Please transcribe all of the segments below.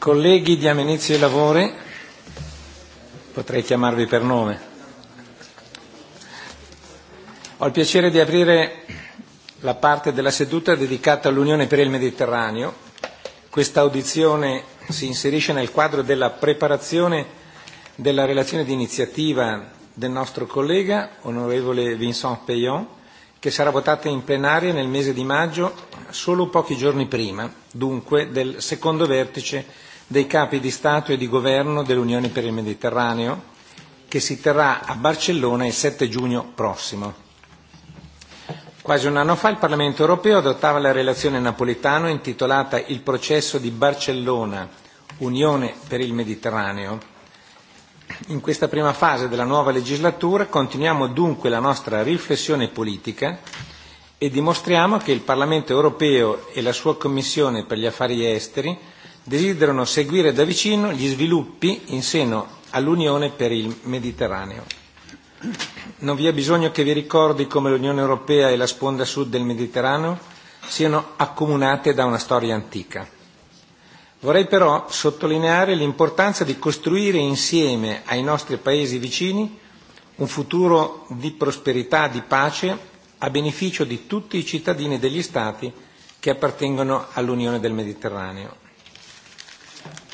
Colleghi, diamo inizio ai lavori. Potrei chiamarvi per nome. Ho il piacere di aprire la parte della seduta dedicata all'Unione per il Mediterraneo. Questa audizione si inserisce nel quadro della preparazione della relazione di iniziativa del nostro collega, onorevole Vincent Peillon, che sarà votata in plenaria nel mese di maggio, solo pochi giorni prima, dunque, del secondo vertice dei capi di Stato e di Governo dell'Unione per il Mediterraneo, che si terrà a Barcellona il 7 giugno prossimo. Quasi un anno fa il Parlamento europeo adottava la relazione napoletano intitolata Il processo di Barcellona, Unione per il Mediterraneo. In questa prima fase della nuova legislatura continuiamo dunque la nostra riflessione politica e dimostriamo che il Parlamento europeo e la sua Commissione per gli affari esteri desiderano seguire da vicino gli sviluppi in seno all'Unione per il Mediterraneo. Non vi è bisogno che vi ricordi come l'Unione Europea e la sponda sud del Mediterraneo siano accomunate da una storia antica. Vorrei però sottolineare l'importanza di costruire insieme ai nostri paesi vicini un futuro di prosperità, di pace, a beneficio di tutti i cittadini degli Stati che appartengono all'Unione del Mediterraneo.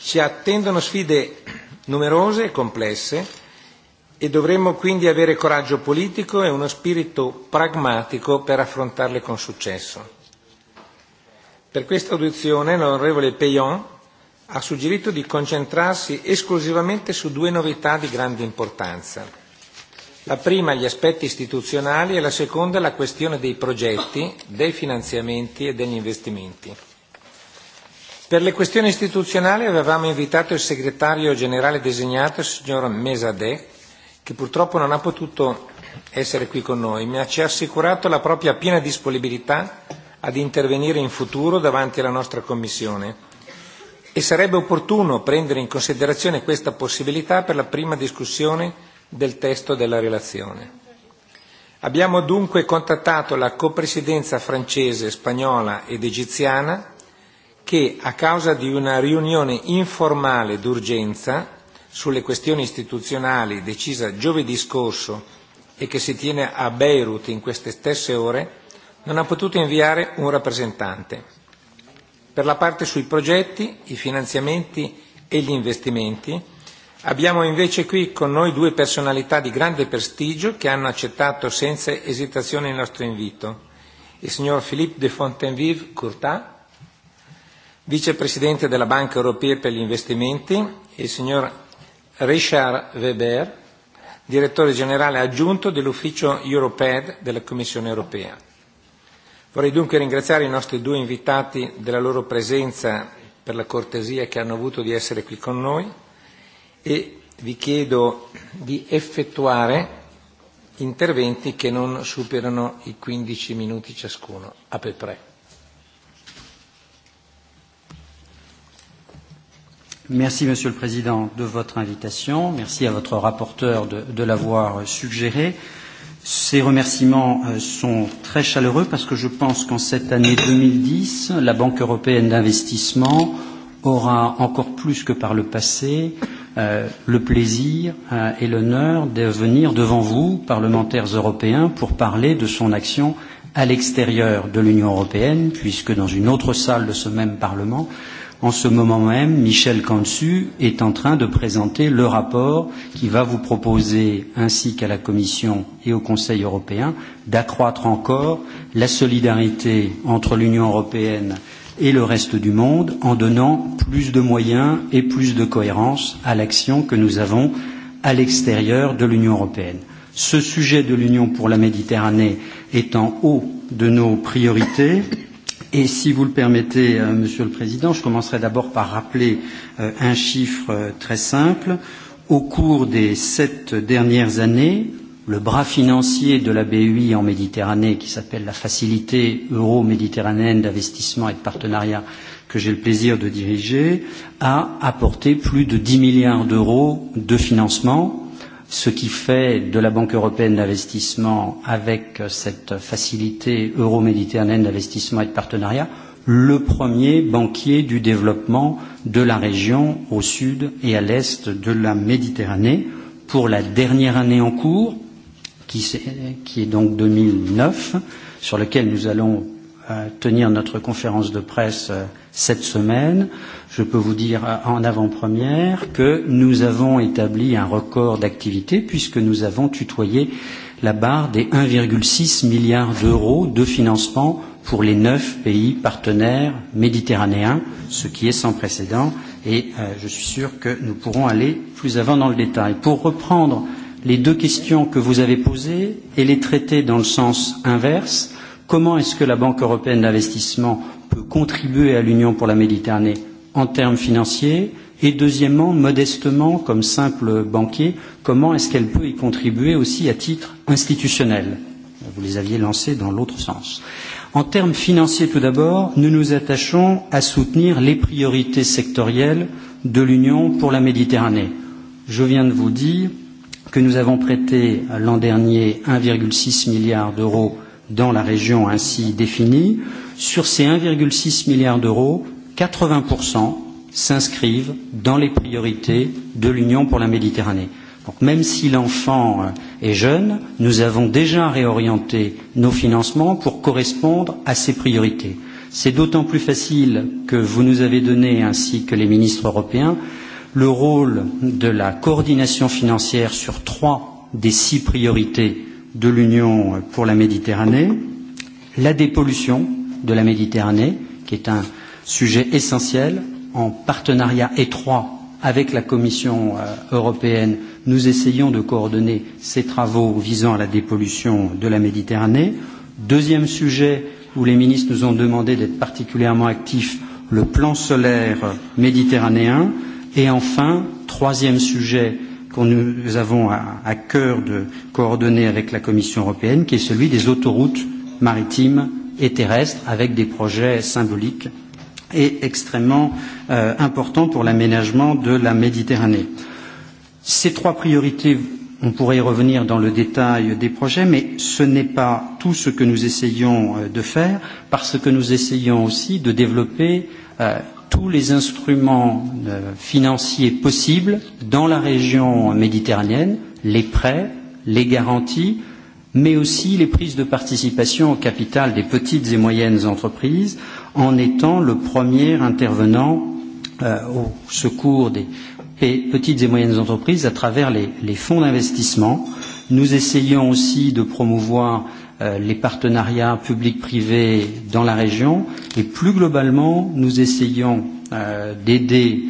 Ci attendono sfide numerose e complesse e dovremmo quindi avere coraggio politico e uno spirito pragmatico per affrontarle con successo. Per questa audizione l'onorevole Peyon ha suggerito di concentrarsi esclusivamente su due novità di grande importanza. La prima gli aspetti istituzionali e la seconda la questione dei progetti, dei finanziamenti e degli investimenti. Per le questioni istituzionali avevamo invitato il segretario generale designato, il signor Mesadeh, che purtroppo non ha potuto essere qui con noi, ma ci ha assicurato la propria piena disponibilità ad intervenire in futuro davanti alla nostra Commissione e sarebbe opportuno prendere in considerazione questa possibilità per la prima discussione del testo della relazione. Abbiamo dunque contattato la copresidenza francese, spagnola ed egiziana che, a causa di una riunione informale d'urgenza sulle questioni istituzionali decisa giovedì scorso e che si tiene a Beirut in queste stesse ore, non ha potuto inviare un rappresentante. Per la parte sui progetti, i finanziamenti e gli investimenti, abbiamo invece qui con noi due personalità di grande prestigio che hanno accettato senza esitazione il nostro invito. Il signor Philippe de Fontainevive Courtat, Vicepresidente della Banca Europea per gli investimenti, e il signor Richard Weber, direttore generale aggiunto dell'ufficio Europed della Commissione Europea. Vorrei dunque ringraziare i nostri due invitati della loro presenza per la cortesia che hanno avuto di essere qui con noi e vi chiedo di effettuare interventi che non superano i 15 minuti ciascuno, a peu Merci, Monsieur le Président, de votre invitation. Merci à votre rapporteur de, de l'avoir suggéré. Ces remerciements euh, sont très chaleureux parce que je pense qu'en cette année 2010, la Banque européenne d'investissement aura encore plus que par le passé euh, le plaisir euh, et l'honneur de venir devant vous, parlementaires européens, pour parler de son action à l'extérieur de l'Union européenne, puisque dans une autre salle de ce même Parlement, euh, En ce moment même, Michel Cansu est en train de présenter le rapport qui va vous proposer, ainsi qu'à la Commission et au Conseil européen, d'accroître encore la solidarité entre l'Union européenne et le reste du monde en donnant plus de moyens et plus de cohérence à l'action que nous avons à l'extérieur de l'Union européenne. Ce sujet de l'Union pour la Méditerranée est en haut de nos priorités. Et si vous le permettez, euh, Monsieur le Président, je commencerai d'abord par rappeler euh, un chiffre euh, très simple. Au cours des sept dernières années, le bras financier de la BUI en Méditerranée, qui s'appelle la Facilité euro-méditerranéenne d'investissement et de partenariat, que j'ai le plaisir de diriger, a apporté plus de 10 milliards d'euros de financement ce qui fait de la Banque européenne d'investissement, avec euh, cette facilité euro-méditerranéenne d'investissement et de partenariat, le premier banquier du développement de la région au sud et à l'est de la Méditerranée pour la dernière année en cours, qui, est donc 2009, sur lequel nous allons Euh, tenir notre conférence de presse euh, cette semaine. Je peux vous dire euh, en avant-première que nous avons établi un record d'activité puisque nous avons tutoyé la barre des 1,6 milliard d'euros de financement pour les neuf pays partenaires méditerranéens, ce qui est sans précédent et euh, je suis sûr que nous pourrons aller plus avant dans le détail. Pour reprendre les deux questions que vous avez posées et les traiter dans le sens inverse, Comment est-ce que la Banque européenne d'investissement peut contribuer à l'Union pour la Méditerranée en termes financiers Et deuxièmement, modestement, comme simple banquier, comment est-ce qu'elle peut y contribuer aussi à titre institutionnel Vous les aviez lancés dans l'autre sens. En termes financiers, tout d'abord, nous nous attachons à soutenir les priorités sectorielles de l'Union pour la Méditerranée. Je viens de vous dire que nous avons prêté l'an dernier 1,6 milliard d'euros dans la région ainsi définie, sur ces 1,6 milliard d'euros, 80% s'inscrivent dans les priorités de l'Union pour la Méditerranée. Donc même si l'enfant euh, est jeune, nous avons déjà réorienté nos financements pour correspondre à ces priorités. C'est d'autant plus facile que vous nous avez donné, ainsi que les ministres européens, le rôle de la coordination financière sur trois des six priorités de l'Union pour la Méditerranée, la dépollution de la Méditerranée, qui est un sujet essentiel, en partenariat étroit avec la Commission euh, européenne, nous essayons de coordonner ces travaux visant à la dépollution de la Méditerranée. Deuxième sujet où les ministres nous ont demandé d'être particulièrement actifs, le plan solaire méditerranéen. Et enfin, troisième sujet que nous avons à, à cœur de coordonner avec la Commission européenne, qui est celui des autoroutes maritimes et terrestres, avec des projets symboliques et extrêmement euh, importants pour l'aménagement de la Méditerranée. Ces trois priorités, on pourrait y revenir dans le détail des projets, mais ce n'est pas tout ce que nous essayons euh, de faire, parce que nous essayons aussi de développer euh, tous les instruments euh, financiers possibles dans la région méditerranéenne, les prêts, les garanties, mais aussi les prises de participation au capital des petites et moyennes entreprises, en étant le premier intervenant euh, au secours des petites et moyennes entreprises à travers les, les fonds d'investissement. Nous essayons aussi de promouvoir euh, Euh, les partenariats publics-privés dans la région. Et plus globalement, nous essayons euh, d'aider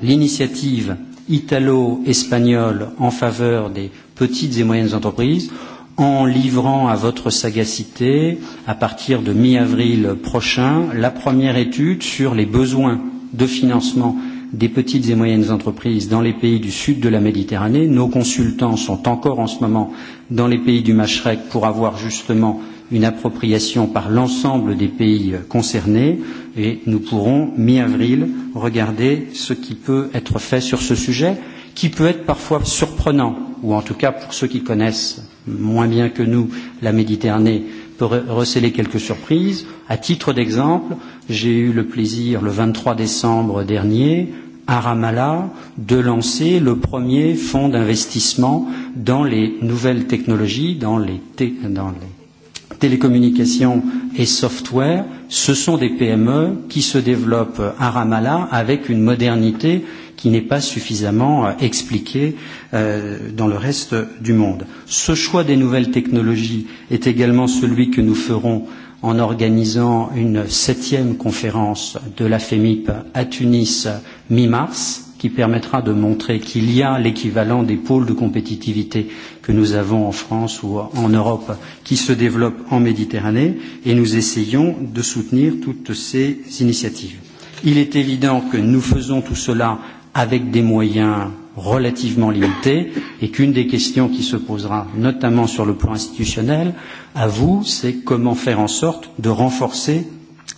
l'initiative enfin, italo-espagnole en faveur des petites et moyennes entreprises en livrant à votre sagacité, à partir de mi-avril prochain, la première étude sur les besoins de financement euh, des petites et moyennes entreprises dans les pays du sud de la Méditerranée. Nos consultants sont encore en ce moment dans les pays du Machrek pour avoir justement une appropriation par l'ensemble des pays concernés et nous pourrons, mi-avril, regarder ce qui peut être fait sur ce sujet, qui peut être parfois surprenant, ou en tout cas pour ceux qui connaissent moins bien que nous la Méditerranée, peut receler quelques surprises. À titre d'exemple, j'ai eu le plaisir, le 23 décembre dernier, à Ramallah de lancer le premier fonds d'investissement dans les nouvelles technologies, dans les, te, dans les télécommunications et software. Ce sont des PME qui se développent à Ramallah avec une modernité qui n'est pas suffisamment euh, expliquée euh, dans le reste du monde. Ce choix des nouvelles technologies est également celui que nous ferons en organisant une septième conférence de la FEMIP à Tunis mi-mars qui permettra de montrer qu'il y a l'équivalent des pôles de compétitivité que nous avons en France ou en Europe qui se développent en Méditerranée et nous essayons de soutenir toutes ces initiatives. Il est évident que nous faisons tout cela avec des moyens relativement limités et qu'une des questions qui se posera notamment sur le plan institutionnel à vous, c'est comment faire en sorte de renforcer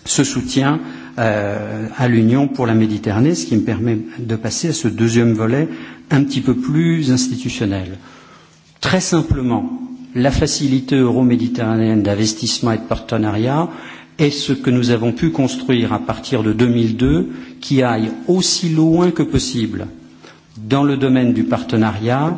ce soutien euh, euh, à l'Union pour la Méditerranée, ce qui me permet de passer à ce deuxième volet un petit peu plus institutionnel. Très simplement, la facilité euro-méditerranéenne d'investissement et de partenariat est ce que nous avons pu construire à partir de 2002 qui aille aussi loin que possible dans le domaine du partenariat,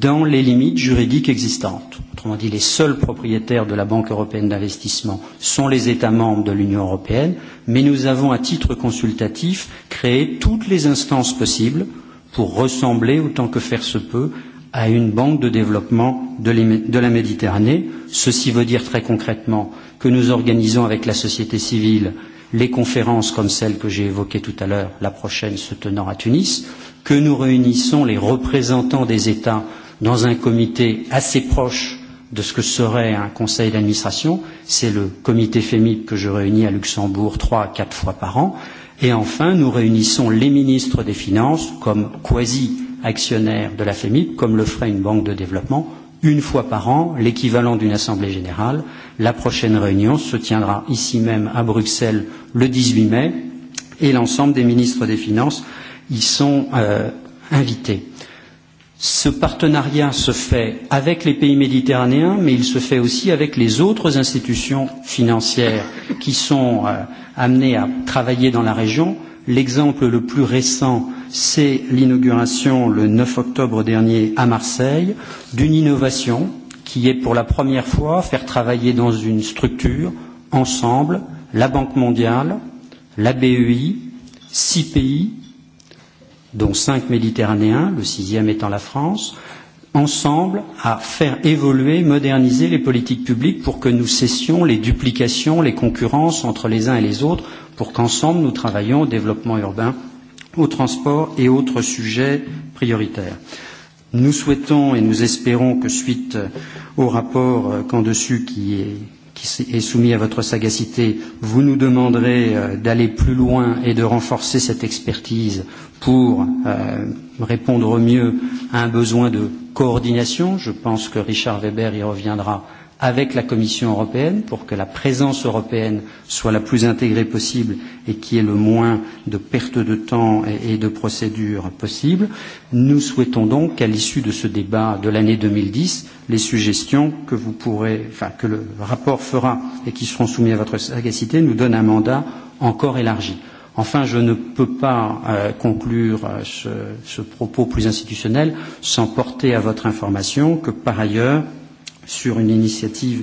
dans les limites juridiques existantes. Autrement dit, les seuls propriétaires de la Banque européenne d'investissement sont les États membres de l'Union européenne, mais nous avons, à titre consultatif, créé toutes les instances possibles pour ressembler, autant que faire se peut, à une banque de développement de la Méditerranée. Ceci veut dire très concrètement que nous organisons avec la société civile les conférences comme celle que j'ai évoquée tout à l'heure, la prochaine se tenant à Tunis, que nous réunissons les représentants des États dans un comité assez proche de ce que serait un conseil d'administration. C'est le comité FEMIP que je réunis à Luxembourg trois à quatre fois par an. Et enfin, nous réunissons les ministres des Finances comme quasi actionnaires de la FEMIP, comme le ferait une banque de développement, une fois par an, l'équivalent d'une assemblée générale. La prochaine réunion se tiendra ici même à Bruxelles le 18 mai et l'ensemble des ministres des Finances y sont euh, invités. Ce partenariat se fait avec les pays méditerranéens, mais il se fait aussi avec les autres institutions financières qui sont euh, amenées à travailler dans la région. L'exemple le plus récent, c'est l'inauguration le 9 octobre dernier à Marseille d'une innovation qui est pour la première fois faire travailler dans une structure ensemble la Banque mondiale, la BEI, six pays dont cinq méditerranéens, le sixième étant la France, ensemble à faire évoluer, moderniser les politiques publiques pour que nous cessions les duplications, les concurrences entre les uns et les autres, pour qu'ensemble nous travaillions au développement urbain, au transport et autres sujets prioritaires. Nous souhaitons et nous espérons que suite au rapport qu'en euh, dessus qui est est soumis à votre sagacité, vous nous demanderez euh, d'aller plus loin et de renforcer cette expertise pour euh, répondre au mieux à un besoin de coordination. Je pense que Richard Weber y reviendra avec la Commission européenne pour que la présence européenne soit la plus intégrée possible et qu'il y ait le moins de pertes de temps et de procédures possibles. Nous souhaitons donc qu'à l'issue de ce débat de l'année 2010, les suggestions que vous pourrez, enfin, que le rapport fera et qui seront soumises à votre sagacité nous donnent un mandat encore élargi. Enfin, je ne peux pas euh, conclure euh, ce, ce propos plus institutionnel sans porter à votre information que par ailleurs, sur une initiative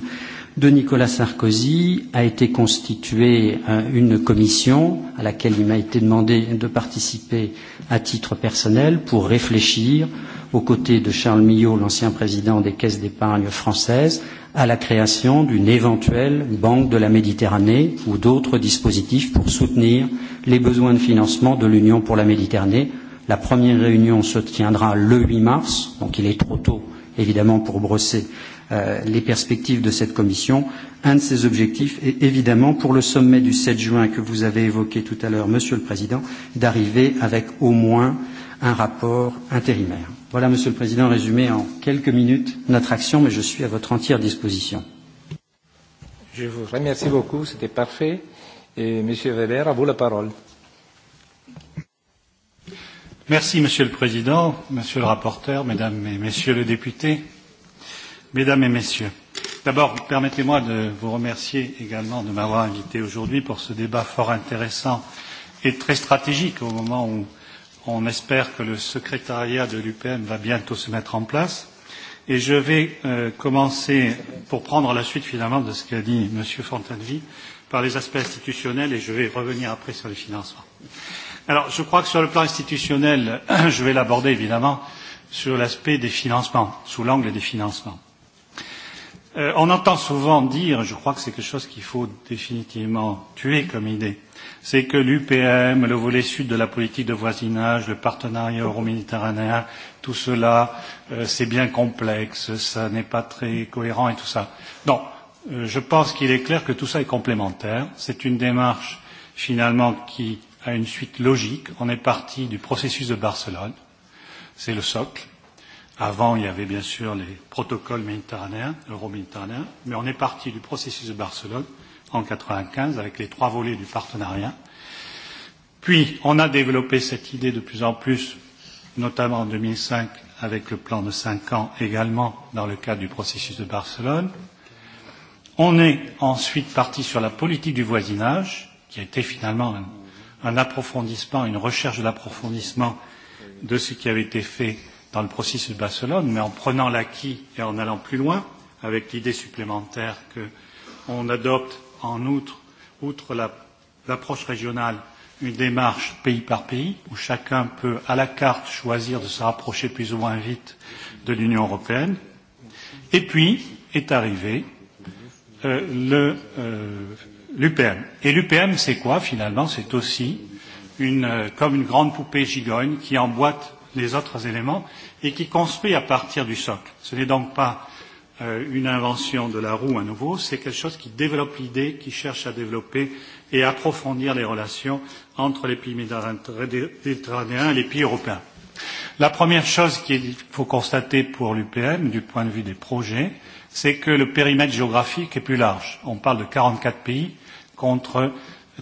de Nicolas Sarkozy a été constituée euh, une commission à laquelle il m'a été demandé de participer à titre personnel pour réfléchir aux côtés de Charles Millot, l'ancien président des caisses d'épargne françaises, à la création d'une éventuelle banque de la Méditerranée ou d'autres dispositifs pour soutenir les besoins de financement de l'Union pour la Méditerranée. La première réunion se tiendra le 8 mars, donc il est trop tôt évidemment pour brosser Euh, les perspectives de cette commission. Un de ses objectifs est évidemment pour le sommet du 7 juin que vous avez évoqué tout à l'heure, Monsieur le Président, d'arriver avec au moins un rapport intérimaire. Voilà, Monsieur le Président, résumé en quelques minutes notre action, mais je suis à votre entière disposition. Je vous remercie beaucoup, c'était parfait. Et Monsieur Weber, à vous la parole. Merci, Monsieur le Président, Monsieur le rapporteur, Mesdames et Messieurs les députés mesdames et messieurs, d'abord, permettez-moi de vous remercier également de m'avoir invité aujourd'hui pour ce débat fort intéressant et très stratégique au moment où on espère que le secrétariat de l'UPM va bientôt se mettre en place. Et je vais euh, commencer, pour prendre la suite finalement de ce qu'a dit M. Fontaineville par les aspects institutionnels et je vais revenir après sur les financements. Alors, je crois que sur le plan institutionnel, je vais l'aborder évidemment sur l'aspect des financements, sous l'angle des financements. Euh, on entend souvent dire, je crois que c'est quelque chose qu'il faut définitivement tuer comme idée, c'est que l'UPM, le volet sud de la politique de voisinage, le partenariat euro-méditerranéen, tout cela, euh, c'est bien complexe, ça n'est pas très cohérent et tout ça. Non, euh, je pense qu'il est clair que tout ça est complémentaire. C'est une démarche finalement qui a une suite logique. On est parti du processus de Barcelone, c'est le socle. Avant, il y avait bien sûr les protocoles méditerranéens, euro-méditerranéens, mais on est parti du processus de Barcelone en 1995 avec les trois volets du partenariat. Puis, on a développé cette idée de plus en plus, notamment en 2005 avec le plan de cinq ans également dans le cadre du processus de Barcelone. On est ensuite parti sur la politique du voisinage, qui a été finalement un, un approfondissement, une recherche de l'approfondissement de ce qui avait été fait dans le processus de Barcelone, mais en prenant l'acquis et en allant plus loin, avec l'idée supplémentaire qu'on adopte en outre, outre l'approche la, régionale, une démarche pays par pays, où chacun peut à la carte choisir de se rapprocher plus ou moins vite de l'Union européenne. Et puis est arrivé euh, l'UPM. Euh, et l'UPM, c'est quoi finalement C'est aussi une, euh, comme une grande poupée gigogne qui emboîte les autres éléments et qui construit à partir du socle. Ce n'est donc pas euh, une invention de la roue à nouveau, c'est quelque chose qui développe l'idée, qui cherche à développer et approfondir les relations entre les pays méditerranéens et les pays européens. La première chose qu'il faut constater pour l'UPM, du point de vue des projets, c'est que le périmètre géographique est plus large. On parle de 44 pays contre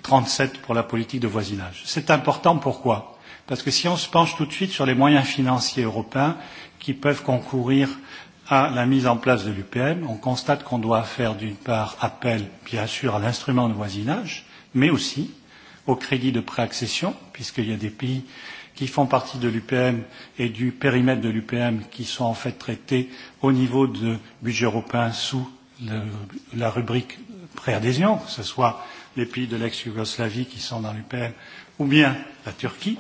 37 pour la politique de voisinage. C'est important pourquoi Parce que si on se penche tout de suite sur les moyens financiers européens qui peuvent concourir à la mise en place de l'UPM, on constate qu'on doit faire d'une part appel, bien sûr, à l'instrument de voisinage, mais aussi au crédit de préaccession, puisqu'il y a des pays qui font partie de l'UPM et du périmètre de l'UPM qui sont en fait traités au niveau de budget européen sous le, la rubrique préadhésion, que ce soit les pays de l'ex-Yougoslavie qui sont dans l'UPM ou bien la Turquie.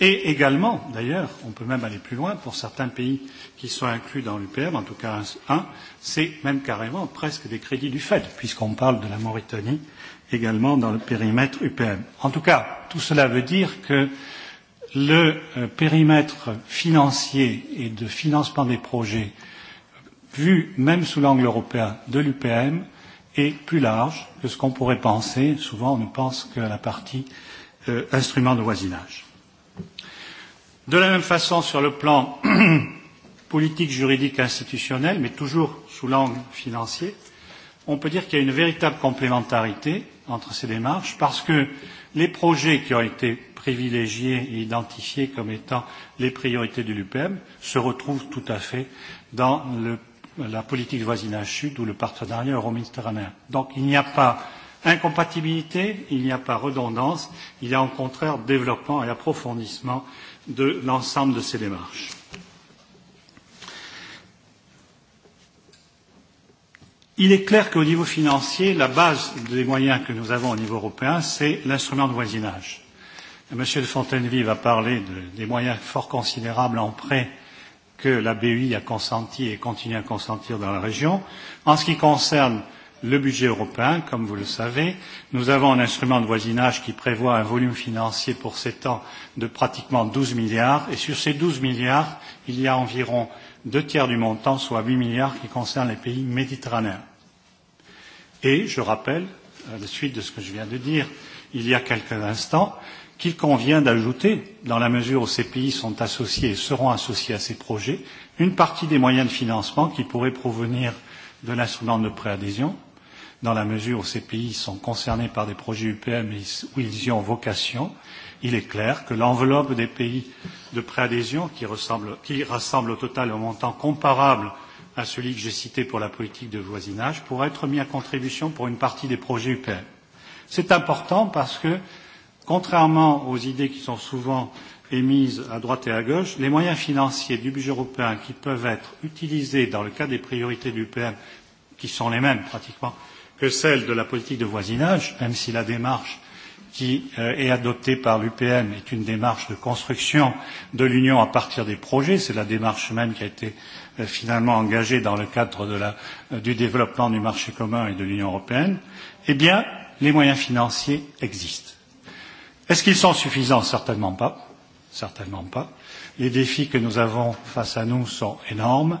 Et également, d'ailleurs, on peut même aller plus loin pour certains pays qui sont inclus dans l'UPM, en tout cas un, c'est même carrément presque des crédits du Fed, puisqu'on parle de la Mauritanie également dans le périmètre UPM. En tout cas, tout cela veut dire que le euh, périmètre financier et de financement des projets, vu même sous l'angle européen de l'UPM, est plus large que ce qu'on pourrait penser. Souvent, on ne pense que la partie euh, instrument de voisinage. De la même façon, sur le plan politique, juridique, institutionnel, mais toujours sous l'angle financier, on peut dire qu'il y a une véritable complémentarité entre ces démarches parce que les projets qui ont été privilégiés et identifiés comme étant les priorités de l'UPM e se retrouvent tout à fait dans le, la politique de voisinage sud ou le partenariat euro-méditerranéen. Donc il n'y a pas incompatibilité, il n'y a pas redondance, il y a au contraire développement et approfondissement de l'ensemble de ces démarches. Il est clair qu'au niveau financier, la base des moyens que nous avons au niveau européen, c'est l'instrument de voisinage. Monsieur de Fontainevy a parlé de, des moyens fort considérables en prêt que la BUI a consenti et continue à consentir dans la région. En ce qui concerne euh, le budget européen, comme vous le savez. Nous avons un instrument de voisinage qui prévoit un volume financier pour sept ans de pratiquement 12 milliards. Et sur ces 12 milliards, il y a environ deux tiers du montant, soit 8 milliards, qui concernent les pays méditerranéens. Et je rappelle, à la suite de ce que je viens de dire il y a quelques instants, qu'il convient d'ajouter, dans la mesure où ces pays sont associés et seront associés à ces projets, une partie des moyens de financement qui pourraient provenir de l'instrument de préadhésion, dans la mesure où ces pays sont concernés par des projets UPM où ils y ont vocation, il est clair que l'enveloppe des pays de préadhésion, qui, qui rassemble au total un montant comparable à celui que j'ai cité pour la politique de voisinage, pourra être mis à contribution pour une partie des projets UPM. C'est important parce que, contrairement aux idées qui sont souvent émises à droite et à gauche, les moyens financiers du budget européen qui peuvent être utilisés dans le cadre des priorités de l'UPM, qui sont les mêmes pratiquement, que celle de la politique de voisinage, même si la démarche qui euh, est adoptée par l'UPM est une démarche de construction de l'Union à partir des projets. C'est la démarche même qui a été euh, finalement engagée dans le cadre de la, euh, du développement du marché commun et de l'Union européenne. Eh bien, les moyens financiers existent. Est-ce qu'ils sont suffisants Certainement pas. Certainement pas. Les défis que nous avons face à nous sont énormes.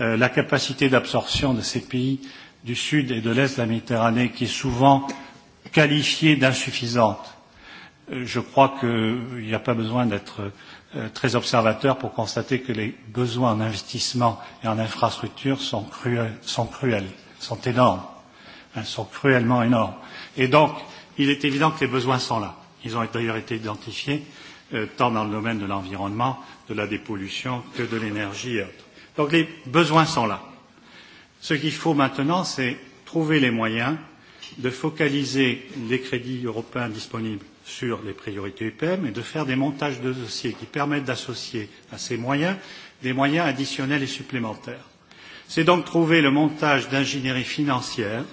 Euh, la capacité d'absorption de ces pays euh, du sud et de l'est de la Méditerranée qui est souvent qualifiée d'insuffisante. Euh, je crois qu'il n'y a pas besoin d'être euh, très observateur pour constater que les besoins en investissement et en infrastructure sont cruels, sont, cruels, sont énormes, Ils sont cruellement énormes. Et donc, il est évident que les besoins sont là. Ils ont d'ailleurs été identifiés euh, tant dans le domaine de l'environnement, de la dépollution que de l'énergie et autres. Donc les besoins sont là. Ce qu'il faut maintenant, c'est trouver les moyens de focaliser les crédits européens disponibles sur les priorités UPM et de faire des montages de dossiers qui permettent d'associer à ces moyens des moyens additionnels et supplémentaires. C'est donc trouver le montage d'ingénierie financière,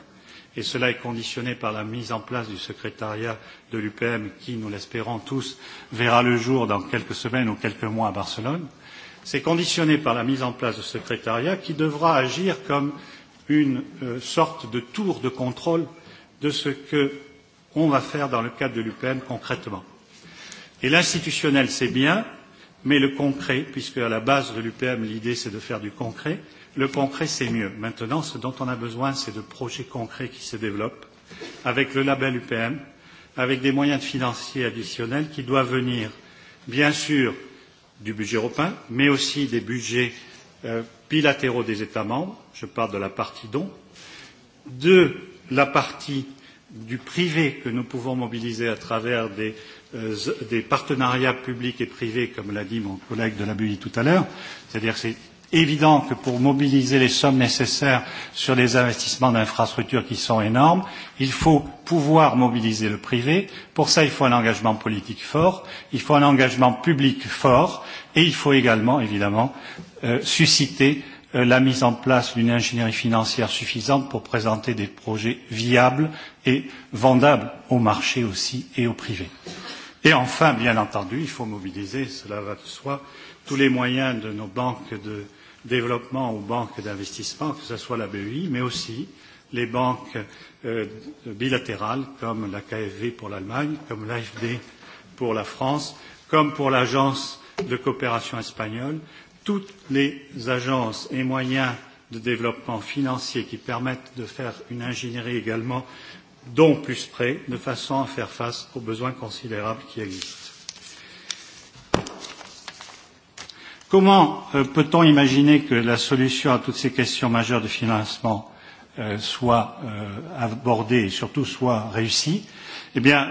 et cela est conditionné par la mise en place du secrétariat de l'UPM qui, nous l'espérons tous, verra le jour dans quelques semaines ou quelques mois à Barcelone, C'est conditionné par la mise en place de secrétariat qui devra agir comme une euh, sorte de tour de contrôle de ce que on va faire dans le cadre de l'UPM concrètement. Et l'institutionnel, c'est bien, mais le concret, puisque à la base de l'UPM, l'idée, c'est de faire du concret, le concret, c'est mieux. Maintenant, ce dont on a besoin, c'est de projets concrets qui se développent, avec le label UPM, avec des moyens financiers additionnels qui doivent venir, bien sûr, du budget européen, mais aussi des budgets euh, bilatéraux des États membres, je parle de la partie don, de la partie du privé que nous pouvons mobiliser à travers des, euh, des partenariats publics et privés, comme l'a dit mon collègue de la BUI tout à l'heure, c'est-à-dire c'est évident que pour mobiliser les sommes nécessaires sur des investissements d'infrastructures qui sont énormes, il faut pouvoir mobiliser le privé. Pour ça, il faut un engagement politique fort, il faut un engagement public fort et il faut également, évidemment, euh, susciter euh, la mise en place d'une ingénierie financière suffisante pour présenter des projets viables et vendables au marché aussi et au privé. Et enfin, bien entendu, il faut mobiliser, cela va de soi, tous les moyens de nos banques de, développement aux banques d'investissement, que ce soit la BEI, mais aussi les banques euh, bilatérales comme la KfW pour l'Allemagne, comme l'AFD pour la France, comme pour l'Agence de coopération espagnole, toutes les agences et moyens de développement financier qui permettent de faire une ingénierie également dont plus près, de façon à faire face aux besoins considérables qui existent. Comment euh, peut-on imaginer que la solution à toutes ces questions majeures de financement euh, soit euh, abordée et surtout soit réussie Eh bien,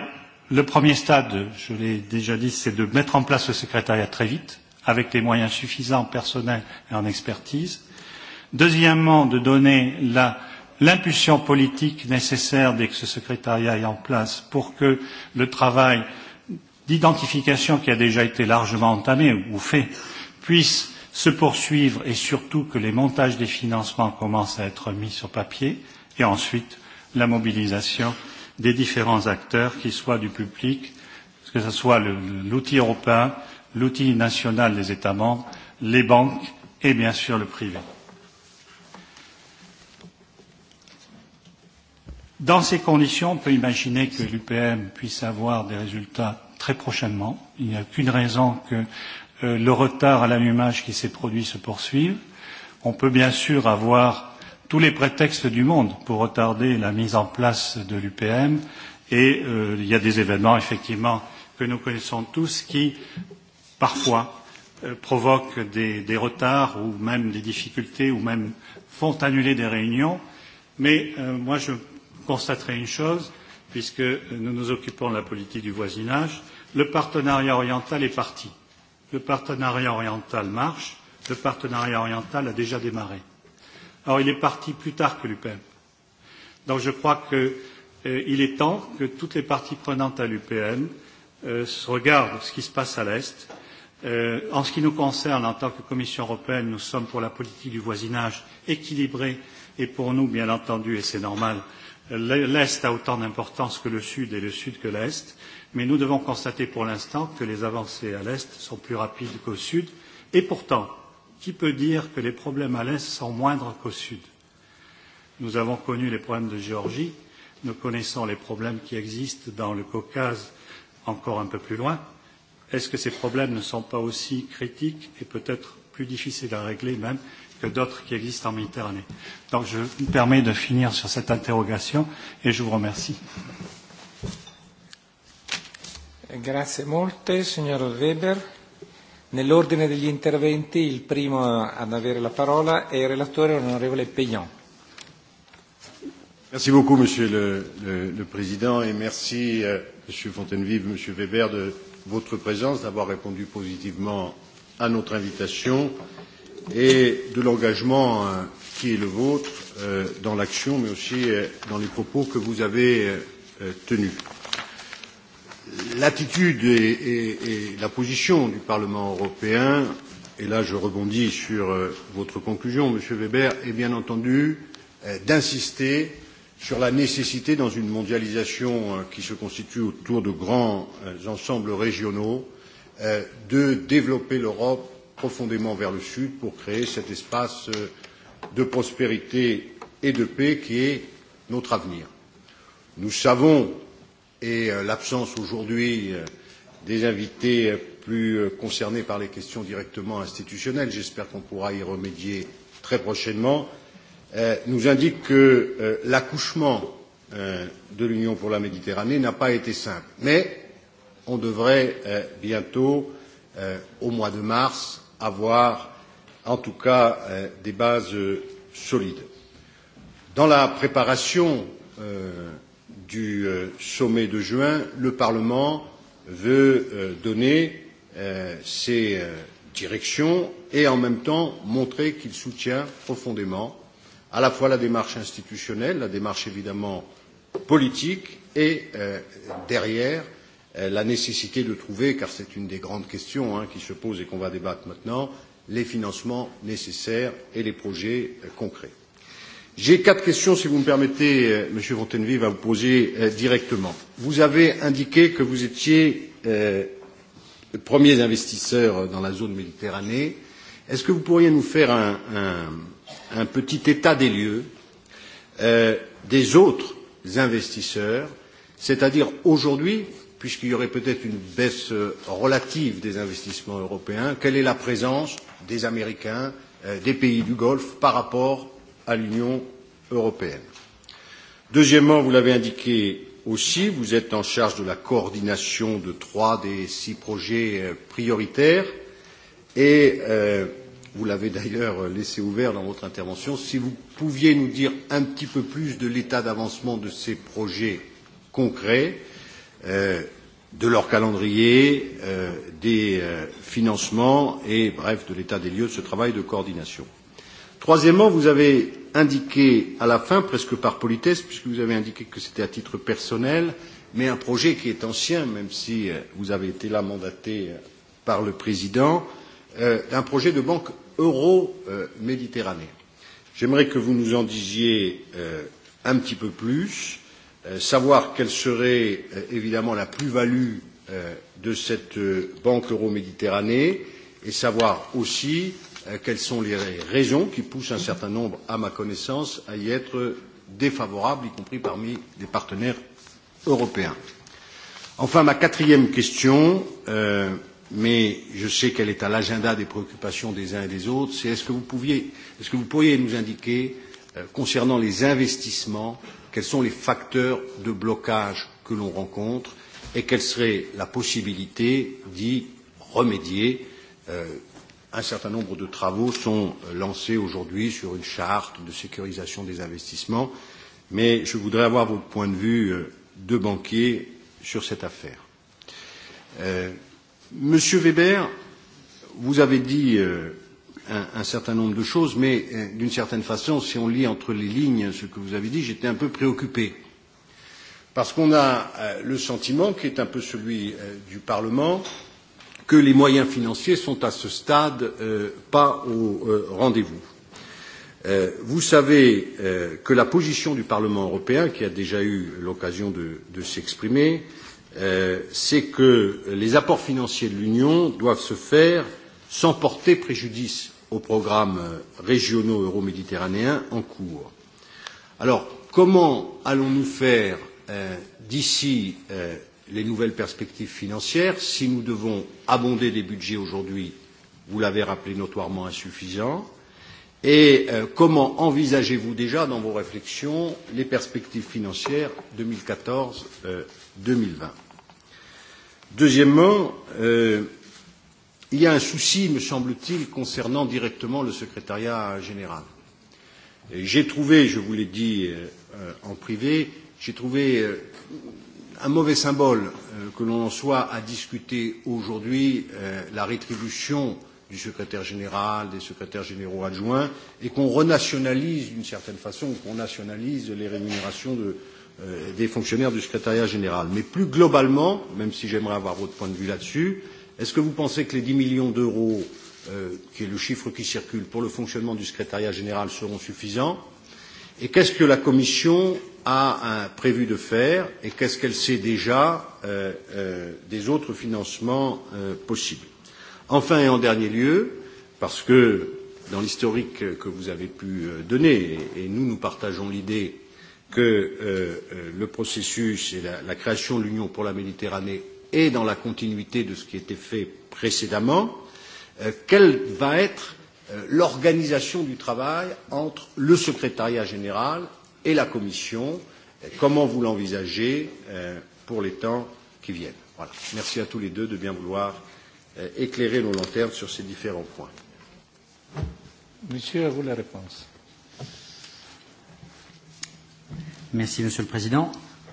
le premier stade, je l'ai déjà dit, c'est de mettre en place le secrétariat très vite, avec les moyens suffisants en personnel et en expertise. Deuxièmement, de donner la l'impulsion politique nécessaire dès que ce secrétariat est en place pour que le travail d'identification qui a déjà été largement entamé ou fait euh, puisse se poursuivre et surtout que les montages des financements commencent à être mis sur papier et ensuite la mobilisation des différents acteurs, qu'ils soient du public, que ce soit l'outil européen, l'outil national des États membres, les banques et bien sûr le privé. Dans ces conditions, on peut imaginer que l'UPM puisse avoir des résultats très prochainement. Il n'y a aucune raison que Euh, le retard à l'allumage qui s'est produit se poursuive. On peut bien sûr avoir tous les prétextes du monde pour retarder la mise en place de l'UPM et euh, il y a des événements effectivement que nous connaissons tous qui parfois euh, provoquent des, des retards ou même des difficultés ou même font annuler des réunions. Mais euh, moi je constaterai une chose, puisque nous nous occupons de la politique du voisinage, le partenariat oriental est parti le partenariat oriental marche, le partenariat oriental a déjà démarré. Alors il est parti plus tard que l'UPM. Donc je crois qu'il euh, est temps que toutes les parties prenantes à l'UPM euh, regardent ce qui se passe à l'Est. Euh, en ce qui nous concerne, en tant que Commission européenne, nous sommes pour la politique du voisinage équilibrée et pour nous, bien entendu, et c'est normal, l'Est a autant d'importance que le Sud et le Sud que l'Est mais nous devons constater pour l'instant que les avancées à l'Est sont plus rapides qu'au Sud, et pourtant, qui peut dire que les problèmes à l'Est sont moindres qu'au Sud Nous avons connu les problèmes de Géorgie, nous connaissons les problèmes qui existent dans le Caucase encore un peu plus loin. Est-ce que ces problèmes ne sont pas aussi critiques et peut-être plus difficiles à régler même que d'autres qui existent en Méditerranée Donc je me permets de finir sur cette interrogation et je vous remercie. E grazie molte, signor Weber. Nell'ordine degli interventi il primo ad avere la parola è il relatore onorevole Pignon. Merci beaucoup, Monsieur le, le, le Président, et merci, euh, Monsieur Fontainevive, Monsieur Weber, de votre présence, d'avoir répondu positivement à notre invitation et de l'engagement euh, qui est le vôtre euh, dans l'action, mais aussi euh, dans les propos que vous avez euh, euh tenus. Euh, L'attitude et, et, et la position du Parlement européen, et là je rebondis sur euh, votre conclusion, Monsieur Weber, est bien entendu euh, d'insister sur la nécessité, dans une mondialisation euh, qui se constitue autour de grands ensembles régionaux, de développer l'Europe profondément vers le sud pour créer cet espace de prospérité et de paix qui est notre avenir. Nous savons et euh, l'absence aujourd'hui euh, des invités euh, plus concernés par les questions directement institutionnelles, j'espère qu'on pourra y remédier très prochainement, nous indique que l'accouchement de l'Union pour la Méditerranée n'a pas été simple. Mais on devrait bientôt, au mois de mars, avoir en tout cas des bases solides. Dans la préparation du euh, sommet de juin, le Parlement veut euh, donner euh, ses directions et en même temps montrer qu'il soutient profondément à la fois la démarche institutionnelle, la démarche évidemment politique et euh, derrière euh, la nécessité de trouver, car c'est une des grandes questions hein, qui se posent et qu'on va débattre maintenant, les financements nécessaires et les projets euh, concrets. J'ai quatre questions, si vous me permettez, euh, Monsieur Fontenvive, à vous poser euh, directement. Vous avez indiqué que vous étiez euh, premiers investisseurs dans la zone Méditerranée. Est-ce que vous pourriez nous faire un, un, un petit état des lieux euh, des autres investisseurs, c'est-à-dire aujourd'hui, puisqu'il y aurait peut-être une baisse euh, relative des investissements européens, quelle est la présence des Américains, euh, des pays du Golfe par rapport à l'Union européenne. Deuxièmement, vous l'avez indiqué aussi, vous êtes en charge de la coordination de trois des six projets euh, prioritaires et euh, vous l'avez d'ailleurs laissé ouvert dans votre intervention, si vous pouviez nous dire un petit peu plus de l'état d'avancement de ces projets concrets, euh, de leur calendrier, euh, des euh, financements et, bref, de l'état des lieux de ce travail de coordination. Troisièmement, vous avez indiqué à la fin, presque par politesse, puisque vous avez indiqué que c'était à titre personnel, mais un projet qui est ancien, même si euh, vous avez été là mandaté euh, par le président, euh, un projet de banque euro-méditerranée. J'aimerais que vous nous en disiez euh, un petit peu plus, euh, savoir quelle serait euh, évidemment la plus-value euh, de cette euh, banque euro-méditerranée et savoir aussi euh, Euh, quelles sont les raisons qui poussent un certain nombre, à ma connaissance, à y être défavorables, y compris parmi les partenaires européens. Enfin, ma quatrième question, euh, mais je sais qu'elle est à l'agenda des préoccupations des uns et des autres, c'est est-ce que, vous pouviez, est -ce que vous pourriez nous indiquer, euh, concernant les investissements, quels sont les facteurs de blocage que l'on rencontre et quelle serait la possibilité d'y remédier euh, un certain nombre de travaux sont euh, lancés aujourd'hui sur une charte de sécurisation des investissements, mais je voudrais avoir votre point de vue euh, de banquier sur cette affaire. Euh, Monsieur Weber, vous avez dit euh, un, un certain nombre de choses, mais euh, d'une certaine façon, si on lit entre les lignes ce que vous avez dit, j'étais un peu préoccupé. Parce qu'on a euh, le sentiment, qui est un peu celui euh, du Parlement, euh, que les moyens financiers sont à ce stade euh, pas au euh, rendez-vous. Euh, vous savez euh, que la position du Parlement européen, qui a déjà eu l'occasion de, de s'exprimer, euh, c'est que les apports financiers de l'Union doivent se faire sans porter préjudice aux programmes régionaux euroméditerranéens en cours. Alors, comment allons-nous faire euh, d'ici euh, les nouvelles perspectives financières. Si nous devons abonder des budgets aujourd'hui, vous l'avez rappelé notoirement insuffisant, et euh, comment envisagez-vous déjà dans vos réflexions les perspectives financières 2014-2020 euh, 2020 Deuxièmement, euh, il y a un souci, me semble-t-il, concernant directement le secrétariat général. J'ai trouvé, je vous l'ai dit euh, euh en privé, j'ai trouvé euh, un mauvais symbole euh, que l'on en soit à discuter aujourd'hui euh, la rétribution du secrétaire général, des secrétaires généraux adjoints, et qu'on renationalise d'une certaine façon, qu'on nationalise les rémunérations de, euh, des fonctionnaires du secrétariat général. Mais plus globalement, même si j'aimerais avoir votre point de vue là-dessus, est-ce que vous pensez que les 10 millions d'euros, euh, qui est le chiffre qui circule pour le fonctionnement du secrétariat général, seront suffisants Et qu'est-ce que la Commission a un, prévu de faire et qu'est-ce qu'elle sait déjà euh, euh, des autres financements euh, possibles. Enfin et en dernier lieu, parce que dans l'historique que vous avez pu euh, donner, et, nous, nous partageons l'idée que euh, euh, le processus et la, la création de l'Union pour la Méditerranée est dans la continuité de ce qui était fait précédemment, euh, quelle va être euh, l'organisation du travail entre le secrétariat général et la Commission euh, comment vous l'envisagez euh, pour les temps qui viennent. Voilà. Merci à tous les deux de bien vouloir euh, éclairer nos lanternes sur ces différents points. Monsieur, à vous la réponse. Merci, Monsieur le Président.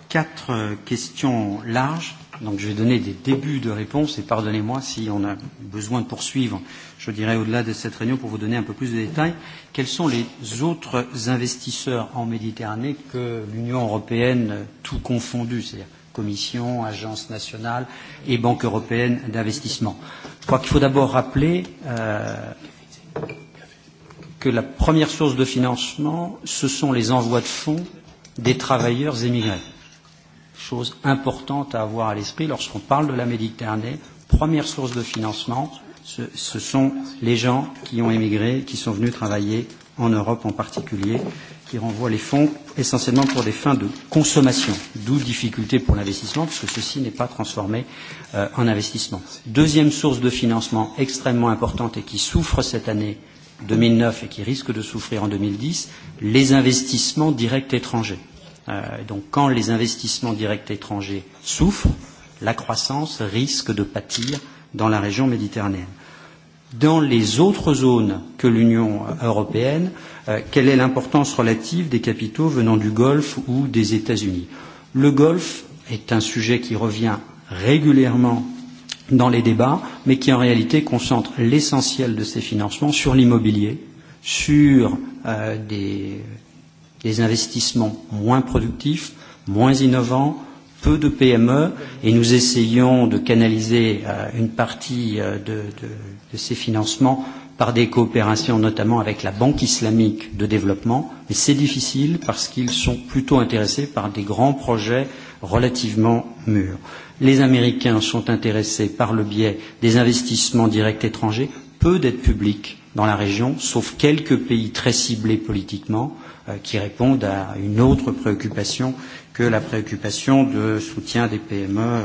Quatre questions larges Donc je vais donner des débuts de réponse et pardonnez-moi si on a besoin de poursuivre, je dirais au-delà de cette réunion pour vous donner un peu plus de détails. Quels sont les autres investisseurs en Méditerranée que l'Union européenne, tout confondu, c'est-à-dire Commission, Agence nationale et Banque européenne d'investissement Je crois qu'il faut d'abord rappeler euh, que la première source de financement, ce sont les envois de fonds des travailleurs émigrés chose importante à avoir à l'esprit lorsqu'on parle de la Méditerranée. Première source de financement, ce, ce sont les gens qui ont émigré, qui sont venus travailler en Europe en particulier, qui renvoient les fonds essentiellement pour des fins de consommation, d'où difficulté pour l'investissement, puisque ceci n'est pas transformé euh, en investissement. Deuxième source de financement extrêmement importante et qui souffre cette année 2009 et qui risque de souffrir en 2010, les investissements directs étrangers. Euh, donc quand les investissements directs étrangers souffrent, la croissance risque de pâtir dans la région méditerranéenne. Dans les autres zones que l'Union euh, européenne, euh, quelle est l'importance relative des capitaux venant du Golfe ou des États-Unis Le Golfe est un sujet qui revient régulièrement dans les débats, mais qui en réalité concentre l'essentiel de ces financements sur l'immobilier, sur euh, des des investissements moins productifs, moins innovants, peu de PME et nous essayons de canaliser euh, une partie euh, de, de, de ces financements par des coopérations notamment avec la Banque islamique de développement, mais c'est difficile parce qu'ils sont plutôt intéressés par des grands projets relativement mûrs. Les Américains sont intéressés par le biais des investissements directs étrangers, peu d'aides publiques dans la région, sauf quelques pays très ciblés politiquement, Euh, qui répondent à une autre préoccupation que la préoccupation de soutien des PME euh,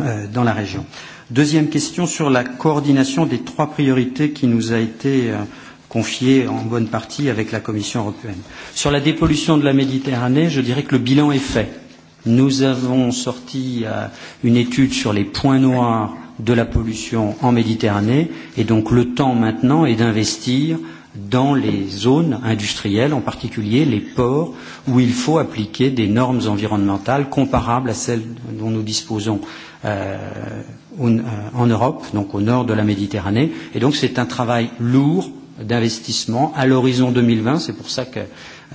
euh, dans la région. Deuxième question sur la coordination des trois priorités qui nous a été confiée en bonne partie avec la Commission européenne. Sur la dépollution de la Méditerranée, je dirais que le bilan est fait. Nous avons sorti une étude sur les points noirs de la pollution en Méditerranée et donc le temps maintenant est d'investir euh, dans les zones industrielles, en particulier les ports, où il faut appliquer des normes environnementales comparables à celles dont nous disposons euh, euh en Europe, donc au nord de la Méditerranée. Et donc c'est un travail lourd d'investissement à l'horizon 2020. C'est pour ça que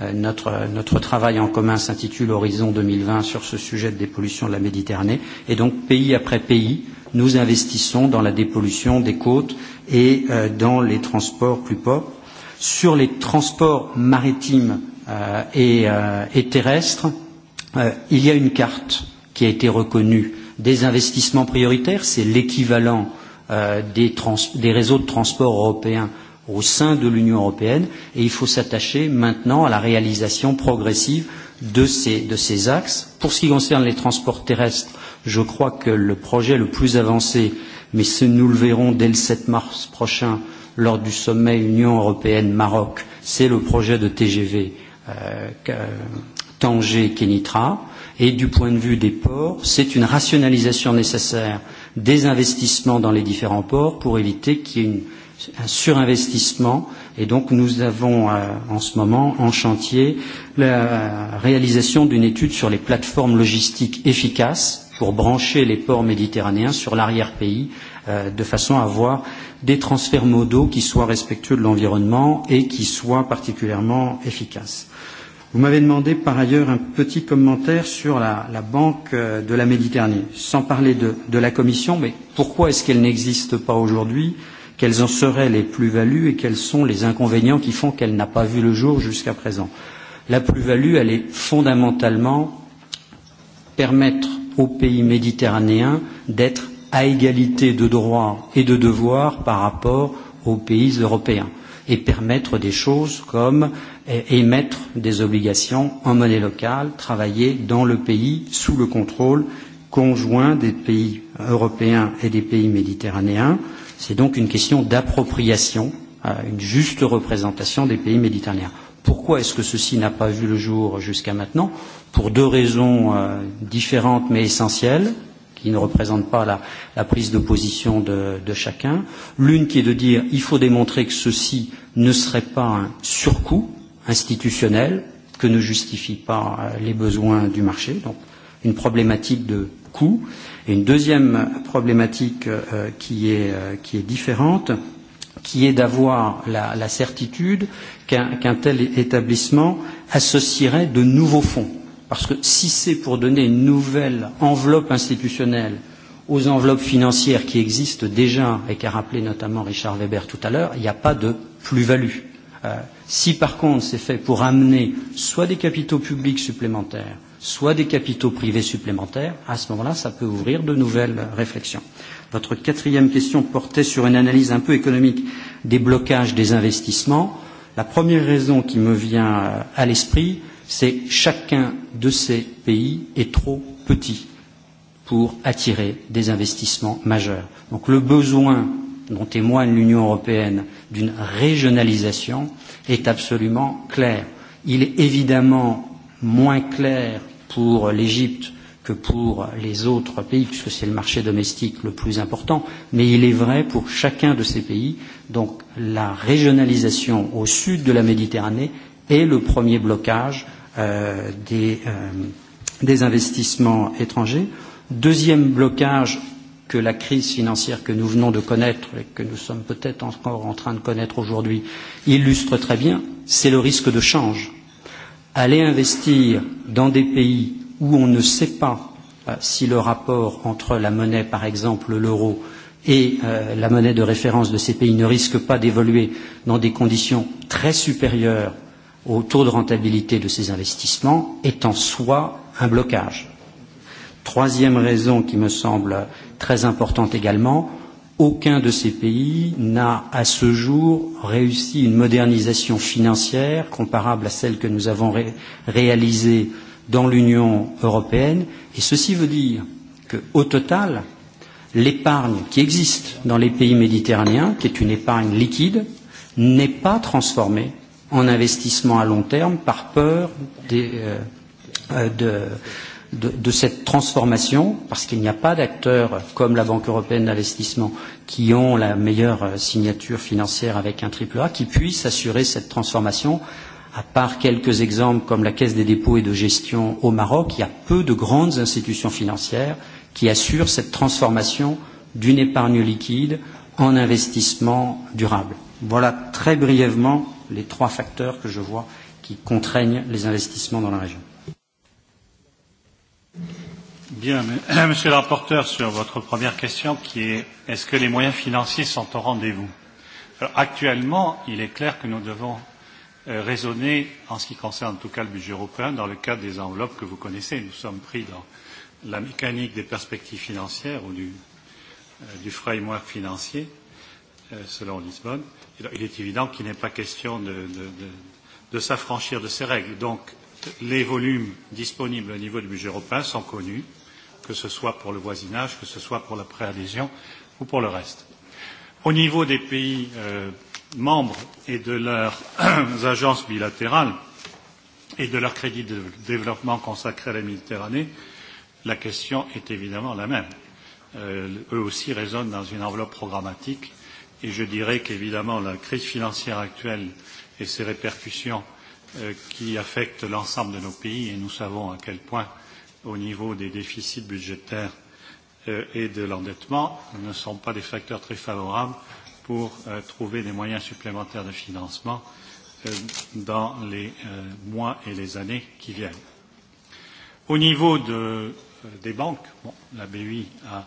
euh, notre, notre travail en commun s'intitule Horizon 2020 sur ce sujet de dépollution de la Méditerranée. Et donc pays après pays, nous investissons dans la dépollution des côtes et euh, dans les transports plus pauvres sur les transports maritimes euh, et, euh, et terrestres, euh, il y a une carte qui a été reconnue des investissements prioritaires, c'est l'équivalent euh, des, des réseaux de transport européens au sein de l'Union européenne, et il faut s'attacher maintenant à la réalisation progressive de ces, de ces axes. Pour ce qui concerne les transports terrestres, je crois que le projet le plus avancé, mais ce, nous le verrons dès le 7 mars prochain, euh, lors du sommet Union européenne-Maroc, c'est le projet de TGV euh, Tanger-Kenitra. Et du point de vue des ports, c'est une rationalisation nécessaire des investissements dans les différents ports pour éviter qu'il y ait une, un surinvestissement. Et donc nous avons euh, en ce moment en chantier la réalisation d'une étude sur les plateformes logistiques efficaces pour brancher les ports méditerranéens sur l'arrière-pays Euh, de façon à avoir des transferts modaux qui soient respectueux de l'environnement et qui soient particulièrement efficaces. Vous m'avez demandé par ailleurs un petit commentaire sur la, la Banque euh, de la Méditerranée, sans parler de, de la Commission, mais pourquoi est-ce qu'elle n'existe pas aujourd'hui Quelles en seraient les plus-values et quels sont les inconvénients qui font qu'elle n'a pas vu le jour jusqu'à présent La plus-value, elle est fondamentalement permettre aux pays méditerranéens d'être à égalité de droits et de devoirs par rapport aux pays européens et permettre des choses comme euh, émettre des obligations en monnaie locale, travailler dans le pays sous le contrôle conjoint des pays européens et des pays méditerranéens. C'est donc une question d'appropriation, euh, une juste représentation des pays méditerranéens. Pourquoi est-ce que ceci n'a pas vu le jour jusqu'à maintenant Pour deux raisons euh, différentes mais essentielles qui ne représente pas la, la prise de position de, de chacun. L'une qui est de dire il faut démontrer que ceci ne serait pas un surcoût institutionnel que ne justifie pas euh, les besoins du marché, donc une problématique de coût. Et une deuxième problématique euh, qui, est, euh, qui est différente, qui est d'avoir la, la certitude qu'un qu, tel établissement associerait de nouveaux fonds Parce que si c'est pour donner une nouvelle enveloppe institutionnelle aux enveloppes financières qui existent déjà et qu'a rappelé notamment Richard Weber tout à l'heure, il n'y a pas de plus-value. Euh, si par contre c'est fait pour amener soit des capitaux publics supplémentaires, soit des capitaux privés supplémentaires, à ce moment-là, ça peut ouvrir de nouvelles réflexions. Votre quatrième question portait sur une analyse un peu économique des blocages des investissements. La première raison qui me vient euh, à l'esprit, c'est chacun de ces pays est trop petit pour attirer des investissements majeurs. Donc le besoin dont témoigne l'Union européenne d'une régionalisation est absolument clair. Il est évidemment moins clair pour l'Égypte que pour les autres pays, puisque c'est le marché domestique le plus important, mais il est vrai pour chacun de ces pays. Donc la régionalisation au sud de la Méditerranée et le premier blocage euh, des, euh, des investissements étrangers. Deuxième blocage que la crise financière que nous venons de connaître et que nous sommes peut-être encore en train de connaître aujourd'hui illustre très bien, c'est le risque de change. Aller investir dans des pays où on ne sait pas euh, si le rapport entre la monnaie, par exemple l'euro, et euh, la monnaie de référence de ces pays ne risque pas d'évoluer dans des conditions très supérieures au taux de rentabilité de ces investissements est en soi un blocage. Troisième raison qui me semble très importante également, aucun de ces pays n'a à ce jour réussi une modernisation financière comparable à celle que nous avons ré réalisée dans l'Union européenne. Et ceci veut dire qu'au total, l'épargne qui existe dans les pays méditerranéens, qui est une épargne liquide, n'est pas transformée en investissement à long terme par peur des, euh, euh, de, de, de cette transformation, parce qu'il n'y a pas d'acteurs comme la Banque européenne d'investissement qui ont la meilleure euh, signature financière avec un triple A qui puissent assurer cette transformation. À part quelques exemples comme la Caisse des dépôts et de gestion au Maroc, il y a peu de grandes institutions financières qui assurent cette transformation d'une épargne liquide en investissement durable. Voilà très brièvement les trois facteurs que je vois qui contraignent les investissements dans la région. Bien, mais, monsieur le rapporteur, sur votre première question qui est est-ce que les moyens financiers sont au rendez-vous Actuellement, il est clair que nous devons euh, raisonner, en ce qui concerne en tout cas le budget européen, dans le cadre des enveloppes que vous connaissez. Nous sommes pris dans la mécanique des perspectives financières ou du, euh, du framework financier, euh, selon Lisbonne il est évident qu'il n'est pas question de, de, de, de s'affranchir de ces règles. Donc, les volumes disponibles au niveau du budget européen sont connus, que ce soit pour le voisinage, que ce soit pour la préadhésion ou pour le reste. Au niveau des pays euh, membres et de leurs agences bilatérales et de leurs crédits de développement consacrés à la Méditerranée, la question est évidemment la même. Euh, eux aussi résonnent dans une enveloppe programmatique Et je dirais qu'évidemment, la crise financière actuelle et ses répercussions euh, qui affectent l'ensemble de nos pays, et nous savons à quel point, au niveau des déficits budgétaires euh, et de l'endettement, ne sont pas des facteurs très favorables pour euh, trouver des moyens supplémentaires de financement euh, dans les euh, mois et les années qui viennent. Au niveau de, euh, des banques, bon, la BUI a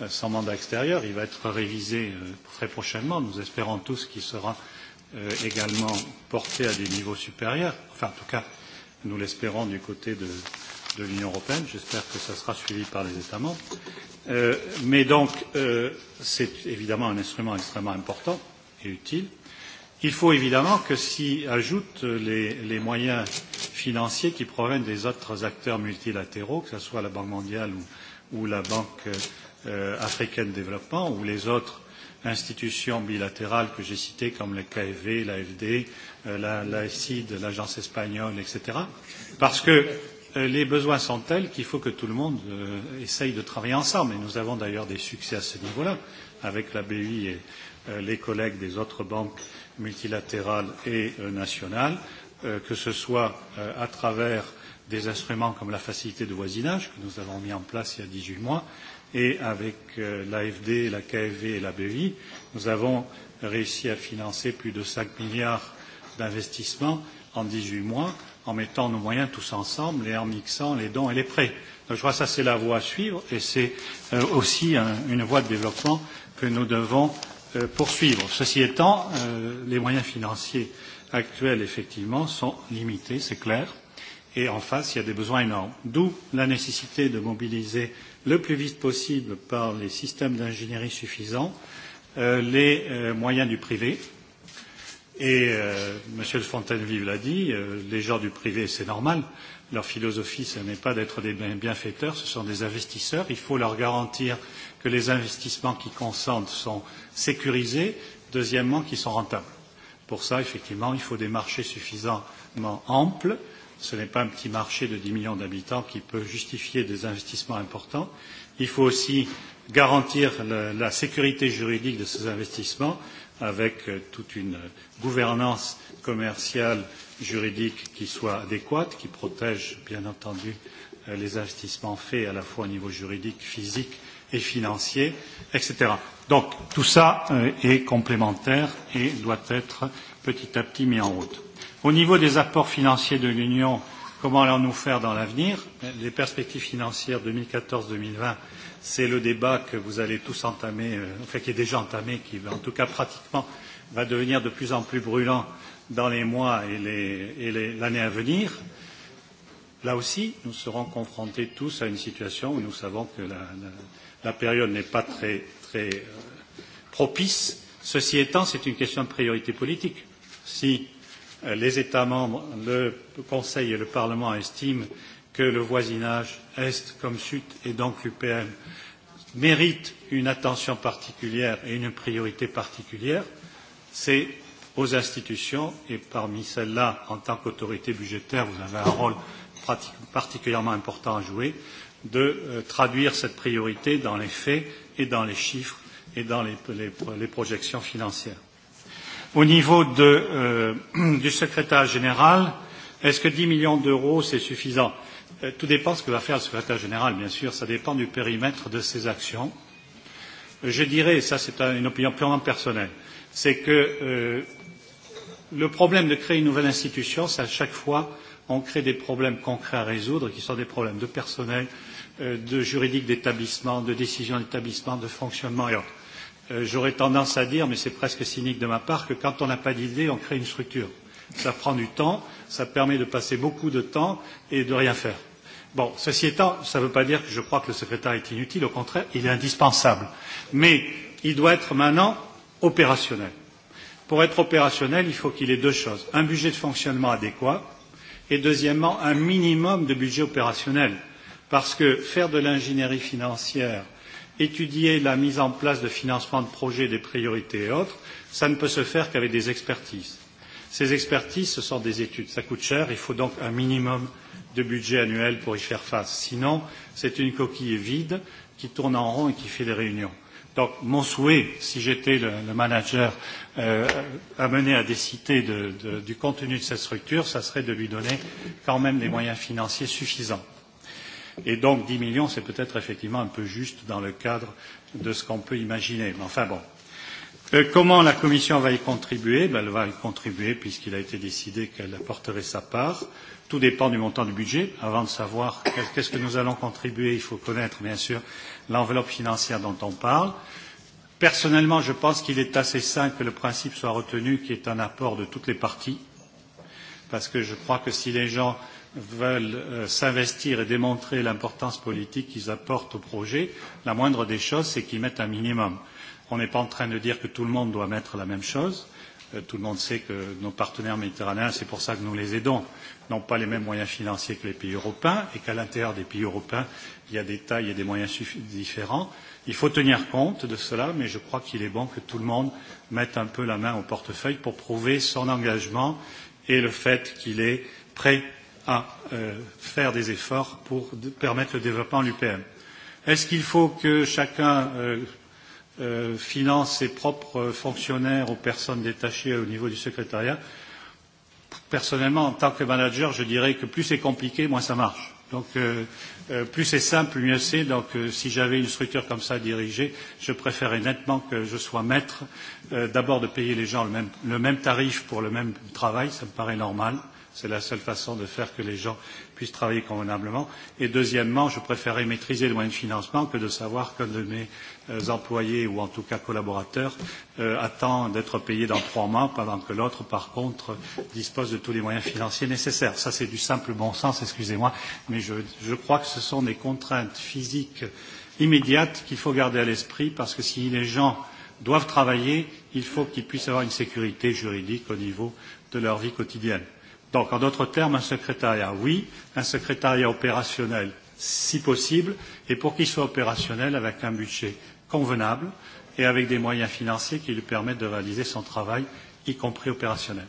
Euh, sans mandat extérieur. Il va être révisé euh, très prochainement. Nous espérons tous qu'il sera euh, également porté à des niveaux supérieurs. Enfin, en tout cas, nous l'espérons du côté de, de l'Union européenne. J'espère que ça sera suivi par les États membres. Euh, mais donc, euh, c'est évidemment un instrument extrêmement important et utile. Il faut évidemment que s'y ajoutent les, les moyens financiers qui proviennent des autres acteurs multilatéraux, que ce soit la Banque mondiale ou, ou la Banque euh, africaine de développement ou les autres institutions bilatérales que j'ai citées comme le KFV, l'AFD, euh, la, la l'Agence espagnole, etc. Parce que euh, les besoins sont tels qu'il faut que tout le monde euh, essaye de travailler ensemble. Et nous avons d'ailleurs des succès à ce niveau-là avec la BI et euh, les collègues des autres banques multilatérales et euh, nationales, euh, que ce soit euh, à travers des instruments comme la facilité de voisinage que nous avons mis en place il y a 18 mois, et avec l'AFD, euh, la KFV et la BEI, nous avons réussi à financer plus de 5 milliards d'investissements en 18 mois en mettant nos moyens tous ensemble et en mixant les dons et les prêts. Donc je crois que ça c'est la voie à suivre et c'est euh, aussi un, une voie de développement que nous devons euh, poursuivre. Ceci étant, euh, les moyens financiers actuels effectivement sont limités, c'est clair, et en face il y a des besoins énormes. D'où la nécessité de mobiliser euh, le plus vite possible par les systèmes d'ingénierie suffisants euh, les euh, moyens du privé. Et euh, M. Le Fontaine-Vive l'a dit, euh, les gens du privé, c'est normal. Leur philosophie, ce n'est pas d'être des bienfaiteurs, ce sont des investisseurs. Il faut leur garantir que les investissements qu'ils consentent sont sécurisés, deuxièmement, qu'ils sont rentables. Pour ça, effectivement, il faut des marchés suffisamment amples Ce n'est pas un petit marché de 10 millions d'habitants qui peut justifier des investissements importants. Il faut aussi garantir la, la sécurité juridique de ces investissements avec euh, toute une gouvernance commerciale juridique qui soit adéquate, qui protège bien entendu euh, les investissements faits à la fois au niveau juridique, physique et financier, etc. Donc tout ça euh, est complémentaire et doit être petit à petit mis en route. Au niveau des apports financiers de l'Union, comment allons-nous faire dans l'avenir Les perspectives financières 2014-2020, c'est le débat que vous allez tous entamer, euh, enfin qui est déjà entamé, qui en tout cas pratiquement va devenir de plus en plus brûlant dans les mois et l'année les, et les, à venir. Là aussi, nous serons confrontés tous à une situation où nous savons que la, la, la période n'est pas très, très euh, propice. Ceci étant, c'est une question de priorité politique. Si Euh, les États membres, le Conseil et le Parlement estiment que le voisinage Est comme Sud et donc UPM mérite une attention particulière et une priorité particulière, c'est aux institutions, et parmi celles-là, en tant qu'autorité budgétaire, vous avez un rôle particulièrement important à jouer, de euh, traduire cette priorité dans les faits et dans les chiffres et dans les, les, les projections financières. Au niveau de, euh, du secrétaire général, est-ce que 10 millions d'euros, c'est suffisant euh, Tout dépend de ce que va faire le secrétaire général, bien sûr, ça dépend du périmètre de ses actions. Euh, je dirais, et ça c'est une opinion purement personnelle, c'est que euh, le problème de créer une nouvelle institution, c'est à chaque fois on crée des problèmes concrets à résoudre, qui sont des problèmes de personnel, euh, de juridique d'établissement, de décision d'établissement, de fonctionnement et autres. Euh, j'aurais tendance à dire, mais c'est presque cynique de ma part, que quand on n'a pas d'idée, on crée une structure. Ça prend du temps, ça permet de passer beaucoup de temps et de rien faire. Bon, ceci étant, ça ne veut pas dire que je crois que le secrétaire est inutile, au contraire, il est indispensable. Mais il doit être maintenant opérationnel. Pour être opérationnel, il faut qu'il ait deux choses. Un budget de fonctionnement adéquat et deuxièmement, un minimum de budget opérationnel. Parce que faire de l'ingénierie financière étudier la mise en place de financement de projets, des priorités et autres, ça ne peut se faire qu'avec des expertises. Ces expertises, ce sont des études. Ça coûte cher, il faut donc un minimum de budget annuel pour y faire face. Sinon, c'est une coquille vide qui tourne en rond et qui fait des réunions. Donc, mon souhait, si j'étais le, le manager euh, amené à décider de, de, du contenu de cette structure, ça serait de lui donner quand même des moyens financiers suffisants. Et donc 10 millions, c'est peut-être effectivement un peu juste dans le cadre de ce qu'on peut imaginer. Mais enfin bon. Euh, comment la Commission va y contribuer ben, Elle va y contribuer puisqu'il a été décidé qu'elle apporterait sa part. Tout dépend du montant du budget. Avant de savoir qu'est-ce que nous allons contribuer, il faut connaître bien sûr l'enveloppe financière dont on parle. Personnellement, je pense qu'il est assez sain que le principe soit retenu, qui est un apport de toutes les parties, parce que je crois que si les gens veulent euh, s'investir et démontrer l'importance politique qu'ils apportent au projet, la moindre des choses, c'est qu'ils mettent un minimum. On n'est pas en train de dire que tout le monde doit mettre la même chose. Euh, tout le monde sait que nos partenaires méditerranéens, c'est pour ça que nous les aidons, n'ont pas les mêmes moyens financiers que les pays européens et qu'à l'intérieur des pays européens, il y a des tailles et des moyens différents. Il faut tenir compte de cela, mais je crois qu'il est bon que tout le monde mette un peu la main au portefeuille pour prouver son engagement et le fait qu'il est prêt à euh, faire des efforts pour de permettre le développement de l'UPM. Est-ce qu'il faut que chacun euh, euh, finance ses propres fonctionnaires ou personnes détachées au niveau du secrétariat Personnellement, en tant que manager, je dirais que plus c'est compliqué, moins ça marche. Donc, euh, euh, plus c'est simple, mieux c'est. Donc, euh, si j'avais une structure comme ça à diriger, je préférais nettement que je sois maître, euh, d'abord de payer les gens le même, le même tarif pour le même travail, ça me paraît normal. Euh, C'est la seule façon de faire que les gens puissent travailler convenablement. Et deuxièmement, je préférerais maîtriser le moyen de financement que de savoir qu'un de mes euh, employés ou en tout cas collaborateurs euh, attend d'être payé dans trois mois pendant que l'autre, par contre, dispose de tous les moyens financiers nécessaires. Ça, c'est du simple bon sens, excusez-moi, mais je, je crois que ce sont des contraintes physiques immédiates qu'il faut garder à l'esprit parce que si les gens doivent travailler, il faut qu'ils puissent avoir une sécurité juridique au niveau de leur vie quotidienne. Donc, en d'autres termes, un secrétariat, oui, un secrétariat opérationnel, si possible, et pour qu'il soit opérationnel avec un budget convenable et avec des moyens financiers qui lui permettent de réaliser son travail, y compris opérationnel.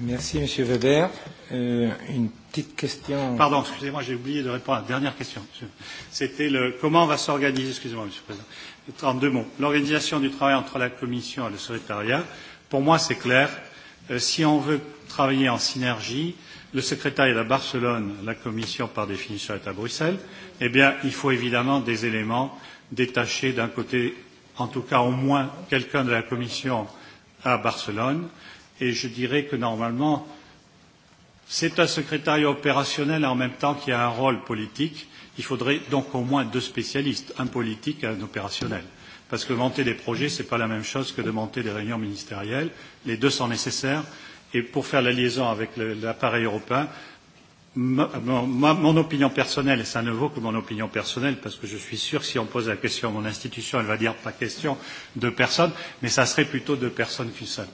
Merci, Monsieur Weber. Euh, une petite question. Pardon, excusez-moi, j'ai oublié de répondre à la dernière question. C'était le comment on va s'organiser, excusez-moi, M. le Président. En deux mots, l'organisation du travail entre la Commission et le secrétariat. Pour moi, c'est clair. Euh, si on veut travailler en synergie, le secrétariat est à Barcelone, la commission par définition est à Bruxelles, eh bien, il faut évidemment des éléments détachés d'un côté, en tout cas au moins quelqu'un de la commission à Barcelone, et je dirais que normalement, c'est un secrétariat opérationnel en même temps qu'il y a un rôle politique. Il faudrait donc au moins deux spécialistes, un politique et un opérationnel parce que monter des projets, ce n'est pas la même chose que de monter des réunions ministérielles. Les deux sont nécessaires. Et pour faire la liaison avec l'appareil européen, ma, ma, mon opinion personnelle, et ça ne vaut que mon opinion personnelle, parce que je suis sûr que si on pose la question à mon institution, elle va dire pas question de personnes, mais ça serait plutôt de personnes qu'une seule.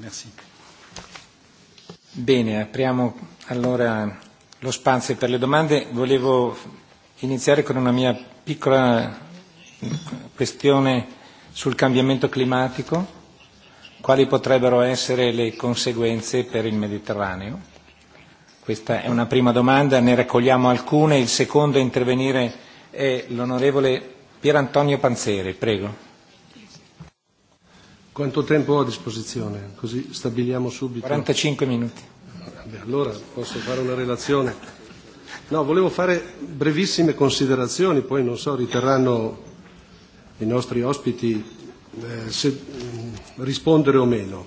Merci. Bene, apriamo allora lo spazio per le domande. Volevo iniziare con una mia piccola questione sul cambiamento climatico, quali potrebbero essere le conseguenze per il Mediterraneo. Questa è una prima domanda, ne raccogliamo alcune. Il secondo a intervenire è l'onorevole Pier Antonio Panzeri, prego. Quanto tempo ho a disposizione? Così stabiliamo subito. 45 minuti. allora posso fare una relazione No, volevo fare brevissime considerazioni, poi non so, riterranno i nostri ospiti eh, se mh, mm, rispondere o meno.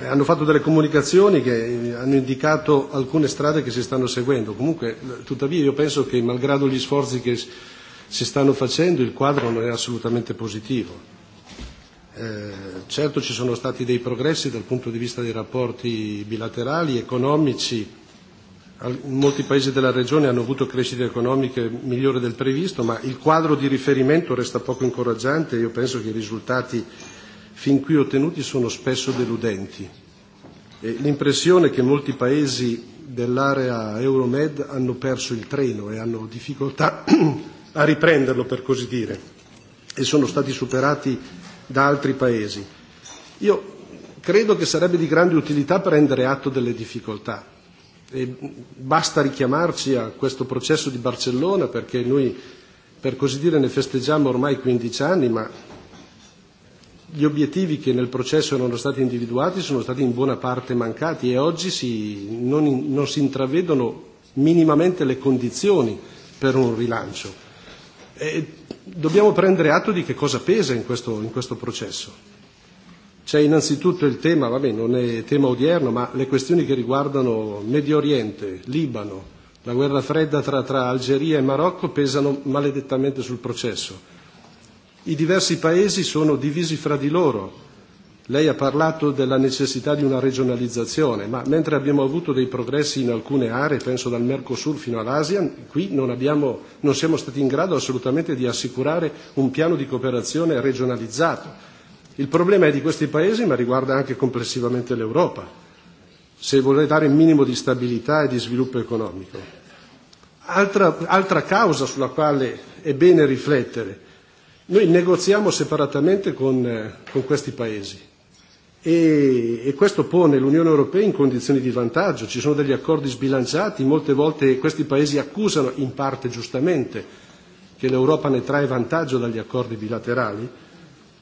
Eh, hanno fatto delle comunicazioni che eh, hanno indicato alcune strade che si stanno seguendo. Comunque, tuttavia, io penso che, malgrado gli sforzi che si stanno facendo, il quadro non è assolutamente positivo. Eh, certo ci sono stati dei progressi dal punto di vista dei rapporti bilaterali, economici, molti paesi della regione hanno avuto crescite economiche migliori del previsto, ma il quadro di riferimento resta poco incoraggiante e io penso che i risultati fin qui ottenuti sono spesso deludenti. e L'impressione è che molti paesi dell'area Euromed hanno perso il treno e hanno difficoltà a riprenderlo, per così dire, e sono stati superati da altri paesi. Io credo che sarebbe di grande utilità prendere atto delle difficoltà, E basta richiamarci a questo processo di Barcellona perché noi, per così dire, ne festeggiamo ormai 15 anni, ma gli obiettivi che nel processo erano stati individuati sono stati in buona parte mancati e oggi si, non, non si intravedono minimamente le condizioni per un rilancio. E dobbiamo prendere atto di che cosa pesa in questo, in questo processo. C'è innanzitutto il tema, vabbè non è tema odierno, ma le questioni che riguardano Medio Oriente, Libano, la guerra fredda tra, tra Algeria e Marocco pesano maledettamente sul processo. I diversi paesi sono divisi fra di loro. Lei ha parlato della necessità di una regionalizzazione, ma mentre abbiamo avuto dei progressi in alcune aree, penso dal Mercosur fino all'ASEAN, qui non, abbiamo, non siamo stati in grado assolutamente di assicurare un piano di cooperazione regionalizzato Il problema è di questi paesi ma riguarda anche complessivamente l'Europa, se vuole dare un minimo di stabilità e di sviluppo economico. Altra, altra causa sulla quale è bene riflettere, noi negoziamo separatamente con, eh, con questi paesi e, e questo pone l'Unione Europea in condizioni di vantaggio, ci sono degli accordi sbilanciati, molte volte questi paesi accusano, in parte giustamente, che l'Europa ne trae vantaggio dagli accordi bilaterali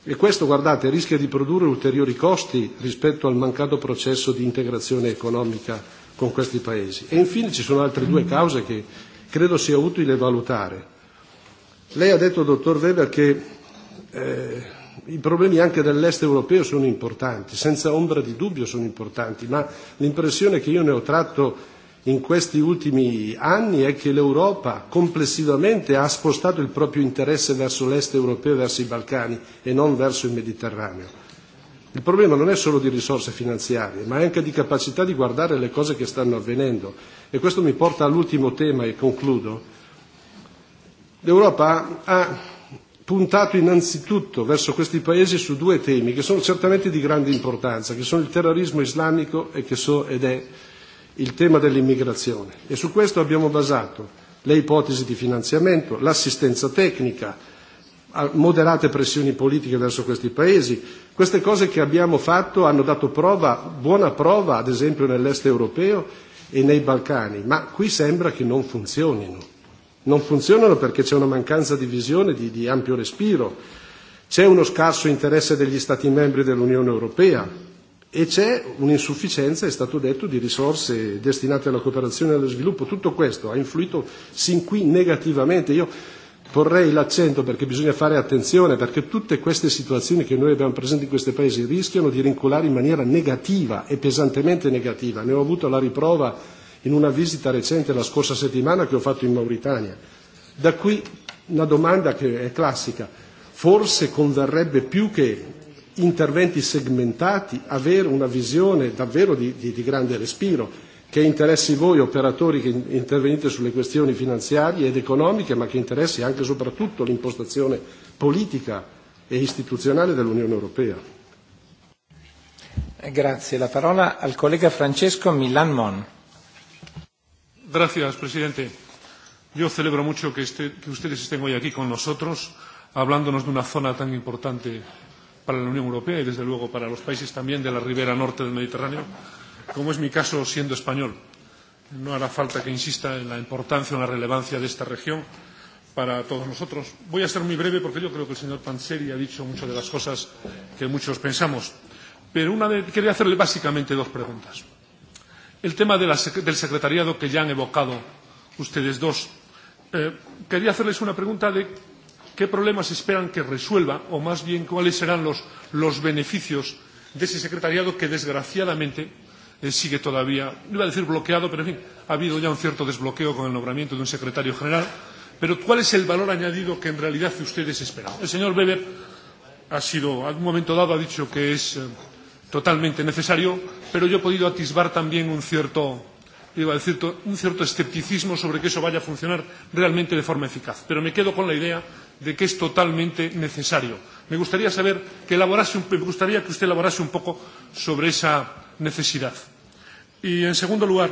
E questo, guardate, rischia di produrre ulteriori costi rispetto al mancato processo di integrazione economica con questi paesi. E infine ci sono altre due cause che credo sia utile valutare. Lei ha detto, dottor Weber, che eh, i problemi anche dell'est europeo sono importanti, senza ombra di dubbio sono importanti, ma l'impressione che io ne ho tratto in questi ultimi anni è che l'Europa complessivamente ha spostato il proprio interesse verso l'est europeo, e verso i Balcani e non verso il Mediterraneo. Il problema non è solo di risorse finanziarie, ma è anche di capacità di guardare le cose che stanno avvenendo. E questo mi porta all'ultimo tema e concludo. L'Europa ha puntato innanzitutto verso questi paesi su due temi che sono certamente di grande importanza, che sono il terrorismo islamico e che so, ed è il tema dell'immigrazione e su questo abbiamo basato le ipotesi di finanziamento, l'assistenza tecnica, moderate pressioni politiche verso questi paesi. Queste cose che abbiamo fatto hanno dato prova, buona prova, ad esempio nell'est europeo e nei Balcani, ma qui sembra che non funzionino. Non funzionano perché c'è una mancanza di visione di, di ampio respiro, c'è uno scarso interesse degli Stati membri dell'Unione Europea, E c'è un'insufficienza, è stato detto, di risorse destinate alla cooperazione e allo sviluppo. Tutto questo ha influito sin qui negativamente. Io porrei l'accento perché bisogna fare attenzione, perché tutte queste situazioni che noi abbiamo presenti in questi paesi rischiano di rincolare in maniera negativa e pesantemente negativa. Ne ho avuto la riprova in una visita recente la scorsa settimana che ho fatto in Mauritania. Da qui una domanda che è classica. Forse converrebbe più che interventi segmentati, avere una visione davvero di, di, di grande respiro che interessi voi operatori che intervenite sulle questioni finanziarie ed economiche, ma che interessi anche e soprattutto l'impostazione politica e istituzionale dell'Unione Europea. Eh, grazie. La parola al collega Francesco Milan Mon. Grazie, presidente. Io celebro molto che este, que ustedes estén hoy aquí con nosotros, hablándonos de una zona tan importante para la Unión Europea y, desde luego, para los países también de la ribera norte del Mediterráneo, como es mi caso siendo español. No hará falta que insista en la importancia o en la relevancia de esta región para todos nosotros. Voy a ser muy breve porque yo creo que el señor Panseri ha dicho muchas de las cosas que muchos pensamos. Pero una de, quería hacerle básicamente dos preguntas. El tema de la, del secretariado que ya han evocado ustedes dos. Eh, quería hacerles una pregunta de qué problemas esperan que resuelva o más bien cuáles serán los, los beneficios de ese secretariado que desgraciadamente eh, sigue todavía, iba a decir bloqueado, pero en fin, ha habido ya un cierto desbloqueo con el nombramiento de un secretario general. Pero ¿cuál es el valor añadido que en realidad ustedes esperan? El señor Weber ha sido, a un momento dado ha dicho que es eh, totalmente necesario, pero yo he podido atisbar también un cierto, iba a decir, un cierto escepticismo sobre que eso vaya a funcionar realmente de forma eficaz. Pero me quedo con la idea de que es totalmente necesario. Me gustaría saber que elaborase un, me gustaría que usted elaborase un poco sobre esa necesidad. Y en segundo lugar,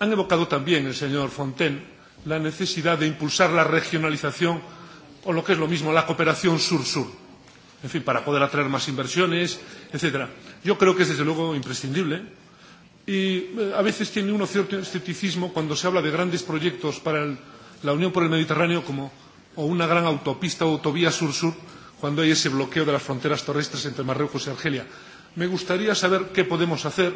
han evocado también el señor Fontaine la necesidad de impulsar la regionalización o lo que es lo mismo la cooperación sur-sur. En fin, para poder atraer más inversiones, etcétera. Yo creo que es desde luego imprescindible y eh, a veces tiene uno cierto escepticismo cuando se habla de grandes proyectos para el, la Unión por el Mediterráneo como o una gran autopista o autovía sur-sur cuando hay ese bloqueo de las fronteras terrestres entre Marruecos y Argelia. Me gustaría saber qué podemos hacer,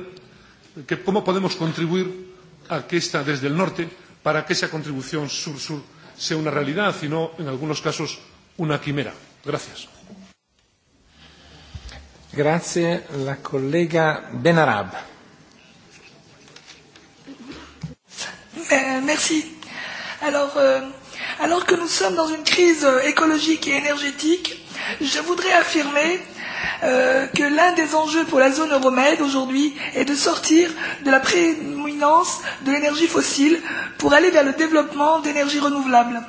que, cómo podemos contribuir a que esta desde el norte, para que esa contribución sur-sur sea una realidad y no, en algunos casos, una quimera. Gracias. Grazie. La collega Benarab. Eh, merci. Alors, euh, Alors que nous sommes dans une crise écologique et énergétique, je voudrais affirmer euh, que l'un des enjeux pour la zone Euromède aujourd'hui est de sortir de la prédominance de l'énergie fossile pour aller vers le développement d'énergies renouvelables.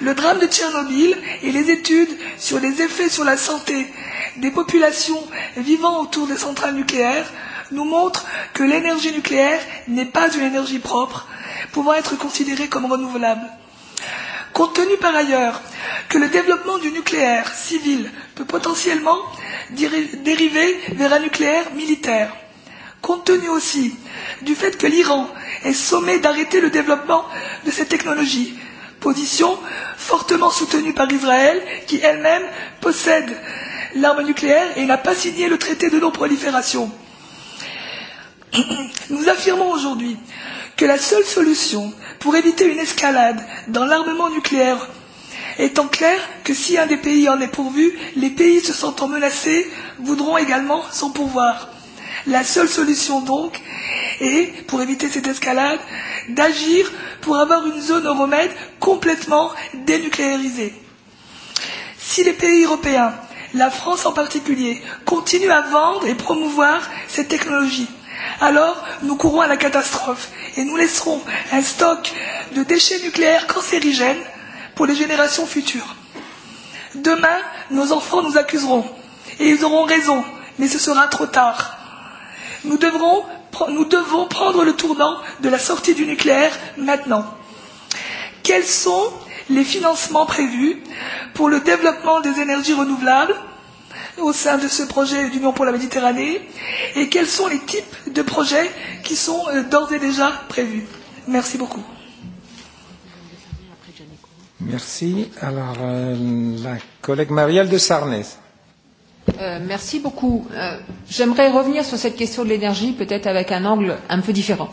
Le drame de Tchernobyl et les études sur les effets sur la santé des populations vivant autour des centrales nucléaires nous montrent que l'énergie nucléaire n'est pas une énergie propre, pouvant être considérée comme renouvelable. Compte tenu par ailleurs que le développement du nucléaire civil peut potentiellement dériver vers un nucléaire militaire, compte tenu aussi du fait que l'Iran est sommé d'arrêter le développement de ces technologies, position fortement soutenue par Israël qui elle-même possède l'arme nucléaire et n'a pas signé le traité de non-prolifération. Nous affirmons aujourd'hui que la seule solution pour éviter une escalade dans l'armement nucléaire étant clair que si un des pays en est pourvu, les pays se sentant menacés voudront également son pouvoir. La seule solution donc est, pour éviter cette escalade, d'agir pour avoir une zone euromède complètement dénucléarisée. Si les pays européens, la France en particulier, continuent à vendre et promouvoir cette technologie, Alors, nous courons à la catastrophe et nous laisserons un stock de déchets nucléaires cancérigènes pour les générations futures. Demain, nos enfants nous accuseront et ils auront raison, mais ce sera trop tard. Nous, devrons, nous devons prendre le tournant de la sortie du nucléaire maintenant. Quels sont les financements prévus pour le développement des énergies renouvelables au sein de ce projet d'Union pour la Méditerranée et quels sont les types de projets qui sont euh, d'ores et déjà prévus. Merci beaucoup. Merci. Alors, euh, la collègue Marielle de Sarnez. Euh, merci beaucoup. Euh, J'aimerais revenir sur cette question de l'énergie, peut-être avec un angle un peu différent.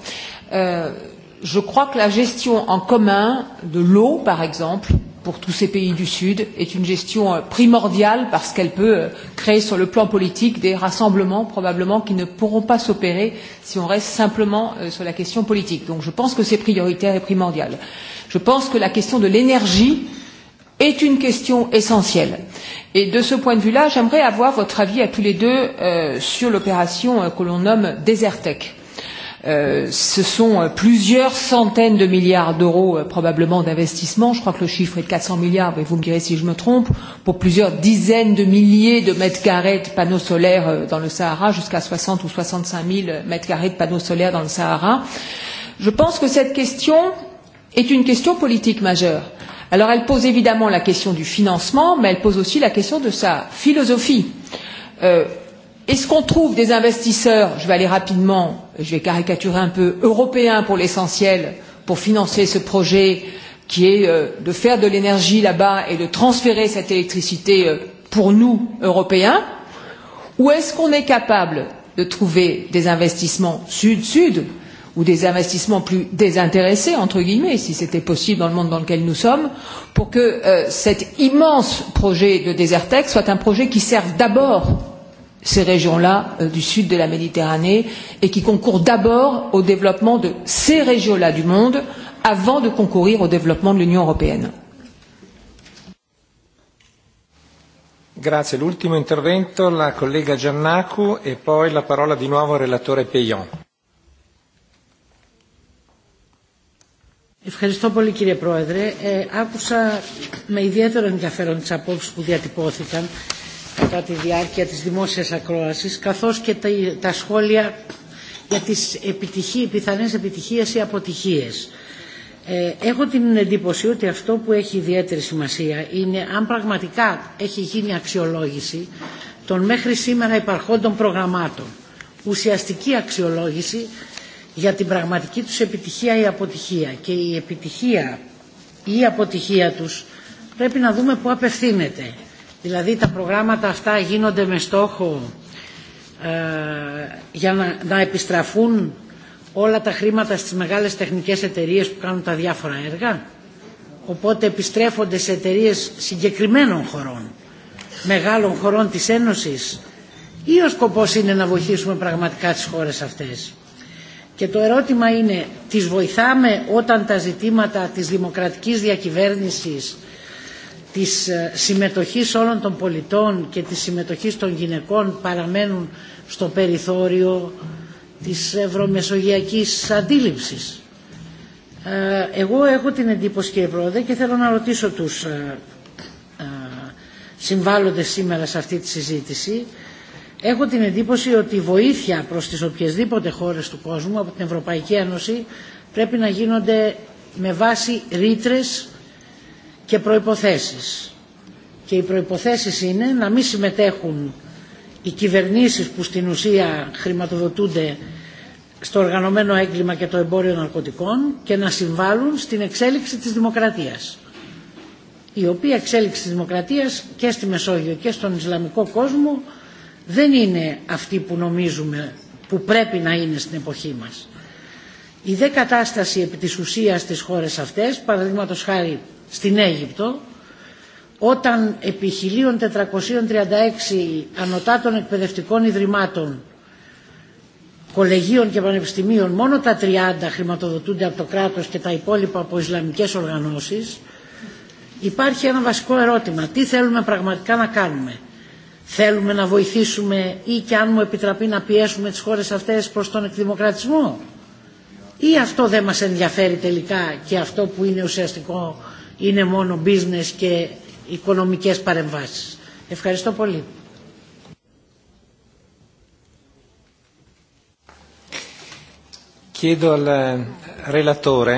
Euh, je crois que la gestion en commun de l'eau, par exemple, pour tous ces pays du Sud est une gestion euh, primordiale parce qu'elle peut euh, créer sur le plan politique des rassemblements probablement qui ne pourront pas s'opérer si on reste simplement euh, sur la question politique. Donc je pense que c'est prioritaire et primordial. Je pense que la question de l'énergie est une question essentielle. Et de ce point de vue-là, j'aimerais avoir votre avis à tous les deux euh, sur l'opération que l'on nomme Desertec Euh, ce sont euh, plusieurs centaines de milliards d'euros euh, probablement d'investissement. Je crois que le chiffre est de 400 milliards, mais vous me direz si je me trompe, pour plusieurs dizaines de milliers de mètres carrés de panneaux solaires euh, dans le Sahara, jusqu'à 60 ou 65 000 euh, mètres carrés de panneaux solaires dans le Sahara. Je pense que cette question est une question politique majeure. Alors elle pose évidemment la question du financement, mais elle pose aussi la question de sa philosophie. Euh, Est-ce qu'on trouve des investisseurs, je vais aller rapidement, je vais caricaturer un peu, européens pour l'essentiel, pour financer ce projet qui est euh, de faire de l'énergie là-bas et de transférer cette électricité euh, pour nous, Européens Ou est-ce qu'on est capable de trouver des investissements sud-sud ou des investissements plus désintéressés, entre guillemets, si c'était possible dans le monde dans lequel nous sommes, pour que euh, cet immense projet de Desertec soit un projet qui serve d'abord ces régions-là euh, du sud de la Méditerranée et qui concourent d'abord au développement de ces régions-là du monde avant de concourir au développement de l'Union européenne. Grazie. L'ultimo intervento la collega Giannacu e poi la parola di nuovo al relatore Peillon. Ευχαριστώ πολύ κύριε Πρόεδρε. Ε, άκουσα με ιδιαίτερο ενδιαφέρον τις απόψεις που διατυπώθηκαν κατά τη διάρκεια της δημόσιας ακρόασης, καθώς και τα σχόλια για τις επιτυχί, πιθανές επιτυχίες ή αποτυχίες. Ε, έχω την εντύπωση ότι αυτό που έχει ιδιαίτερη σημασία είναι αν πραγματικά έχει γίνει αξιολόγηση των μέχρι σήμερα υπαρχόντων προγραμμάτων. Ουσιαστική αξιολόγηση για την πραγματική τους επιτυχία ή αποτυχία. Και η επιτυχία ή η αποτυχία τους πρέπει να δούμε πού απευθύνεται. Δηλαδή τα προγράμματα αυτά γίνονται με στόχο ε, για να, να επιστραφούν όλα τα χρήματα στις μεγάλες τεχνικές εταιρείες που κάνουν τα διάφορα έργα. Οπότε επιστρέφονται σε εταιρείε συγκεκριμένων χωρών, μεγάλων χωρών της Ένωσης ή ο σκοπός είναι να βοηθήσουμε πραγματικά τις χώρες αυτές. Και το ερώτημα είναι, τις βοηθάμε όταν τα ζητήματα της δημοκρατικής διακυβέρνησης της συμμετοχής όλων των πολιτών και της συμμετοχής των γυναικών παραμένουν στο περιθώριο της ευρωμεσογειακής αντίληψης. Εγώ έχω την εντύπωση κύριε Πρόεδρε και θέλω να ρωτήσω τους συμβάλλοντες σήμερα σε αυτή τη συζήτηση Έχω την εντύπωση ότι η βοήθεια προς τις οποιασδήποτε χώρες του κόσμου από την Ευρωπαϊκή Ένωση πρέπει να γίνονται με βάση ρήτρες και προϋποθέσεις. Και οι προϋποθέσεις είναι να μην συμμετέχουν οι κυβερνήσεις που στην ουσία χρηματοδοτούνται στο οργανωμένο έγκλημα και το εμπόριο ναρκωτικών και να συμβάλλουν στην εξέλιξη της δημοκρατίας. Η οποία εξέλιξη της δημοκρατίας και στη Μεσόγειο και στον Ισλαμικό κόσμο δεν είναι αυτή που νομίζουμε που πρέπει να είναι στην εποχή μας. Η δε κατάσταση επί της ουσίας στις χώρες αυτές, παραδείγματος χάρη στην Αίγυπτο όταν επί 1436 των εκπαιδευτικών ιδρυμάτων κολεγίων και πανεπιστημίων μόνο τα 30 χρηματοδοτούνται από το κράτος και τα υπόλοιπα από Ισλαμικές οργανώσεις υπάρχει ένα βασικό ερώτημα τι θέλουμε πραγματικά να κάνουμε θέλουμε να βοηθήσουμε ή και αν μου επιτραπεί να πιέσουμε τις χώρες αυτές προς τον εκδημοκρατισμό ή αυτό δεν μας ενδιαφέρει τελικά και αυτό που είναι ουσιαστικό είναι μόνο business και οικονομικές παρεμβάσεις. Ευχαριστώ πολύ. Chiedo al eh, relatore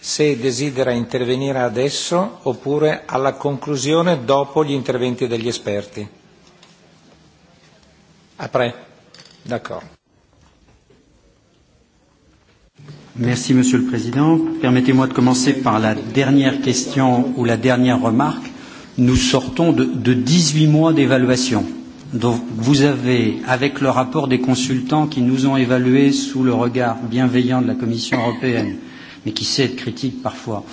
se desidera intervenire adesso oppure alla conclusione dopo gli interventi degli esperti. A ah, pre. D'accordo. Merci, Monsieur le Président. Permettez-moi de commencer par la dernière question ou la dernière remarque. Nous sortons de, de 18 mois d'évaluation. Donc vous avez, avec le rapport des consultants qui nous ont évalués sous le regard bienveillant de la Commission européenne, mais qui sait être critique parfois,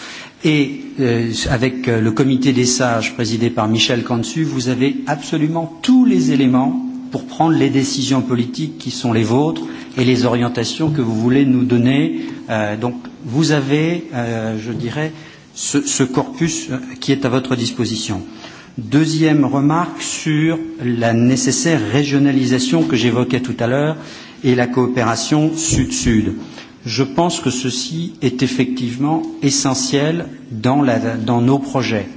et euh, avec euh, le comité des sages présidé par Michel Cantu, vous avez absolument tous les éléments pour prendre les décisions politiques qui sont les vôtres et les orientations que vous voulez nous donner. Euh, donc vous avez, euh, je dirais, ce, ce corpus euh, qui est à votre disposition. Deuxième remarque sur la nécessaire régionalisation que j'évoquais tout à l'heure et la coopération sud-sud. Je pense que ceci est effectivement essentiel dans, la, dans nos projets.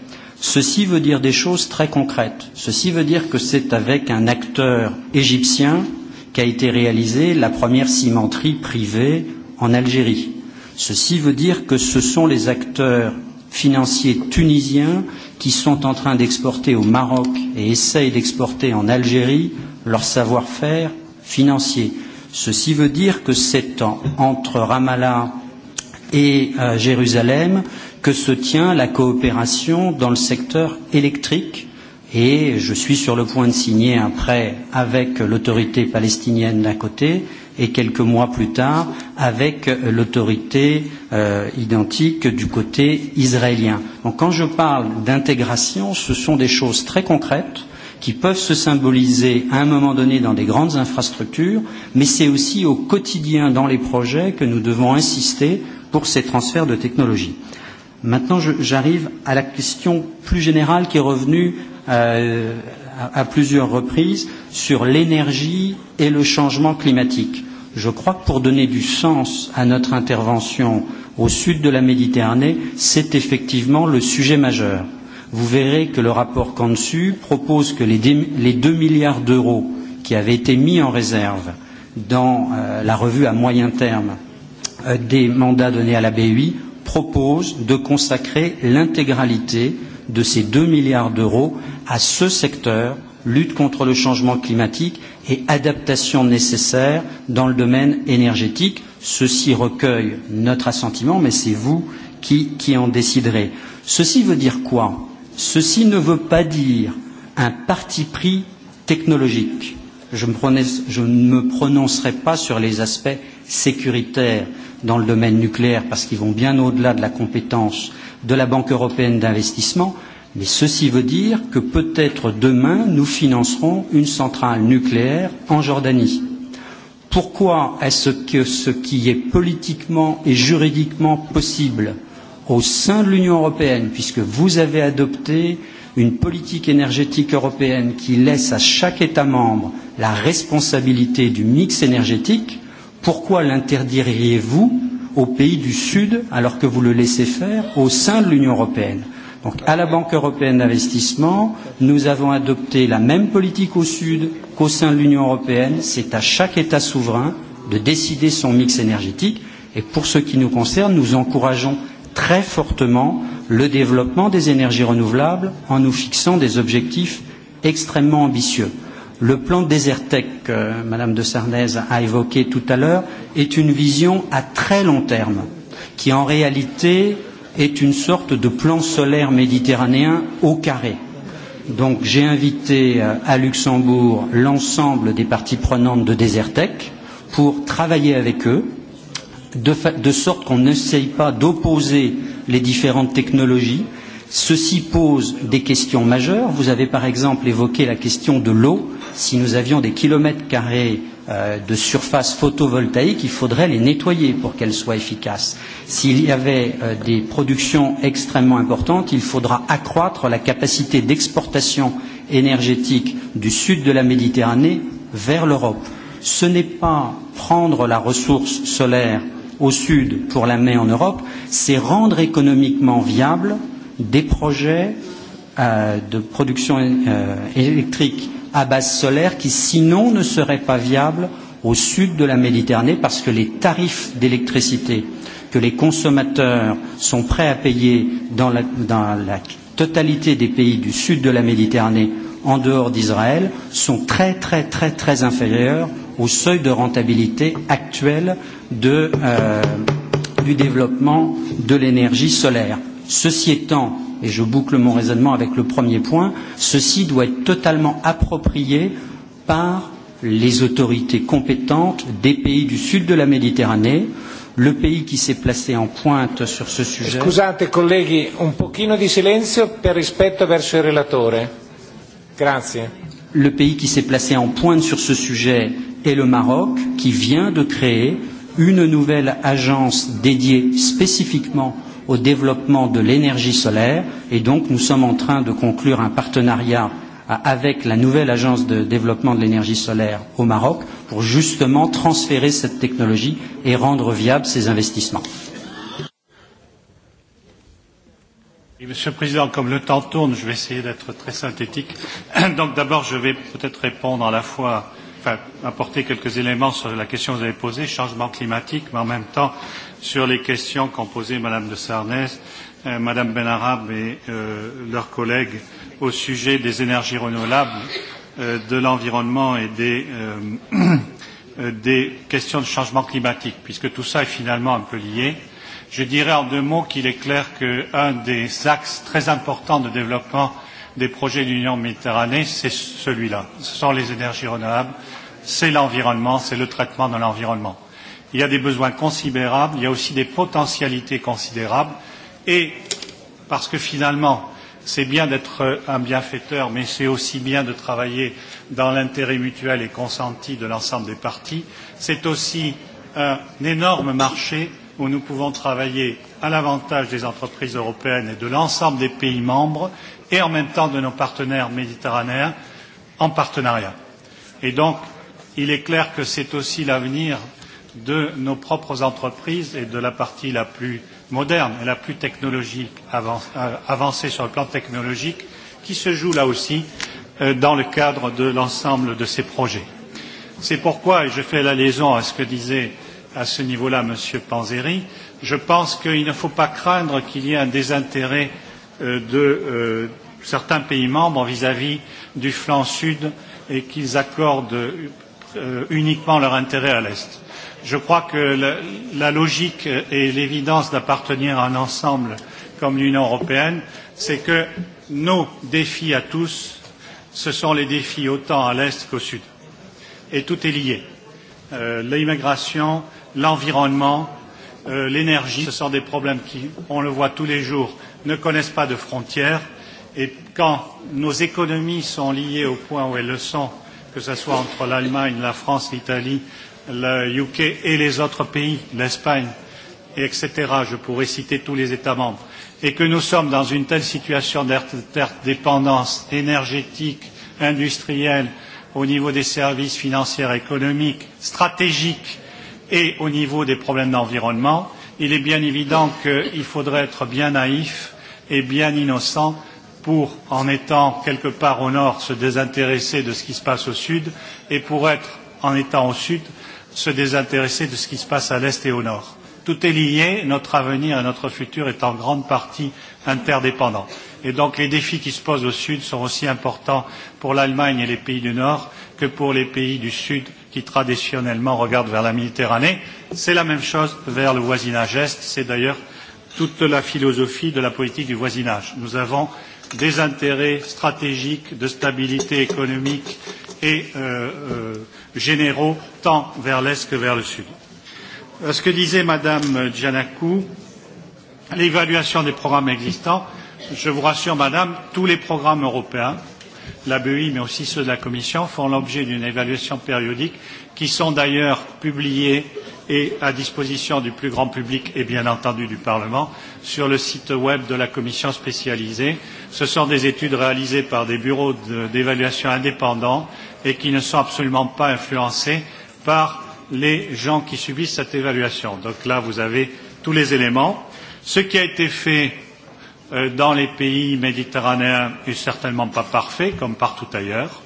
Ceci veut dire des choses très concrètes. Ceci veut dire que c'est avec un acteur égyptien qu'a été réalisée la première cimenterie privée en Algérie. Ceci veut dire que ce sont les acteurs financiers tunisiens qui sont en train d'exporter au Maroc et essayent d'exporter en Algérie leur savoir-faire financier. Ceci veut dire que c'est entre Ramallah et à Jérusalem que se tient la coopération dans le secteur électrique et je suis sur le point de signer un prêt avec l'autorité palestinienne d'un côté et quelques mois plus tard avec l'autorité euh, identique du côté israélien. Donc quand je parle d'intégration, ce sont des choses très concrètes qui peuvent se symboliser à un moment donné dans des grandes infrastructures, mais c'est aussi au quotidien dans les projets que nous devons insister pour ces transferts de technologies. Maintenant, j'arrive à la question plus générale qui est revenue euh, à, à plusieurs reprises sur l'énergie et le changement climatique. Je crois que pour donner du sens à notre intervention au sud de la Méditerranée, c'est effectivement le sujet majeur vous verrez que le rapport Kansu propose que les, les 2 milliards d'euros qui avaient été mis en réserve dans euh, la revue à moyen terme euh, des mandats donnés à la BUI propose de consacrer l'intégralité de ces 2 milliards d'euros à ce secteur lutte contre le changement climatique et adaptation nécessaire dans le domaine énergétique. Ceci recueille notre assentiment, mais c'est vous qui, qui en déciderez. Ceci veut dire quoi Ceci ne veut pas dire un parti pris technologique. Je, me prononce, je ne me prononcerai pas sur les aspects sécuritaires dans le domaine nucléaire parce qu'ils vont bien au-delà de la compétence de la Banque européenne d'investissement, mais ceci veut dire que peut-être demain nous financerons une centrale nucléaire en Jordanie. Pourquoi est-ce que ce qui est politiquement et juridiquement possible au sein de l'Union européenne, puisque vous avez adopté une politique énergétique européenne qui laisse à chaque État membre la responsabilité du mix énergétique, pourquoi l'interdiriez-vous aux pays du Sud alors que vous le laissez faire au sein de l'Union européenne Donc à la Banque européenne d'investissement, nous avons adopté la même politique au Sud qu'au sein de l'Union européenne. C'est à chaque État souverain de décider son mix énergétique. Et pour ce qui nous concerne, nous encourageons très fortement le développement des énergies renouvelables en nous fixant des objectifs extrêmement ambitieux. Le plan Desertec que euh, Madame de Sarnez a évoqué tout à l'heure est une vision à très long terme qui en réalité est une sorte de plan solaire méditerranéen au carré. Donc j'ai invité euh, à Luxembourg l'ensemble des parties prenantes de Desertec pour travailler avec eux de, de sorte qu'on n'essaye pas d'opposer les différentes technologies. Ceci pose des questions majeures. Vous avez par exemple évoqué la question de l'eau. Si nous avions des kilomètres carrés euh, de surface photovoltaïque, il faudrait les nettoyer pour qu'elles soient efficaces. S'il y avait euh, des productions extrêmement importantes, il faudra accroître la capacité d'exportation énergétique du sud de la Méditerranée vers l'Europe. Ce n'est pas prendre la ressource solaire au sud pour l'amener en Europe, c'est rendre économiquement viable des projets euh, de production euh, électrique à base solaire qui sinon ne seraient pas viables au sud de la Méditerranée parce que les tarifs d'électricité que les consommateurs sont prêts à payer dans la, dans la totalité des pays du sud de la Méditerranée en dehors d'Israël sont très très très très inférieurs au seuil de rentabilité actuel de, euh, du développement de l'énergie solaire. Ceci étant, et je boucle mon raisonnement avec le premier point, ceci doit être totalement approprié par les autorités compétentes des pays du sud de la Méditerranée, le pays qui s'est placé en pointe sur ce sujet. Scusate colleghi, un pochino di silenzio per rispetto verso il relatore. Grazie. Le pays qui s'est placé en pointe sur ce sujet est le Maroc, qui vient de créer une nouvelle agence dédiée spécifiquement au développement de l'énergie solaire et donc nous sommes en train de conclure un partenariat avec la nouvelle agence de développement de l'énergie solaire au Maroc pour justement transférer cette technologie et rendre viables ces investissements. Monsieur le Président, comme le temps tourne, je vais essayer d'être très synthétique. Donc d'abord, je vais peut-être répondre à la fois, enfin, apporter quelques éléments sur la question que vous avez posée, changement climatique, mais en même temps sur les questions qu'ont posées Madame de Sarnez, euh, Madame Benarab et euh, leurs collègues au sujet des énergies renouvelables, euh, de l'environnement et des, euh, euh des questions de changement climatique, puisque tout ça est finalement un peu lié. Euh, Je dirais en deux mots qu'il est clair qu'un des axes très importants de développement des projets de l'Union Méditerranée, c'est celui-là. Ce sont les énergies renouvelables, c'est l'environnement, c'est le traitement de l'environnement. Il y a des besoins considérables, il y a aussi des potentialités considérables et parce que finalement, c'est bien d'être un bienfaiteur, mais c'est aussi bien de travailler dans l'intérêt mutuel et consenti de l'ensemble des parties. C'est aussi un énorme marché où nous pouvons travailler à l'avantage des entreprises européennes et de l'ensemble des pays membres et en même temps de nos partenaires méditerranéens en partenariat. Et donc, il est clair que c'est aussi l'avenir de nos propres entreprises et de la partie la plus moderne et la plus technologique euh, avancée sur le plan technologique qui se joue là aussi euh, dans le cadre de l'ensemble de ces projets. C'est pourquoi, et je fais la liaison à ce que disait à ce niveau-là, Monsieur Panzeri. Je pense qu'il ne faut pas craindre qu'il y ait un désintérêt euh, de euh, certains pays membres vis-à-vis -vis du flanc sud et qu'ils accordent euh, uniquement leur intérêt à l'Est. Je crois que la, logique et l'évidence d'appartenir à un ensemble comme l'Union européenne, c'est que nos défis à tous, ce sont les défis autant à l'Est qu'au Sud. Et tout est lié. Euh, L'immigration, l'environnement, euh, l'énergie. Ce sont des problèmes qui, on le voit tous les jours, ne connaissent pas de frontières. Et quand nos économies sont liées au point où elles le sont, que ce soit entre l'Allemagne, la France, l'Italie, le UK et les autres pays, l'Espagne, etc., je pourrais citer tous les États membres, et que nous sommes dans une telle situation d'interdépendance énergétique, industrielle, au niveau des services financiers, économiques, stratégiques, et au niveau des problèmes d'environnement, il est bien évident qu'il faudrait être bien naïf et bien innocent pour, en étant quelque part au nord, se désintéresser de ce qui se passe au sud et pour être, en étant au sud, se désintéresser de ce qui se passe à l'est et au nord. Tout est lié, notre avenir et notre futur est en grande partie interdépendant. Et donc les défis qui se posent au sud sont aussi importants pour l'Allemagne et les pays du nord que pour les pays du sud qui traditionnellement regardent vers la Méditerranée. C'est la même chose vers le voisinage Est. C'est d'ailleurs toute la philosophie de la politique du voisinage. Nous avons des intérêts stratégiques de stabilité économique et euh, euh, généraux tant vers l'Est que vers le Sud. Euh, ce que disait Madame Djanakou, l'évaluation des programmes existants, je vous rassure Madame, tous les programmes européens la BEI, mais aussi ceux de la Commission, font l'objet d'une évaluation périodique qui sont d'ailleurs publiés et à disposition du plus grand public et bien entendu du Parlement sur le site web de la Commission spécialisée. Ce sont des études réalisées par des bureaux d'évaluation de, indépendants et qui ne sont absolument pas influencées par les gens qui subissent cette évaluation. Donc là, vous avez tous les éléments. Ce qui a été fait Euh, dans les pays méditerranéens est certainement pas parfait, comme partout ailleurs.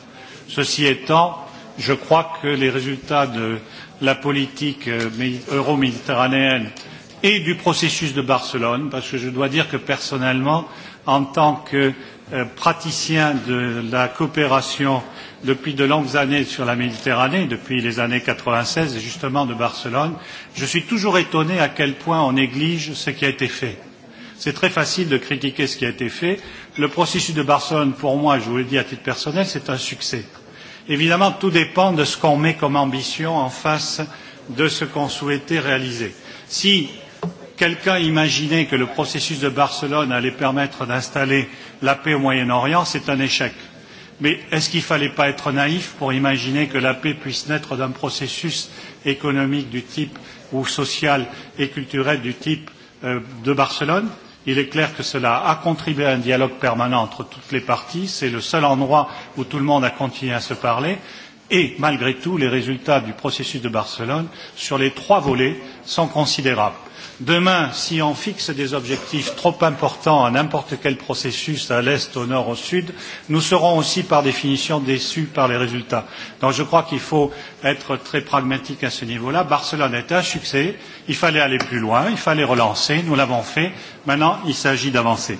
Ceci étant, je crois que les résultats de la politique euh, euro-méditerranéenne et du processus de Barcelone, parce que je dois dire que personnellement, en tant que euh, praticien de la coopération depuis de longues années sur la Méditerranée, depuis les années 96 et justement de Barcelone, je suis toujours étonné à quel point on néglige ce qui a été fait. C'est très facile de critiquer ce qui a été fait. Le processus de Barcelone, pour moi, je vous le dis à titre personnel, c'est un succès. Évidemment, tout dépend de ce qu'on met comme ambition en face de ce qu'on souhaitait réaliser. Si quelqu'un imaginait que le processus de Barcelone allait permettre d'installer la paix au Moyen-Orient, c'est un échec. Mais est-ce qu'il ne fallait pas être naïf pour imaginer que la paix puisse naître d'un processus économique du type ou social et culturel du type euh, de Barcelone Il est clair que cela a contribué à un dialogue permanent entre toutes les parties. C'est le seul endroit où tout le monde a continué à se parler. Et malgré tout, les résultats du processus de Barcelone sur les trois volets sont considérables. Demain, si on fixe des objectifs trop importants à n'importe quel processus, à l'est, au nord, au sud, nous serons aussi par définition déçus par les résultats. Donc je crois qu'il faut être très pragmatique à ce niveau-là. Barcelone est un succès, il fallait aller plus loin, il fallait relancer, nous l'avons fait, maintenant il s'agit d'avancer.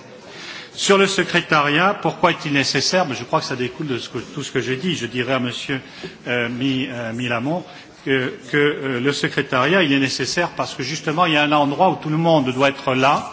Sur le secrétariat, pourquoi est-il nécessaire Je crois que ça découle de ce que, tout ce que j'ai dit. Je dirais à M. Euh, euh, Milamont, que, que euh, le secrétariat, il est nécessaire parce que justement, il y a un endroit où tout le monde doit être là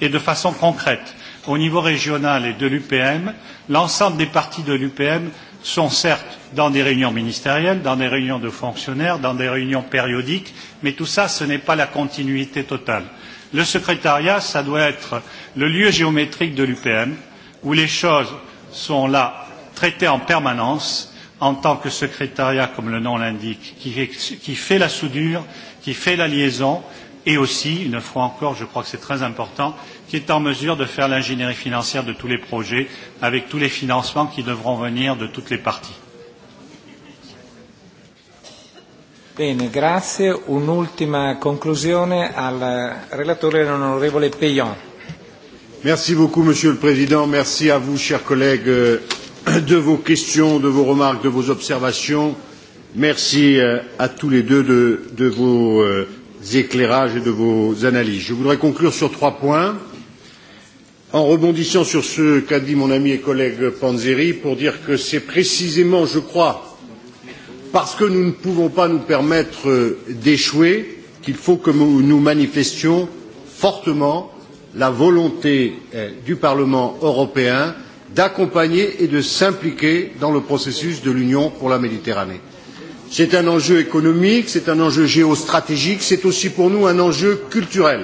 et de façon concrète. Au niveau régional et de l'UPM, l'ensemble des partis de l'UPM sont certes dans des réunions ministérielles, dans des réunions de fonctionnaires, dans des réunions périodiques, mais tout ça, ce n'est pas la continuité totale. Le secrétariat, ça doit être le lieu géométrique de l'UPM, où les choses sont là traitées en permanence en tant que secrétariat, comme le nom l'indique, qui, qui fait la soudure, qui fait la liaison, et aussi, une fois encore, je crois que c'est très important, qui est en mesure de faire l'ingénierie financière de tous les projets, avec tous les financements qui devront venir de toutes les parties. Bene, grazie. Un'ultima conclusione al relatore, l'onorevole Peillon. Merci beaucoup, Monsieur le Président. Merci à vous, chers collègues euh, de vos questions, de vos remarques, de vos observations. Merci euh, à tous les deux de, de vos euh, éclairages et de vos analyses. Je voudrais conclure sur trois points en rebondissant sur ce qu'a dit mon ami et collègue Panzeri pour dire que c'est précisément, je crois, parce que nous ne pouvons pas nous permettre euh, d'échouer qu'il faut que nous manifestions fortement la volonté du Parlement européen d'accompagner et de s'impliquer dans le processus de l'Union pour la Méditerranée. C'est un enjeu économique, c'est un enjeu géostratégique, c'est aussi pour nous un enjeu culturel.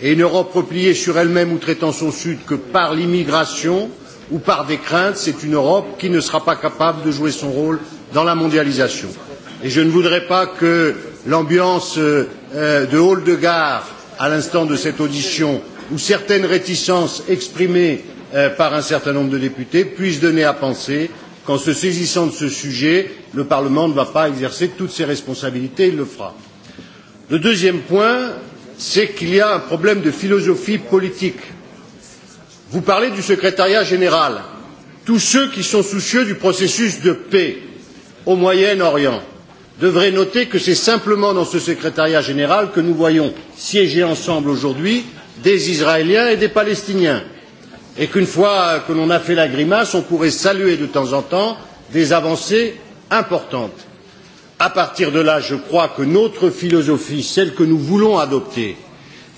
Et une Europe repliée sur elle-même ou traitant son Sud que par l'immigration ou par des craintes, c'est une Europe qui ne sera pas capable de jouer son rôle dans la mondialisation. Et je ne voudrais pas que l'ambiance euh, euh, de hall de gare à l'instant de cette audition ou certaines réticences exprimées euh, par un certain nombre de députés puisse donner à penser qu'en se saisissant de ce sujet, le Parlement ne va pas exercer toutes ses responsabilités, il le fera. Le deuxième point, c'est qu'il y a un problème de philosophie politique. Vous parlez du secrétariat général. Tous ceux qui sont soucieux du processus de paix au Moyen-Orient devraient noter que c'est simplement dans ce secrétariat général que nous voyons siéger ensemble aujourd'hui des Israéliens et des Palestiniens et qu'une fois que l'on a fait la grimace, on pourrait saluer de temps en temps des avancées importantes. À partir de là, je crois que notre philosophie, celle que nous voulons adopter,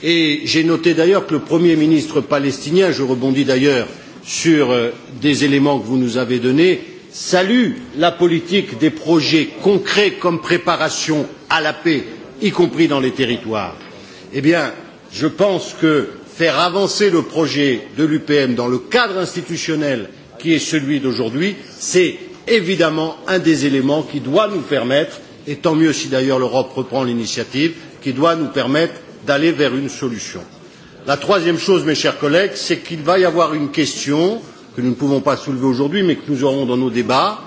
et j'ai noté d'ailleurs que le Premier ministre palestinien, je rebondis d'ailleurs sur euh, des éléments que vous nous avez donnés, salue la politique des projets concrets comme préparation à la paix, y compris dans les territoires. Eh bien, je pense que faire avancer le projet de l'UPM dans le cadre institutionnel qui est celui d'aujourd'hui, c'est évidemment un des éléments qui doit nous permettre, et tant mieux si d'ailleurs l'Europe reprend l'initiative, qui doit nous permettre d'aller vers une solution. La troisième chose, mes chers collègues, c'est qu'il va y avoir une question que nous ne pouvons pas soulever aujourd'hui, mais que nous aurons dans nos débats,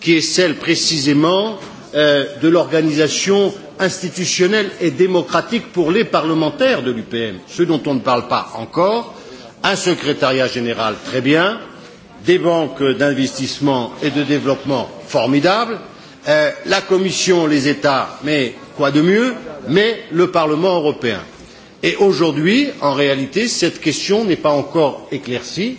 qui est celle précisément euh, de l'organisation institutionnelle et démocratique pour les parlementaires de l'UPM, ce dont on ne parle pas encore, un secrétariat général très bien, des banques d'investissement et de développement formidables, euh, la Commission, les États, mais quoi de mieux, mais le Parlement européen. Et aujourd'hui, en réalité, cette question n'est pas encore éclaircie.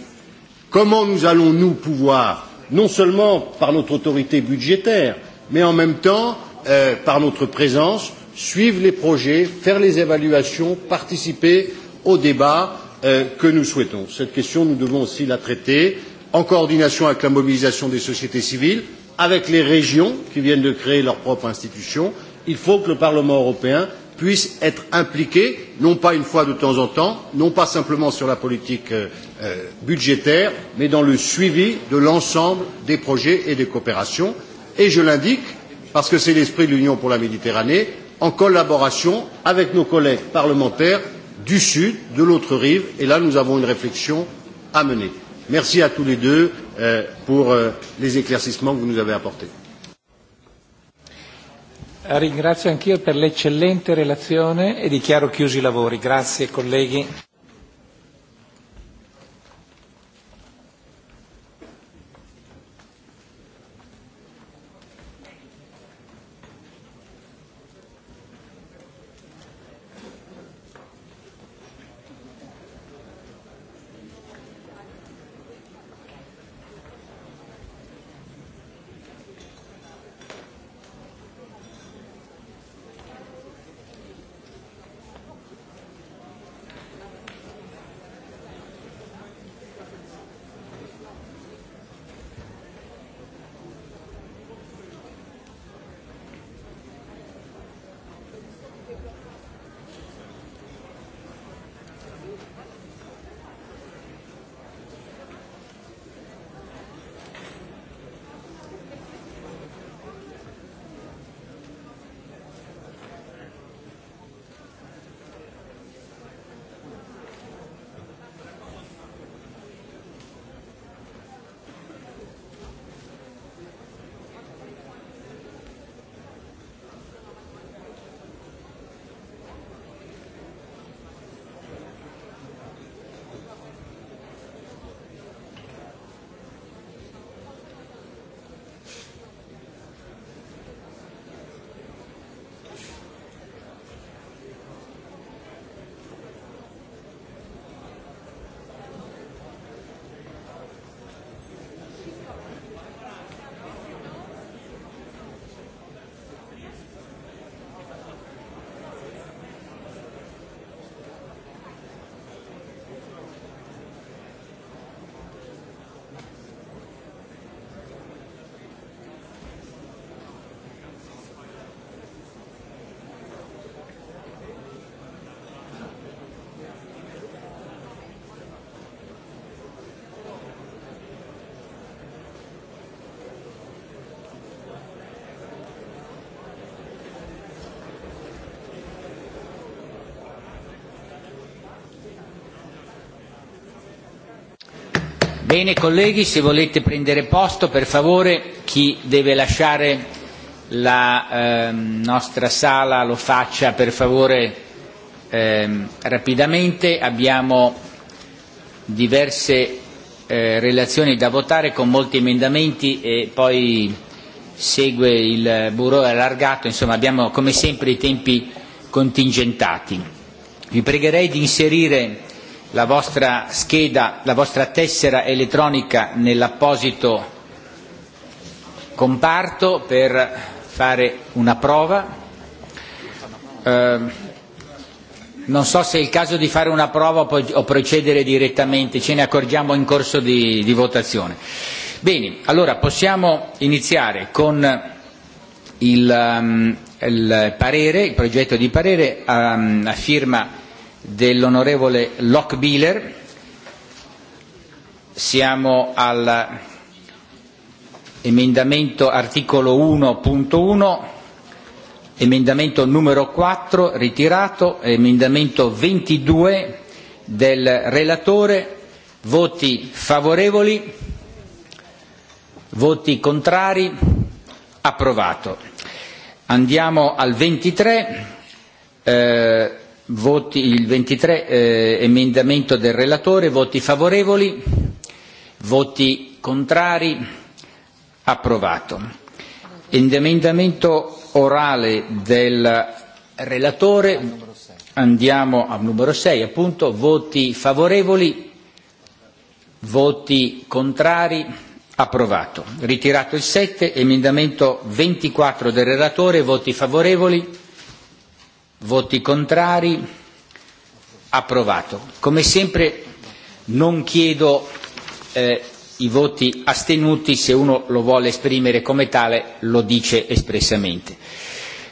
Comment nous allons-nous pouvoir, non seulement par notre autorité budgétaire, mais en même temps euh, par notre présence, suivre les projets, faire les évaluations, participer au débat euh, que nous souhaitons. Cette question, nous devons aussi la traiter en coordination avec la mobilisation des sociétés civiles, avec les régions qui viennent de créer leurs propres institutions. Il faut que le Parlement européen puisse être impliqué, non pas une fois de temps en temps, non pas simplement sur la politique euh, euh budgétaire, mais dans le suivi de l'ensemble des projets et des coopérations. Et je l'indique, parce que c'est l'esprit de l'Union pour la Méditerranée, en collaboration avec nos collègues parlementaires du Sud, de l'autre rive, et là nous avons une réflexion à mener. Merci à tous les deux euh, pour euh, les éclaircissements que vous nous avez apportés. Eh, ringrazio anch'io per l'eccellente relazione e dichiaro chiusi i lavori. Grazie colleghi. Bene colleghi, se volete prendere posto, per favore, chi deve lasciare la eh, nostra sala lo faccia per favore eh, rapidamente. Abbiamo diverse eh, relazioni da votare con molti emendamenti e poi segue il bureau allargato, insomma abbiamo come sempre i tempi contingentati. Vi pregherei di inserire la vostra scheda, la vostra tessera elettronica nell'apposito comparto per fare una prova. Eh, non so se è il caso di fare una prova o procedere direttamente, ce ne accorgiamo in corso di, di votazione. Bene, allora possiamo iniziare con il, um, il parere, il progetto di parere um, a firma dell'onorevole Lockbiller. Siamo all'emendamento articolo 1.1, emendamento numero 4 ritirato, emendamento 22 del relatore, voti favorevoli, voti contrari, approvato. Andiamo al 23. Eh, Voti il 23 eh, emendamento del relatore, voti favorevoli, voti contrari, approvato. Emendamento orale del relatore, andiamo al numero 6 appunto, voti favorevoli, voti contrari, approvato. Ritirato il 7, emendamento 24 del relatore, voti favorevoli, Voti contrari? Approvato. Come sempre non chiedo eh, i voti astenuti, se uno lo vuole esprimere come tale lo dice espressamente.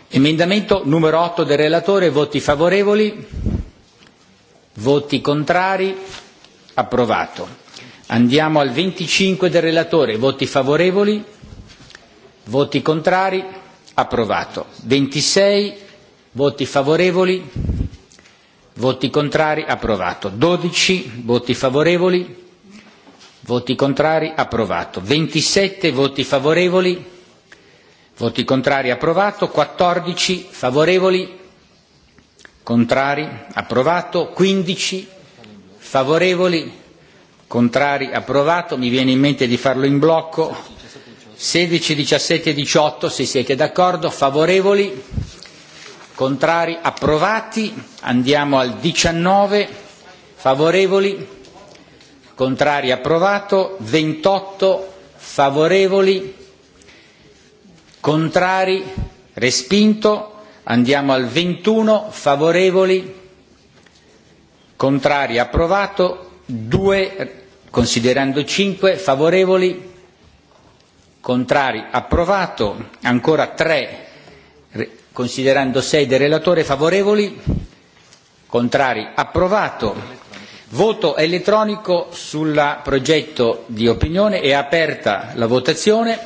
Emendamento numero 8 del relatore, voti favorevoli, voti contrari, approvato. Andiamo al 25 del relatore, voti favorevoli, voti contrari, approvato. 26 voti favorevoli, voti contrari, approvato. 12 voti favorevoli, voti contrari, approvato. 27 voti favorevoli, voti contrari, approvato. 14 favorevoli, contrari, approvato. 15 favorevoli, contrari, approvato. Mi viene in mente di farlo in blocco. 16, 17 e 18, se siete d'accordo, favorevoli contrari, approvati. Andiamo al 19, favorevoli, contrari, approvato. 28, favorevoli, contrari, respinto. Andiamo al 21, favorevoli, contrari, approvato. 2, considerando 5, favorevoli, contrari, approvato. Ancora 3, considerando sei del relatore favorevoli, contrari, approvato. Voto elettronico sul progetto di opinione, è aperta la votazione.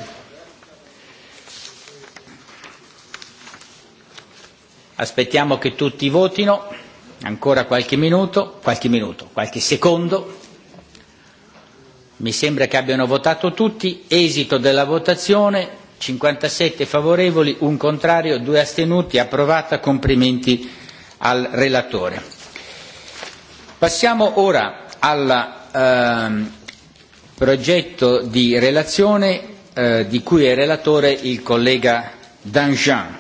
Aspettiamo che tutti votino, ancora qualche minuto, qualche minuto, qualche secondo. Mi sembra che abbiano votato tutti, esito della votazione 57 favorevoli, un contrario, due astenuti, approvata, complimenti al relatore. Passiamo ora al ehm, progetto di relazione eh, di cui è relatore il collega Danjean.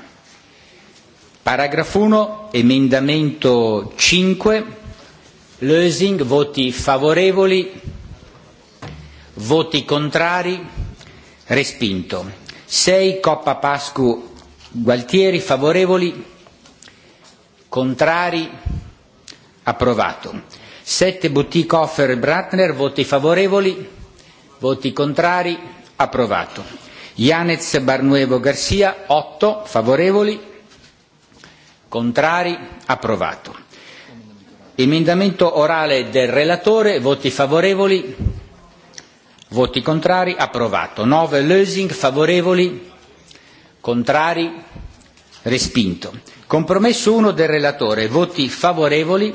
Paragrafo 1, emendamento 5, Lösing, voti favorevoli, voti contrari, respinto. 6 Coppa Pascu Gualtieri favorevoli, contrari, approvato. 7 Boutique Offer Bratner voti favorevoli, voti contrari, approvato. Janez Barnuevo Garcia 8 favorevoli, contrari, approvato. Emendamento orale del relatore, voti favorevoli, Voti contrari, approvato. 9 Lösing, favorevoli, contrari, respinto. Compromesso 1 del relatore, voti favorevoli,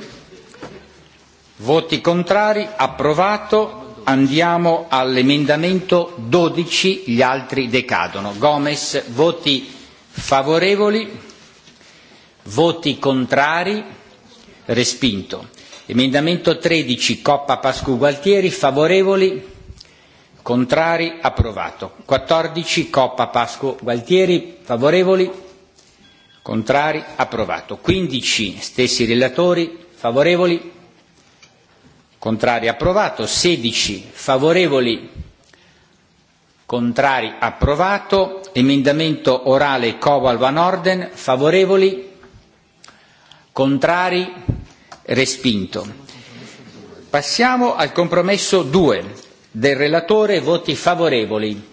voti contrari, approvato. Andiamo all'emendamento 12, gli altri decadono. Gomez, voti favorevoli, voti contrari, respinto. Emendamento 13, Coppa Pascu Gualtieri, favorevoli, Contrari? Approvato. 14. Coppa Pasqua Gualtieri. Favorevoli? Contrari? Approvato. 15. Stessi relatori. Favorevoli? Contrari? Approvato. 16. Favorevoli? Contrari? Approvato. Emendamento orale Coval Van Orden. Favorevoli? Contrari? Respinto. Passiamo al compromesso 2 del relatore, voti favorevoli,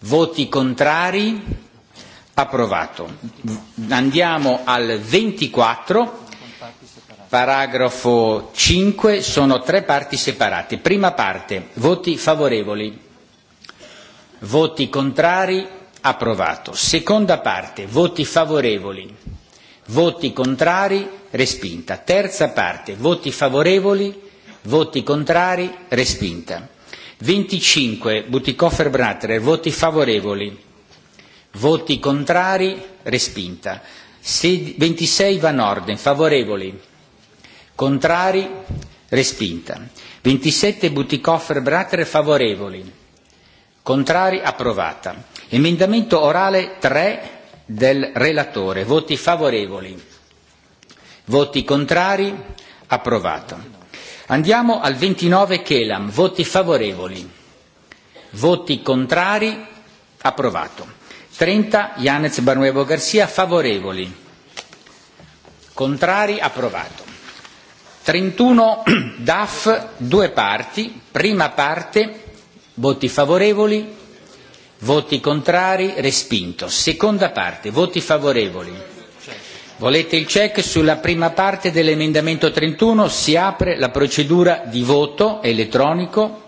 voti contrari, approvato. Andiamo al 24, paragrafo 5, sono tre parti separate. Prima parte, voti favorevoli, voti contrari, approvato. Seconda parte, voti favorevoli, voti contrari, respinta. Terza parte, voti favorevoli, voti contrari, respinta. 25, Buticoffer Brattere, voti favorevoli, voti contrari, respinta. 26, Van Orden, favorevoli, contrari, respinta. 27, Buticoffer Brattere, favorevoli, contrari, approvata. Emendamento orale 3 del relatore, voti favorevoli, voti contrari, approvato. Andiamo al 29 Kelam, voti favorevoli, voti contrari, approvato. 30 Janez Barnuevo Garcia, favorevoli, contrari, approvato. 31 DAF, due parti, prima parte, voti favorevoli, voti contrari, respinto. Seconda parte, voti favorevoli, Volete il check sulla prima parte dell'emendamento 31? Si apre la procedura di voto elettronico.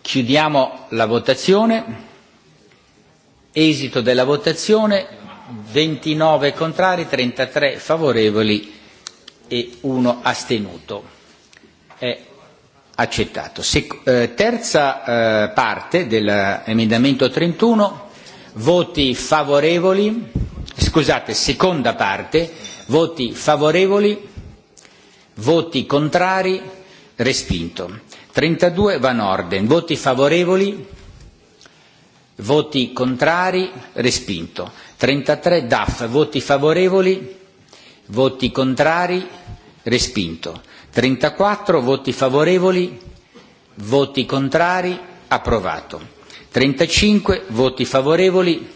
Chiudiamo la votazione. Esito della votazione 29 contrari, 33 favorevoli e 1 astenuto. È accettato. Se, eh, terza eh, parte dell'emendamento 31, voti favorevoli, scusate, seconda parte, voti favorevoli, voti contrari, respinto. 32 Van Orden, voti favorevoli, voti contrari, respinto. 33 DAF, voti favorevoli, voti contrari, respinto. 34 voti favorevoli, voti contrari, approvato. 35 voti favorevoli,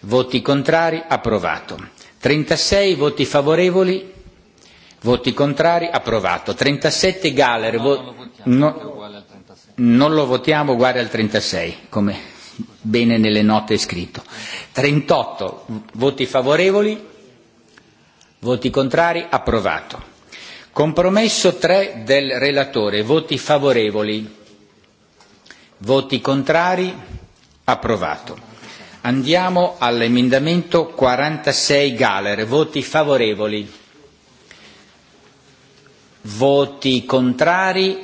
voti contrari, approvato. 36 voti favorevoli, voti contrari, approvato. 37 Galler, no, votiamo, no, non lo votiamo uguale al 36, come bene nelle note è scritto. 38 voti favorevoli, voti contrari, approvato. Compromesso 3 del relatore, voti favorevoli, voti contrari, approvato. Andiamo all'emendamento 46 Galer, voti favorevoli, voti contrari,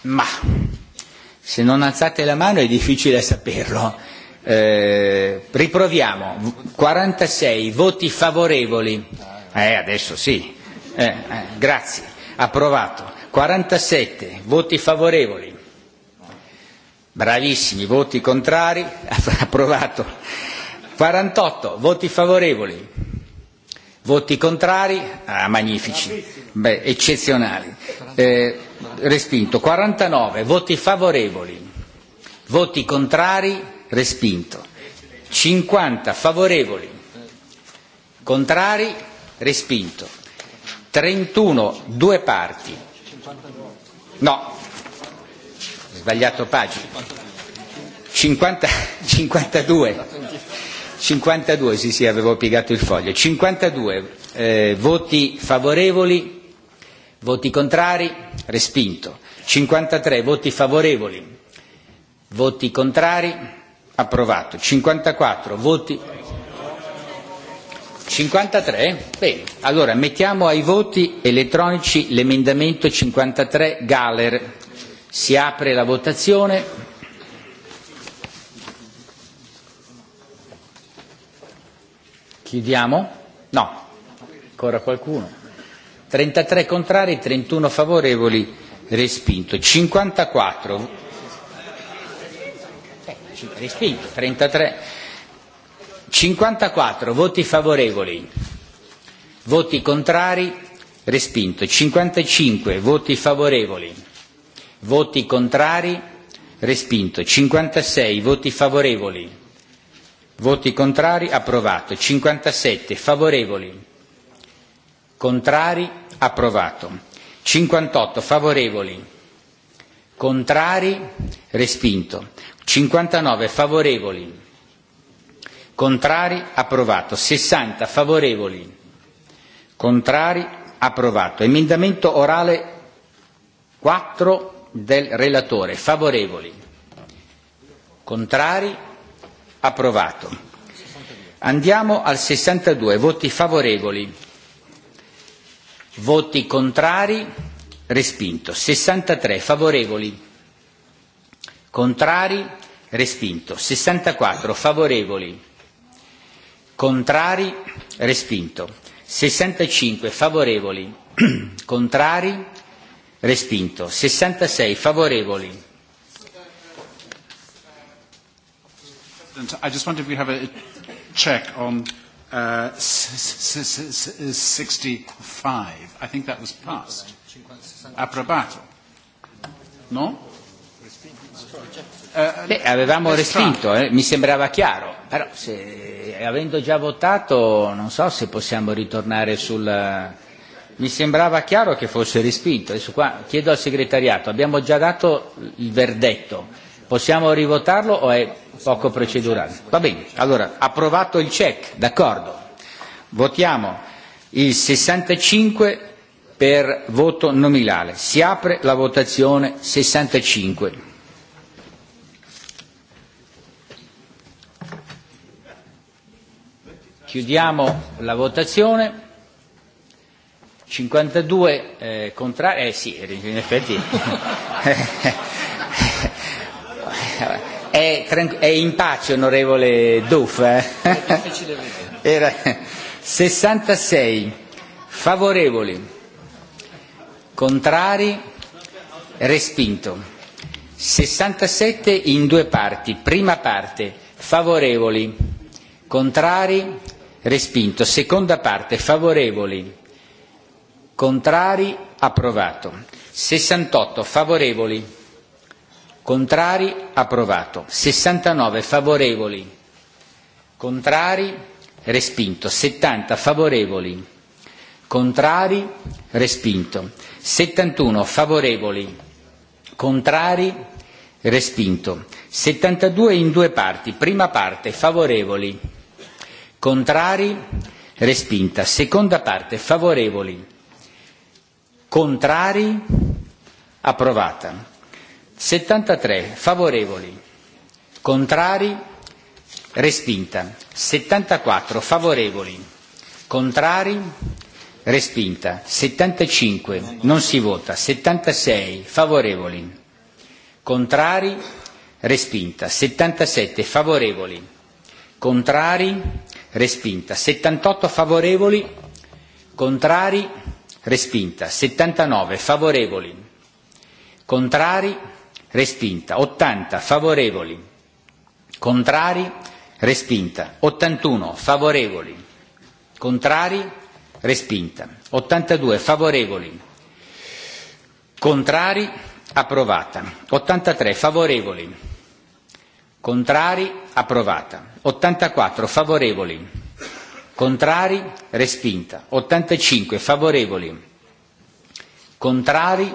ma se non alzate la mano è difficile saperlo. Eh, riproviamo, 46 voti favorevoli Eh, adesso sì. Eh, eh, grazie. Approvato. 47 voti favorevoli. Bravissimi, voti contrari. Approvato. 48 voti favorevoli. Voti contrari. Ah, magnifici. Beh, eccezionali. Eh, respinto. 49 voti favorevoli. Voti contrari. Respinto. 50 favorevoli. Contrari respinto. 31, due parti. No, sbagliato pagina. 50, 52. 52, sì sì, avevo piegato il foglio. 52 eh, voti favorevoli, voti contrari, respinto. 53 voti favorevoli, voti contrari, approvato. 54 voti 53? Bene, allora mettiamo ai voti elettronici l'emendamento 53 Galler. Si apre la votazione. Chiudiamo? No, ancora qualcuno. 33 contrari, 31 favorevoli, respinto. 54 eh, respinto, 33 54 voti favorevoli, voti contrari, respinto. 55 voti favorevoli, voti contrari, respinto. 56 voti favorevoli, voti contrari, approvato. 57 favorevoli, contrari, approvato. 58 favorevoli, contrari, respinto. 59 favorevoli Contrari? Approvato. 60 favorevoli. Contrari? Approvato. Emendamento orale 4 del relatore. Favorevoli. Contrari? Approvato. Andiamo al 62. Voti favorevoli. Voti contrari? Respinto. 63 favorevoli. Contrari? Respinto. 64 favorevoli Contrari? Respinto. 65 favorevoli. Contrari? Respinto. 66 favorevoli. I just wonder if we have a check on uh, 65. I think that was passed. Approbato. No? Eh, Beh, avevamo eh, respinto, eh, mi sembrava chiaro, però se, avendo già votato non so se possiamo ritornare sul... Mi sembrava chiaro che fosse respinto, adesso qua chiedo al segretariato, abbiamo già dato il verdetto, possiamo rivotarlo o è poco procedurale? Va bene, allora approvato il check, d'accordo, votiamo il 65 per voto nominale, si apre la votazione 65. Chiudiamo la votazione. 52 eh, contrari, eh sì, in effetti è, è in pace onorevole Duff. Eh? Era 66 favorevoli, contrari, respinto. 67 in due parti, prima parte favorevoli, contrari, respinto. Seconda parte, favorevoli, contrari, approvato. 68, favorevoli, contrari, approvato. 69, favorevoli, contrari, respinto. 70, favorevoli, contrari, respinto. 71, favorevoli, contrari, respinto. 72 in due parti. Prima parte, favorevoli Contrari? Respinta. Seconda parte. Favorevoli? Contrari? Approvata. 73. Favorevoli? Contrari? Respinta. 74. Favorevoli? Contrari? Respinta. 75. Non si vota. 76. Favorevoli? Contrari? Respinta. 77. Favorevoli? Contrari? respinta. 78 favorevoli, contrari, respinta. 79 favorevoli, contrari, respinta. 80 favorevoli, contrari, respinta. 81 favorevoli, contrari, respinta. 82 favorevoli, contrari, approvata. 83 favorevoli, Contrari? Approvata. 84. Favorevoli. Contrari? Respinta. 85. Favorevoli. Contrari?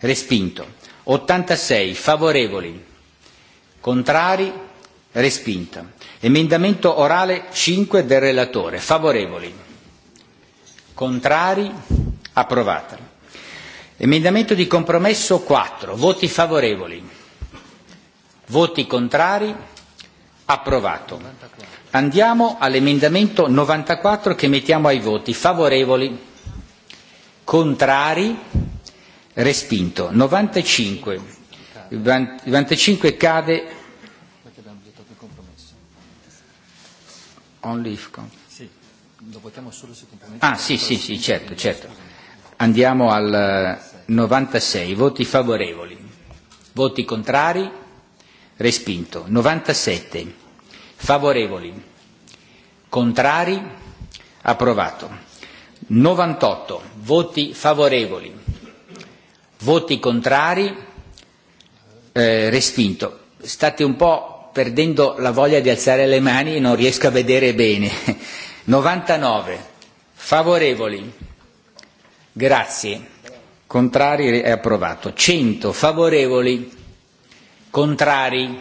Respinto. 86. Favorevoli. Contrari? Respinta. Emendamento orale 5 del relatore. Favorevoli. Contrari? Approvata. Emendamento di compromesso 4. Voti favorevoli. Voti contrari? Approvato. Andiamo all'emendamento 94 che mettiamo ai voti. Favorevoli? Contrari? Respinto. 95. 95 cade. On l'IFCO. Ah sì, sì, sì, certo, certo. Andiamo al 96. Voti favorevoli. Voti contrari? respinto. 97 favorevoli, contrari, approvato. 98 voti favorevoli, voti contrari, eh, respinto. State un po' perdendo la voglia di alzare le mani e non riesco a vedere bene. 99 favorevoli, grazie, contrari è approvato. 100 favorevoli, Contrari?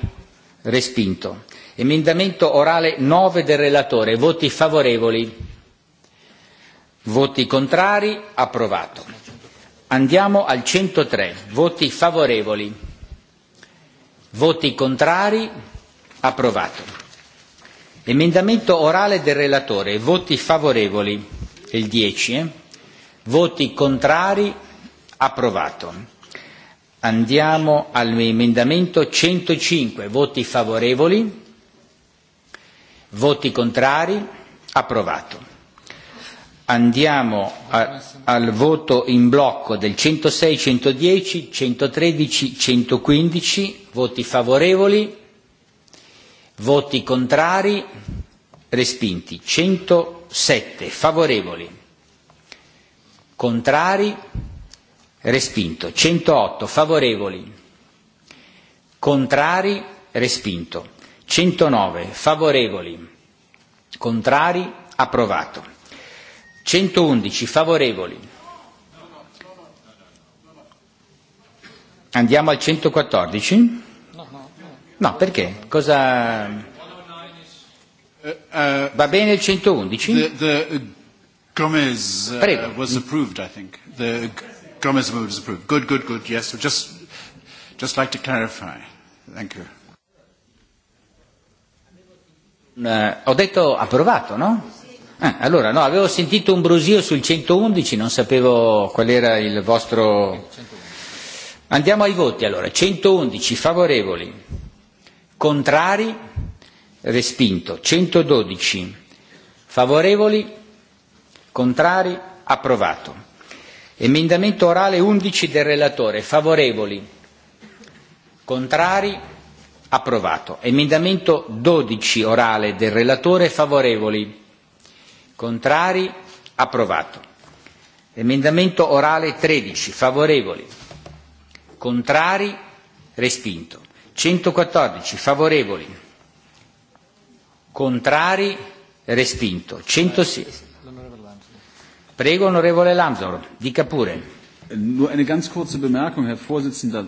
Respinto. Emendamento orale 9 del relatore. Voti favorevoli? Voti contrari? Approvato. Andiamo al 103. Voti favorevoli? Voti contrari? Approvato. Emendamento orale del relatore. Voti favorevoli? Il 10. Eh? Voti contrari? Approvato. Andiamo all'emendamento 105, voti favorevoli, voti contrari, approvato. Andiamo a, al voto in blocco del 106, 110, 113, 115, voti favorevoli, voti contrari, respinti. 107 favorevoli, contrari, respinti respinto. 108 favorevoli, contrari, respinto. 109 favorevoli, contrari, approvato. 111 favorevoli. Andiamo al 114? No, perché? Cosa... Eh, eh, Va bene il 111? The, the Gomez uh, was approved, I think. The Gomez move is approved. Good, good, good. Yes, so just, just like to clarify. Thank you. Uh, ho detto approvato, no? Ah, allora, no, avevo sentito un brusio sul 111, non sapevo qual era il vostro... Andiamo ai voti allora. 111 favorevoli, contrari, respinto. 112 favorevoli, contrari, approvato. Emendamento orale 11 del relatore, favorevoli, contrari, approvato. Emendamento 12 orale del relatore, favorevoli, contrari, approvato. Emendamento orale 13, favorevoli, contrari, respinto. 114, favorevoli, contrari, respinto. 116. Prego, onorevole Lamsor, dica pure. Nur eine ganz kurze Bemerkung, Herr Vorsitzender.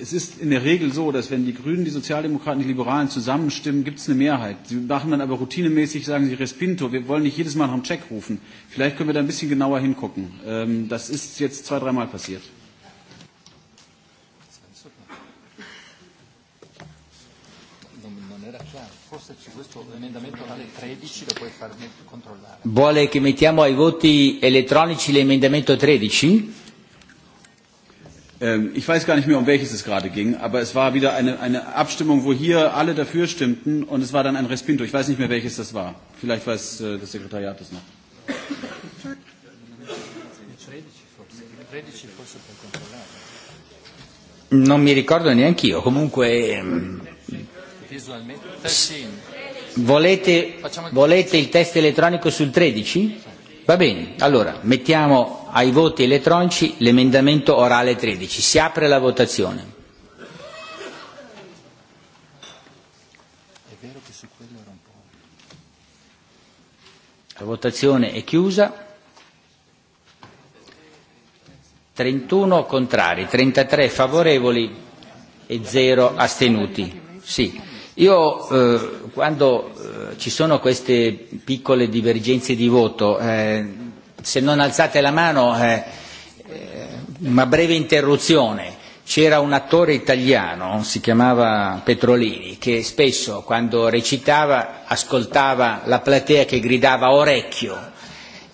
Es ist in der Regel so, dass wenn die Grünen, die Sozialdemokraten, die Liberalen zusammenstimmen, gibt es eine Mehrheit. Sie machen dann aber routinemäßig, sagen sie Respinto, wir wollen nicht jedes Mal nach einen Check rufen. Vielleicht können wir da ein bisschen genauer hingucken. Ähm, das ist jetzt zwei, dreimal passiert. posterci questo emendamento alle 13, lo puoi far controllare. Vuole che mettiamo ai voti elettronici l'emendamento 13? Ähm, ich weiß gar nicht mehr, um welches es gerade ging, aber es war wieder eine, eine Abstimmung, wo hier alle dafür stimmten und es war dann ein Respinto. Ich weiß nicht mehr, welches das war. Vielleicht weiß äh, das Sekretariat das noch. Non mi ricordo neanch'io, comunque ehm, Volete, volete il test elettronico sul 13? Va bene, allora mettiamo ai voti elettronici l'emendamento orale 13. Si apre la votazione. La votazione è chiusa. 31 contrari, 33 favorevoli e 0 astenuti. Sì. Io eh, quando eh, ci sono queste piccole divergenze di voto, eh, se non alzate la mano, eh, eh, una breve interruzione. C'era un attore italiano, si chiamava Petrolini, che spesso quando recitava ascoltava la platea che gridava orecchio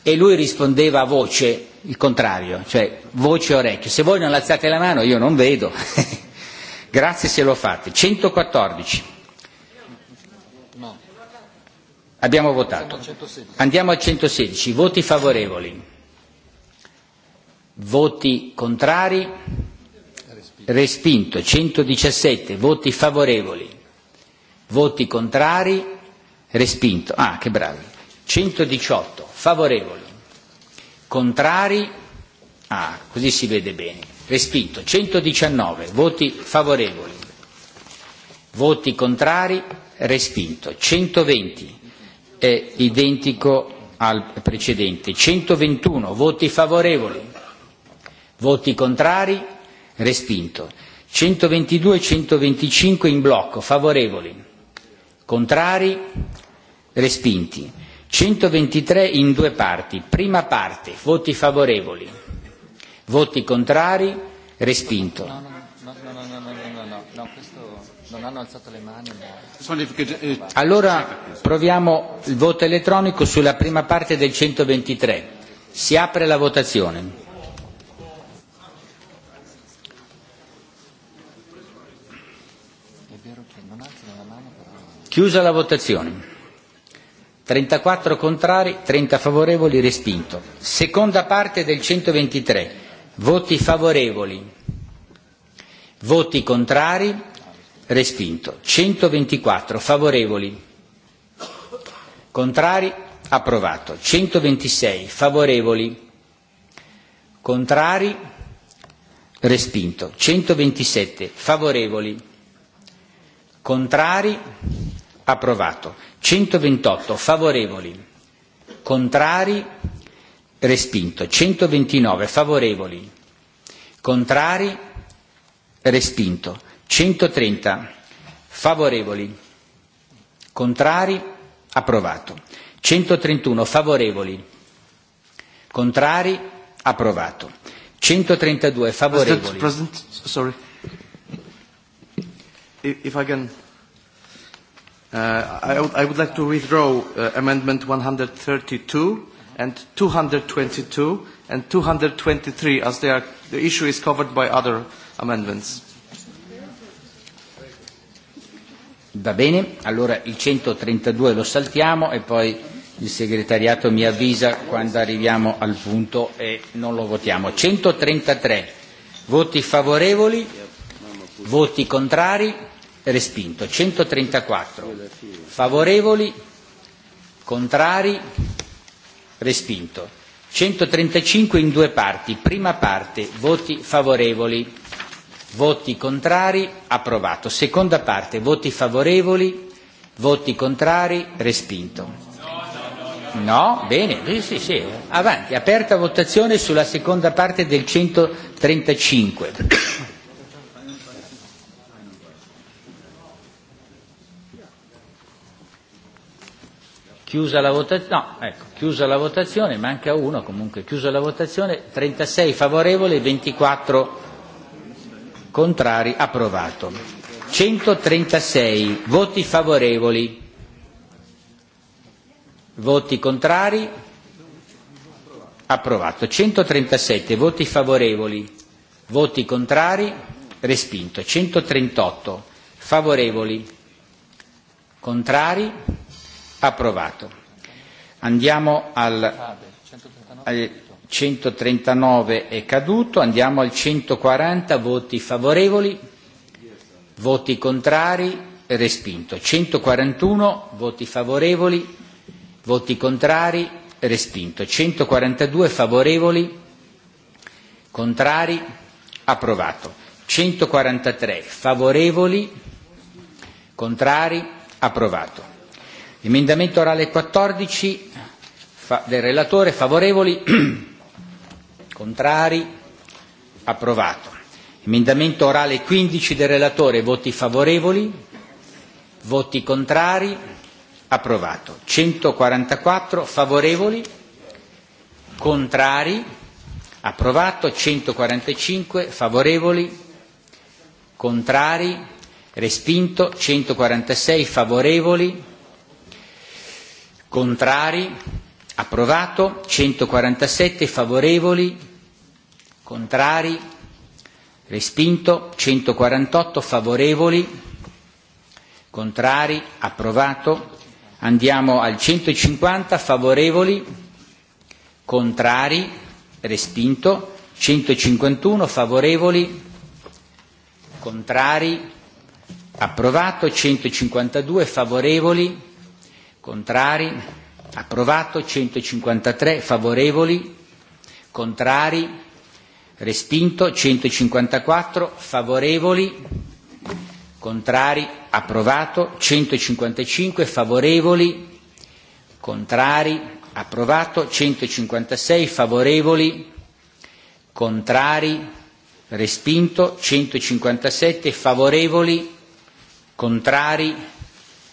e lui rispondeva a voce il contrario, cioè voce e orecchio. Se voi non alzate la mano io non vedo. Grazie se lo fate. 114. Abbiamo votato. Andiamo a 116. Voti favorevoli. Voti contrari. Respinto. 117. Voti favorevoli. Voti contrari. Respinto. Ah, che bravi. 118. Favorevoli. Contrari. Ah, così si vede bene. Respinto. 119. Voti favorevoli. Voti contrari. Respinto. 120 è identico al precedente. 121 voti favorevoli, voti contrari, respinto. 122 e 125 in blocco, favorevoli, contrari, respinti. 123 in due parti, prima parte, voti favorevoli, voti contrari, respinto non hanno alzato le mani. Eh, allora proviamo il voto elettronico sulla prima parte del 123. Si apre la votazione. Chiusa la votazione. 34 contrari, 30 favorevoli, respinto. Seconda parte del 123. Voti favorevoli. Voti contrari, respinto. 124 favorevoli, contrari, approvato. 126 favorevoli, contrari, respinto. 127 favorevoli, contrari, approvato. 128 favorevoli, contrari, respinto. 129 favorevoli, contrari, respinto. 130 favorevoli, contrari, approvato. 131 favorevoli, contrari, approvato. 132 favorevoli. President, President sorry. If I can, uh, I, would, I would like to withdraw uh, Amendment 132 and 222 and 223 as they are, the issue is covered by other amendments. Va bene, allora il 132 lo saltiamo e poi il segretariato mi avvisa quando arriviamo al punto e non lo votiamo. 133 voti favorevoli, voti contrari, respinto. 134 favorevoli, contrari, respinto. 135 in due parti, prima parte, voti favorevoli voti contrari, approvato. Seconda parte, voti favorevoli, voti contrari, respinto. No, bene, sì, sì, sì. avanti, aperta votazione sulla seconda parte del 135. chiusa la vota- no, ecco, chiusa la votazione, manca uno, comunque chiusa la votazione, 36 favorevoli e 24 Contrari? Approvato. 136. Voti favorevoli. Voti contrari? Approvato. 137. Voti favorevoli. Voti contrari? Respinto. 138. Favorevoli. Contrari? Approvato. Andiamo al... 139. 139 è caduto, andiamo al 140, voti favorevoli, voti contrari, respinto. 141 voti favorevoli, voti contrari, respinto. 142 favorevoli, contrari, approvato. 143 favorevoli, contrari, approvato. Emendamento orale 14 fa, del relatore favorevoli Contrari? Approvato. Emendamento orale 15 del relatore, voti favorevoli? Voti contrari? Approvato. 144 favorevoli? Contrari? Approvato. 145 favorevoli? Contrari? Respinto. 146 favorevoli? Contrari? Approvato. 147 favorevoli? contrari, respinto, 148 favorevoli, contrari, approvato, andiamo al 150 favorevoli, contrari, respinto, 151 favorevoli, contrari, approvato, 152 favorevoli, contrari, approvato, 153 favorevoli, contrari, respinto, 154 favorevoli, contrari, approvato, 155 favorevoli, contrari, approvato, 156 favorevoli, contrari, respinto, 157 favorevoli, contrari,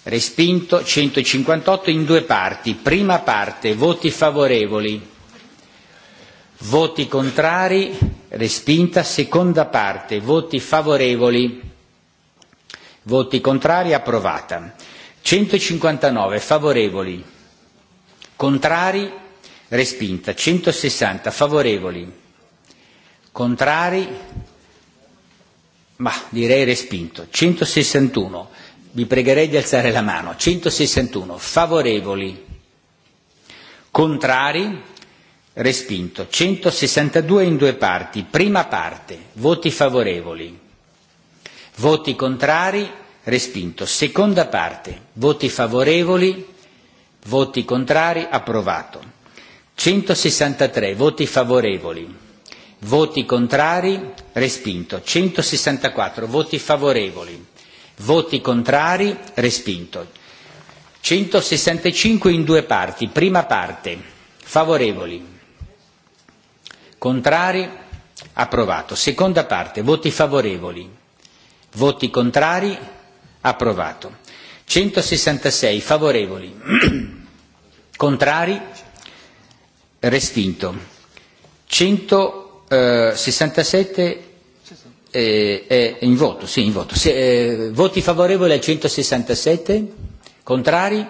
respinto, 158 in due parti, prima parte, voti favorevoli, voti contrari, respinta. Seconda parte, voti favorevoli, voti contrari, approvata. 159 favorevoli, contrari, respinta. 160 favorevoli, contrari, ma direi respinto. 161, vi pregherei di alzare la mano. 161 favorevoli, contrari, Respinto. 162 in due parti. Prima parte. Voti favorevoli. Voti contrari. Respinto. Seconda parte. Voti favorevoli. Voti contrari. Approvato. 163. Voti favorevoli. Voti contrari. Respinto. 164. Voti favorevoli. Voti contrari. Respinto. 165 in due parti. Prima parte. Favorevoli Contrari? Approvato. Seconda parte. Voti favorevoli. Voti contrari? Approvato. 166 favorevoli. contrari? Respinto. 167 eh, eh, in voto, sì, in voto. Se, eh, voti favorevoli al 167? Contrari?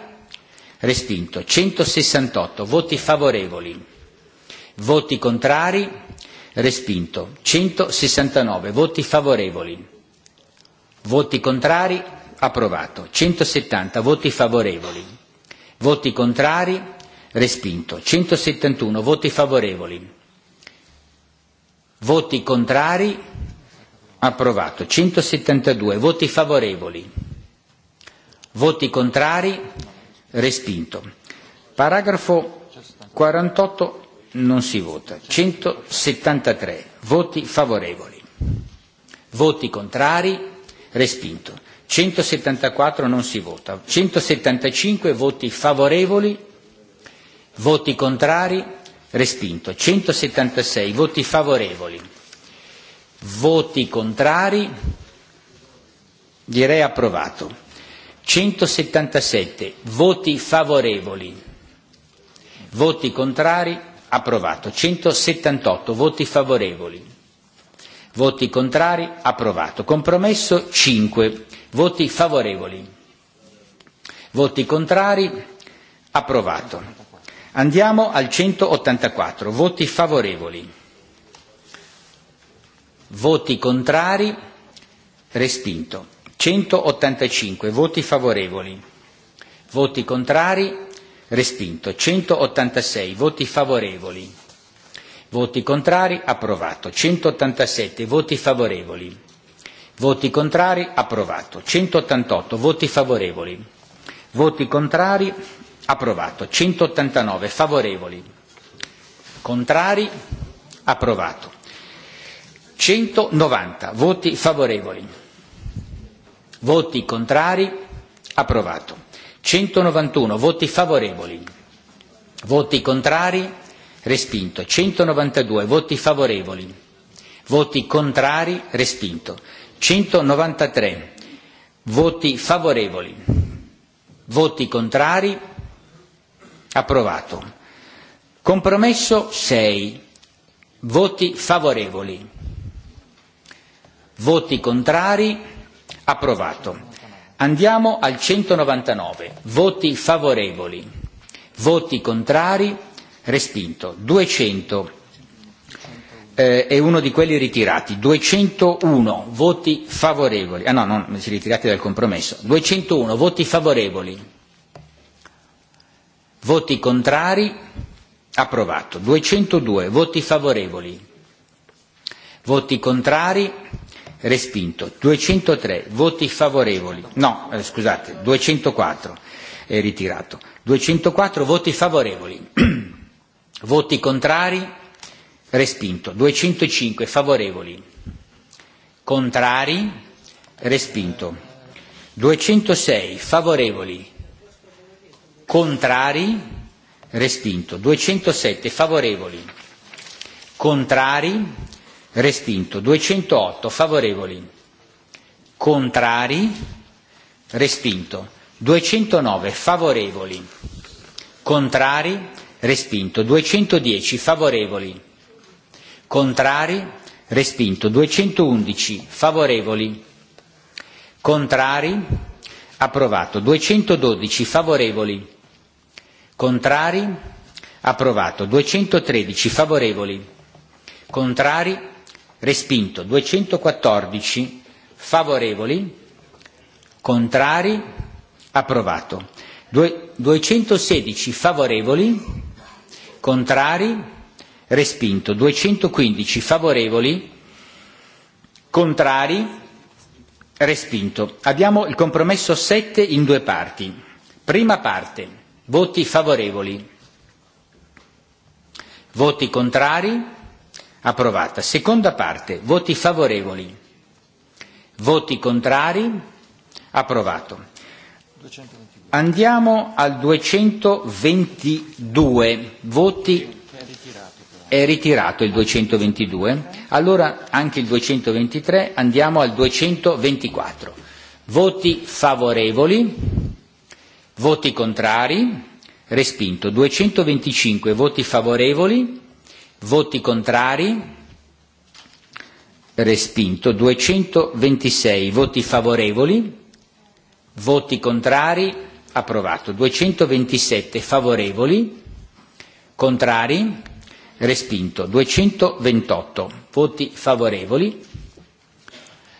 Respinto. 168 voti favorevoli voti contrari, respinto. 169 voti favorevoli, voti contrari, approvato. 170 voti favorevoli, voti contrari, respinto. 171 voti favorevoli, voti contrari, approvato. 172 voti favorevoli, voti contrari, respinto. Paragrafo 48 non si vota. 173 voti favorevoli, voti contrari, respinto. 174 non si vota. 175 voti favorevoli, voti contrari, respinto. 176 voti favorevoli, voti contrari, direi approvato. 177 voti favorevoli, voti contrari, approvato. 178 voti favorevoli. Voti contrari, approvato. Compromesso 5. Voti favorevoli. Voti contrari, approvato. Andiamo al 184. Voti favorevoli. Voti contrari, respinto. 185. Voti favorevoli. Voti contrari, respinto. 186 voti favorevoli, voti contrari, approvato. 187 voti favorevoli, voti contrari, approvato. 188 voti favorevoli, voti contrari, approvato. 189 favorevoli, contrari, approvato. 190 voti favorevoli, voti contrari, approvato. 191 voti favorevoli, voti contrari, respinto. 192 voti favorevoli, voti contrari, respinto. 193 voti favorevoli, voti contrari, approvato. Compromesso 6 voti favorevoli, voti contrari, approvato. Andiamo al 199, voti favorevoli, voti contrari, respinto. 200 eh, è uno di quelli ritirati, 201 voti favorevoli, ah no, non si ritirati dal compromesso, 201 voti favorevoli, voti contrari, approvato. 202 voti favorevoli, voti contrari, respinto. 203 voti favorevoli, no eh, scusate, 204 è ritirato. 204 voti favorevoli, voti contrari, respinto. 205 favorevoli, contrari, respinto. 206 favorevoli, contrari, respinto. 207 favorevoli, contrari, respinto. 208 favorevoli, contrari, respinto. 209 favorevoli, contrari, respinto. 210 favorevoli, contrari, respinto. 211 favorevoli, contrari, approvato. 212 favorevoli, contrari, approvato. 213 favorevoli, contrari, respinto, 214 favorevoli, contrari, approvato, 216 favorevoli, contrari, respinto, 215 favorevoli, contrari, respinto. Abbiamo il compromesso 7 in due parti. Prima parte, voti favorevoli, voti contrari, Approvata. Seconda parte. Voti favorevoli. Voti contrari. Approvato. Andiamo al 222. Voti. È ritirato il 222. Allora anche il 223. Andiamo al 224. Voti favorevoli. Voti contrari. Respinto. 225 voti favorevoli Voti contrari? Respinto. 226 voti favorevoli? Voti contrari? Approvato. 227 favorevoli? Contrari? Respinto. 228 voti favorevoli?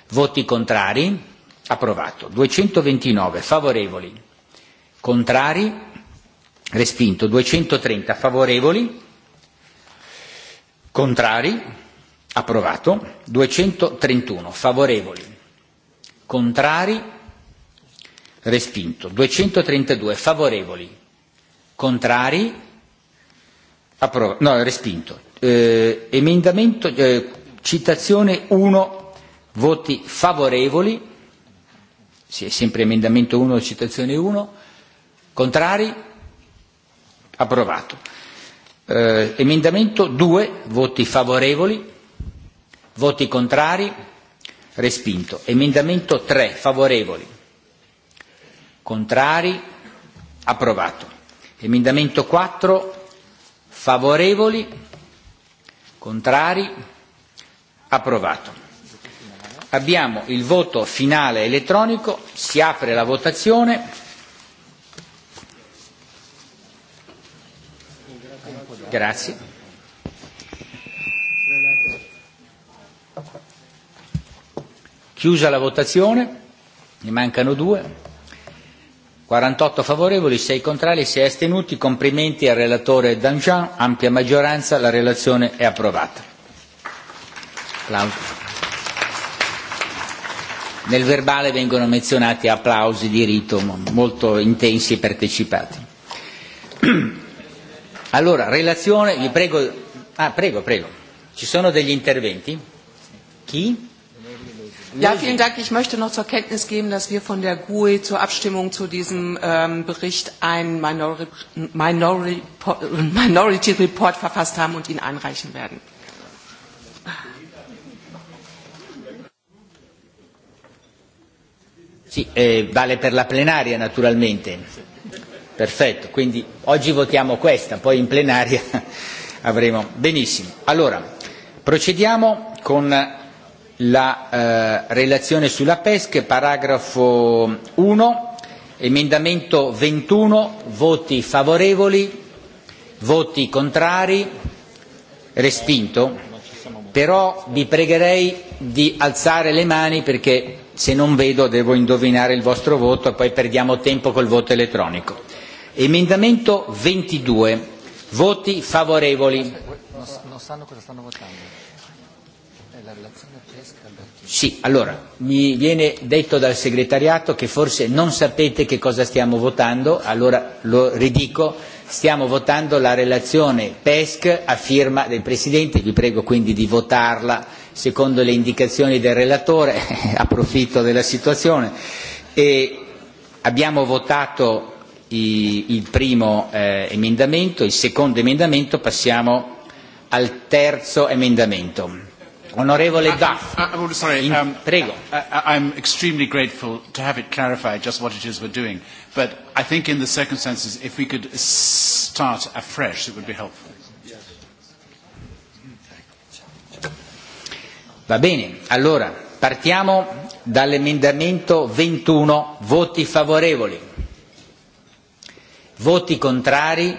Voti contrari? Approvato. 229 favorevoli? Contrari? Respinto. 230 favorevoli? Contrari? Approvato. 231. Favorevoli? Contrari? Respinto. 232. Favorevoli? Contrari? Approvato. No, respinto. Eh, emendamento, eh, citazione 1, voti favorevoli? Sì, è sempre emendamento 1, citazione 1. Contrari? Approvato. Eh, emendamento 2, voti favorevoli, voti contrari, respinto. Emendamento 3, favorevoli, contrari, approvato. Emendamento 4, favorevoli, contrari, approvato. Abbiamo il voto finale elettronico, si apre la votazione. Grazie. Chiusa la votazione, ne mancano due. 48 favorevoli, 6 contrari, 6 astenuti. Complimenti al relatore Danjean, ampia maggioranza, la relazione è approvata. Applausi. Nel verbale vengono menzionati applausi di rito molto intensi e partecipati. Allora, relazione, vi prego, ah prego, prego, ci sono degli interventi? Chi? Ja, vielen Dank. Ich möchte noch zur Kenntnis geben, dass wir von der GUE zur Abstimmung zu diesem ähm, Bericht einen Minori, Minor Minority Report verfasst haben und ihn einreichen werden. Sì, eh, vale per la plenaria naturalmente. Perfetto, quindi oggi votiamo questa, poi in plenaria avremo. Benissimo. Allora, procediamo con la eh, relazione sulla pesca, paragrafo 1, emendamento 21, voti favorevoli, voti contrari, respinto. Però vi pregherei di alzare le mani perché se non vedo devo indovinare il vostro voto e poi perdiamo tempo col voto elettronico. Emendamento 22. Voti favorevoli. Non, sanno cosa stanno votando. La relazione pesca Sì, allora, mi viene detto dal segretariato che forse non sapete che cosa stiamo votando, allora lo ridico, stiamo votando la relazione PESC a firma del Presidente, vi prego quindi di votarla secondo le indicazioni del relatore, approfitto della situazione. E abbiamo votato il primo eh, emendamento, il secondo emendamento, passiamo al terzo emendamento. Onorevole uh, Duff. Uh, uh, sorry, in, um, prego. Uh, uh, I'm extremely grateful to have it clarified just what it is we're doing. But I think in the circumstances, if we could start afresh, it would be helpful. Va bene, allora partiamo dall'emendamento 21, voti favorevoli. Voti contrari?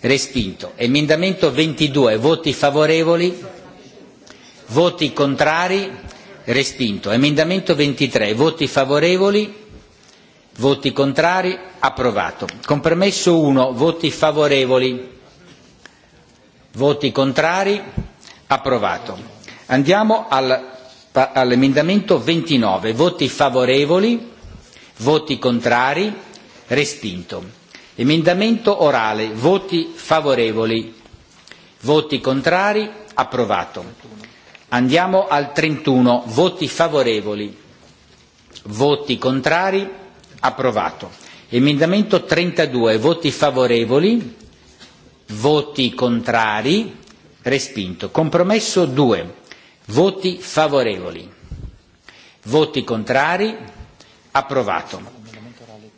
Respinto. Emendamento 22. Voti favorevoli? Voti contrari? Respinto. Emendamento 23. Voti favorevoli? Voti contrari? Approvato. Compromesso 1. Voti favorevoli? Voti contrari? Approvato. Andiamo al, all'emendamento 29. Voti favorevoli? Voti contrari? respinto. Emendamento orale, voti favorevoli, voti contrari, approvato. Andiamo al 31, voti favorevoli, voti contrari, approvato. Emendamento 32, voti favorevoli, voti contrari, respinto. Compromesso 2, voti favorevoli, voti contrari, approvato.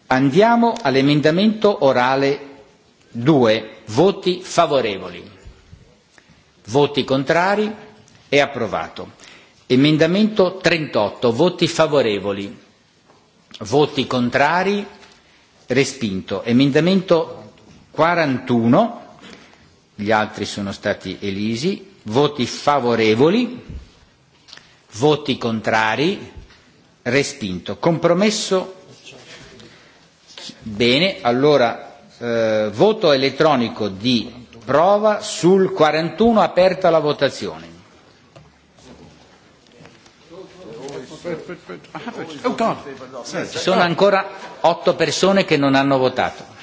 Andiamo all'emendamento orale 2. Voti favorevoli. Voti contrari? È approvato. Emendamento 38. Voti favorevoli. Voti contrari? Respinto. Emendamento 41. Gli altri sono stati elisi. Voti favorevoli? Voti contrari? Respinto. Compromesso Bene, allora eh, voto elettronico di prova sul 41, aperta la votazione. Oh, Ci sono ancora otto persone che non hanno votato.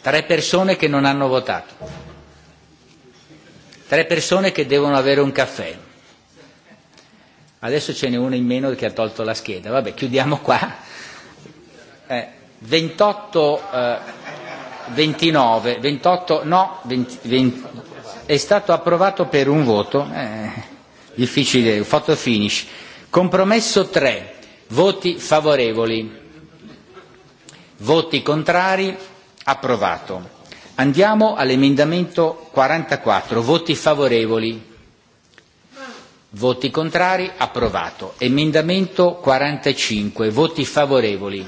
Tre persone che non hanno votato. Tre persone che devono avere un caffè. Adesso ce n'è uno in meno che ha tolto la scheda. Vabbè, chiudiamo qua. Eh, 28, eh, 29, 28, no, 20, 20, è stato approvato per un voto. Eh, difficile, foto finish. Compromesso 3, voti favorevoli, voti contrari, approvato. Andiamo all'emendamento 44, voti favorevoli. Voti contrari, approvato. Emendamento 45, voti favorevoli.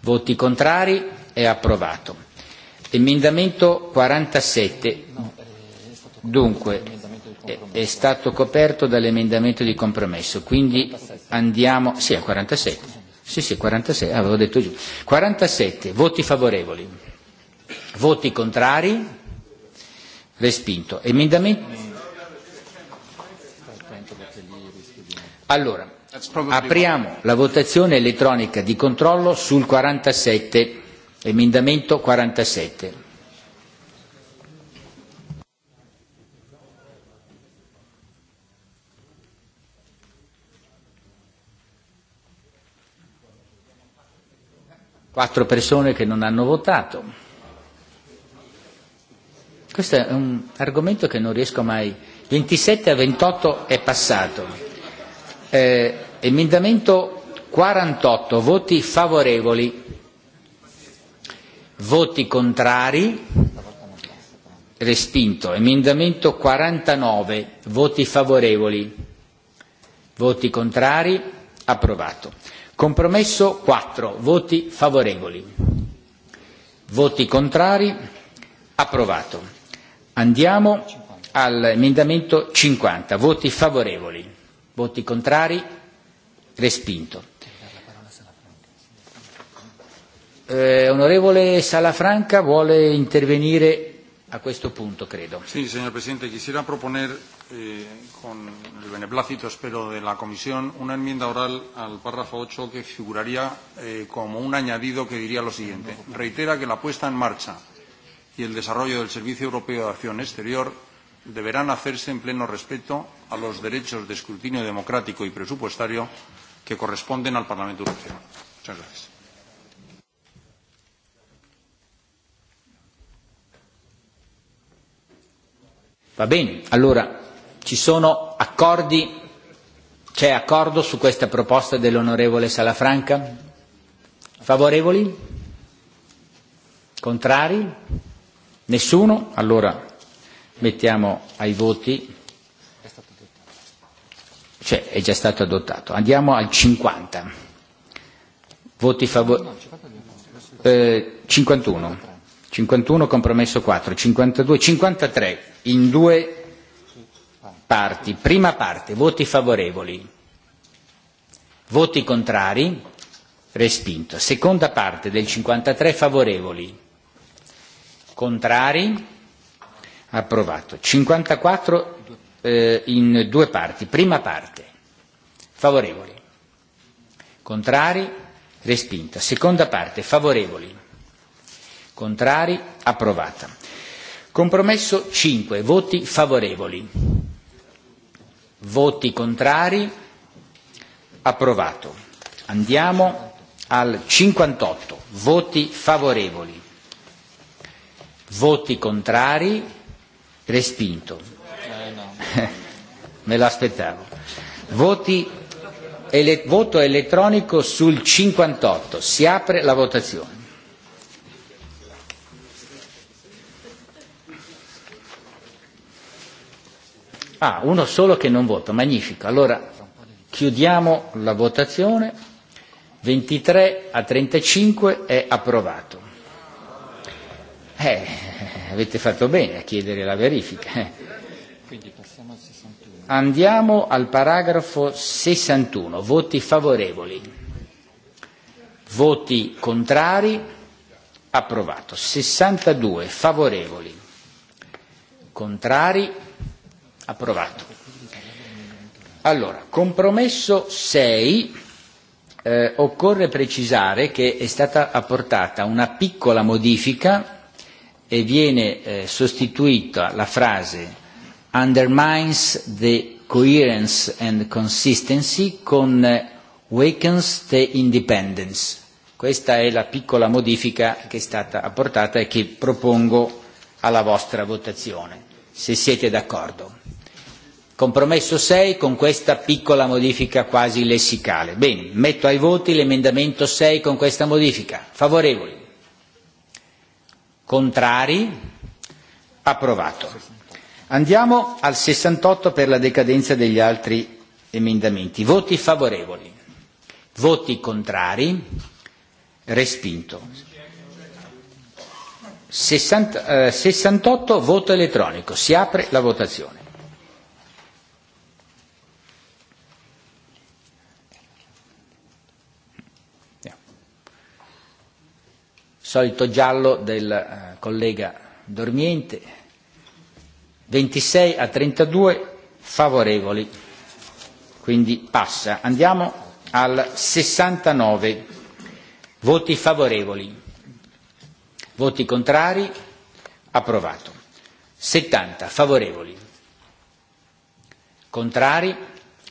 Voti contrari, è approvato. Emendamento 47, dunque, è stato coperto dall'emendamento di compromesso, quindi andiamo... Sì, è 47. Sì, sì, 46, ah, avevo detto giù. 47, voti favorevoli. Voti contrari, respinto. Emendamento... Allora, apriamo la votazione elettronica di controllo sul 47, emendamento 47. Quattro persone che non hanno votato. Questo è un argomento che non riesco mai. 27 a 28 è passato. Eh, emendamento 48, voti favorevoli, voti contrari, respinto. Emendamento 49, voti favorevoli, voti contrari, approvato. Compromesso 4, voti favorevoli, voti contrari, approvato. Andiamo all'emendamento 50, voti favorevoli Voti contrari? Respinto. Eh, onorevole Salafranca vuole intervenire a questo punto, credo. Sì, signor presidente, quisiera proponer, eh, con il beneplácito, spero della Commissione, una enmienda oral al parrafo 8 che figuraría eh, come un añadido che diría lo siguiente. Reitera che la puesta in marcha y el desarrollo del Servicio Europeo de Acción Exterior deberán hacerse en pleno respeto a los derechos de escrutinio democrático y presupuestario que corresponden al Parlamento Europeo. Muchas gracias. Va bene, allora ci sono accordi, c'è accordo su questa proposta dell'onorevole Salafranca? Favorevoli? Contrari? Nessuno? Allora Mettiamo ai voti. È stato adottato. Cioè, è già stato adottato. Andiamo al 50. Voti favorevoli. Eh, 51. 51 compromesso 4. 52. 53 in due parti. Prima parte, voti favorevoli. Voti contrari, respinto. Seconda parte del 53 favorevoli. Contrari, Approvato. 54 eh, in due parti. Prima parte. Favorevoli. Contrari. Respinta. Seconda parte. Favorevoli. Contrari. Approvata. Compromesso 5. Voti favorevoli. Voti contrari. Approvato. Andiamo al 58. Voti favorevoli. Voti contrari Respinto. Me l'aspettavo. Voti, ele, voto elettronico sul 58. Si apre la votazione. Ah, uno solo che non vota, magnifico. Allora chiudiamo la votazione. 23 a 35 è approvato. Eh, avete fatto bene a chiedere la verifica. Quindi passiamo al 61. Andiamo al paragrafo 61, voti favorevoli. Voti contrari, approvato. 62 favorevoli. Contrari, approvato. Allora, compromesso 6 eh, occorre precisare che è stata apportata una piccola modifica e viene eh, sostituita la frase undermines the coherence and consistency con eh, wakens the independence. Questa è la piccola modifica che è stata apportata e che propongo alla vostra votazione, se siete d'accordo. Compromesso 6 con questa piccola modifica quasi lessicale. Bene, metto ai voti l'emendamento 6 con questa modifica. Favorevoli? Contrari? Approvato. Andiamo al 68 per la decadenza degli altri emendamenti. Voti favorevoli. Voti contrari? Respinto. 60, eh, 68 voto elettronico. Si apre la votazione. solito giallo del eh, collega Dormiente, 26 a 32 favorevoli, quindi passa. Andiamo al 69, voti favorevoli, voti contrari, approvato. 70 favorevoli, contrari,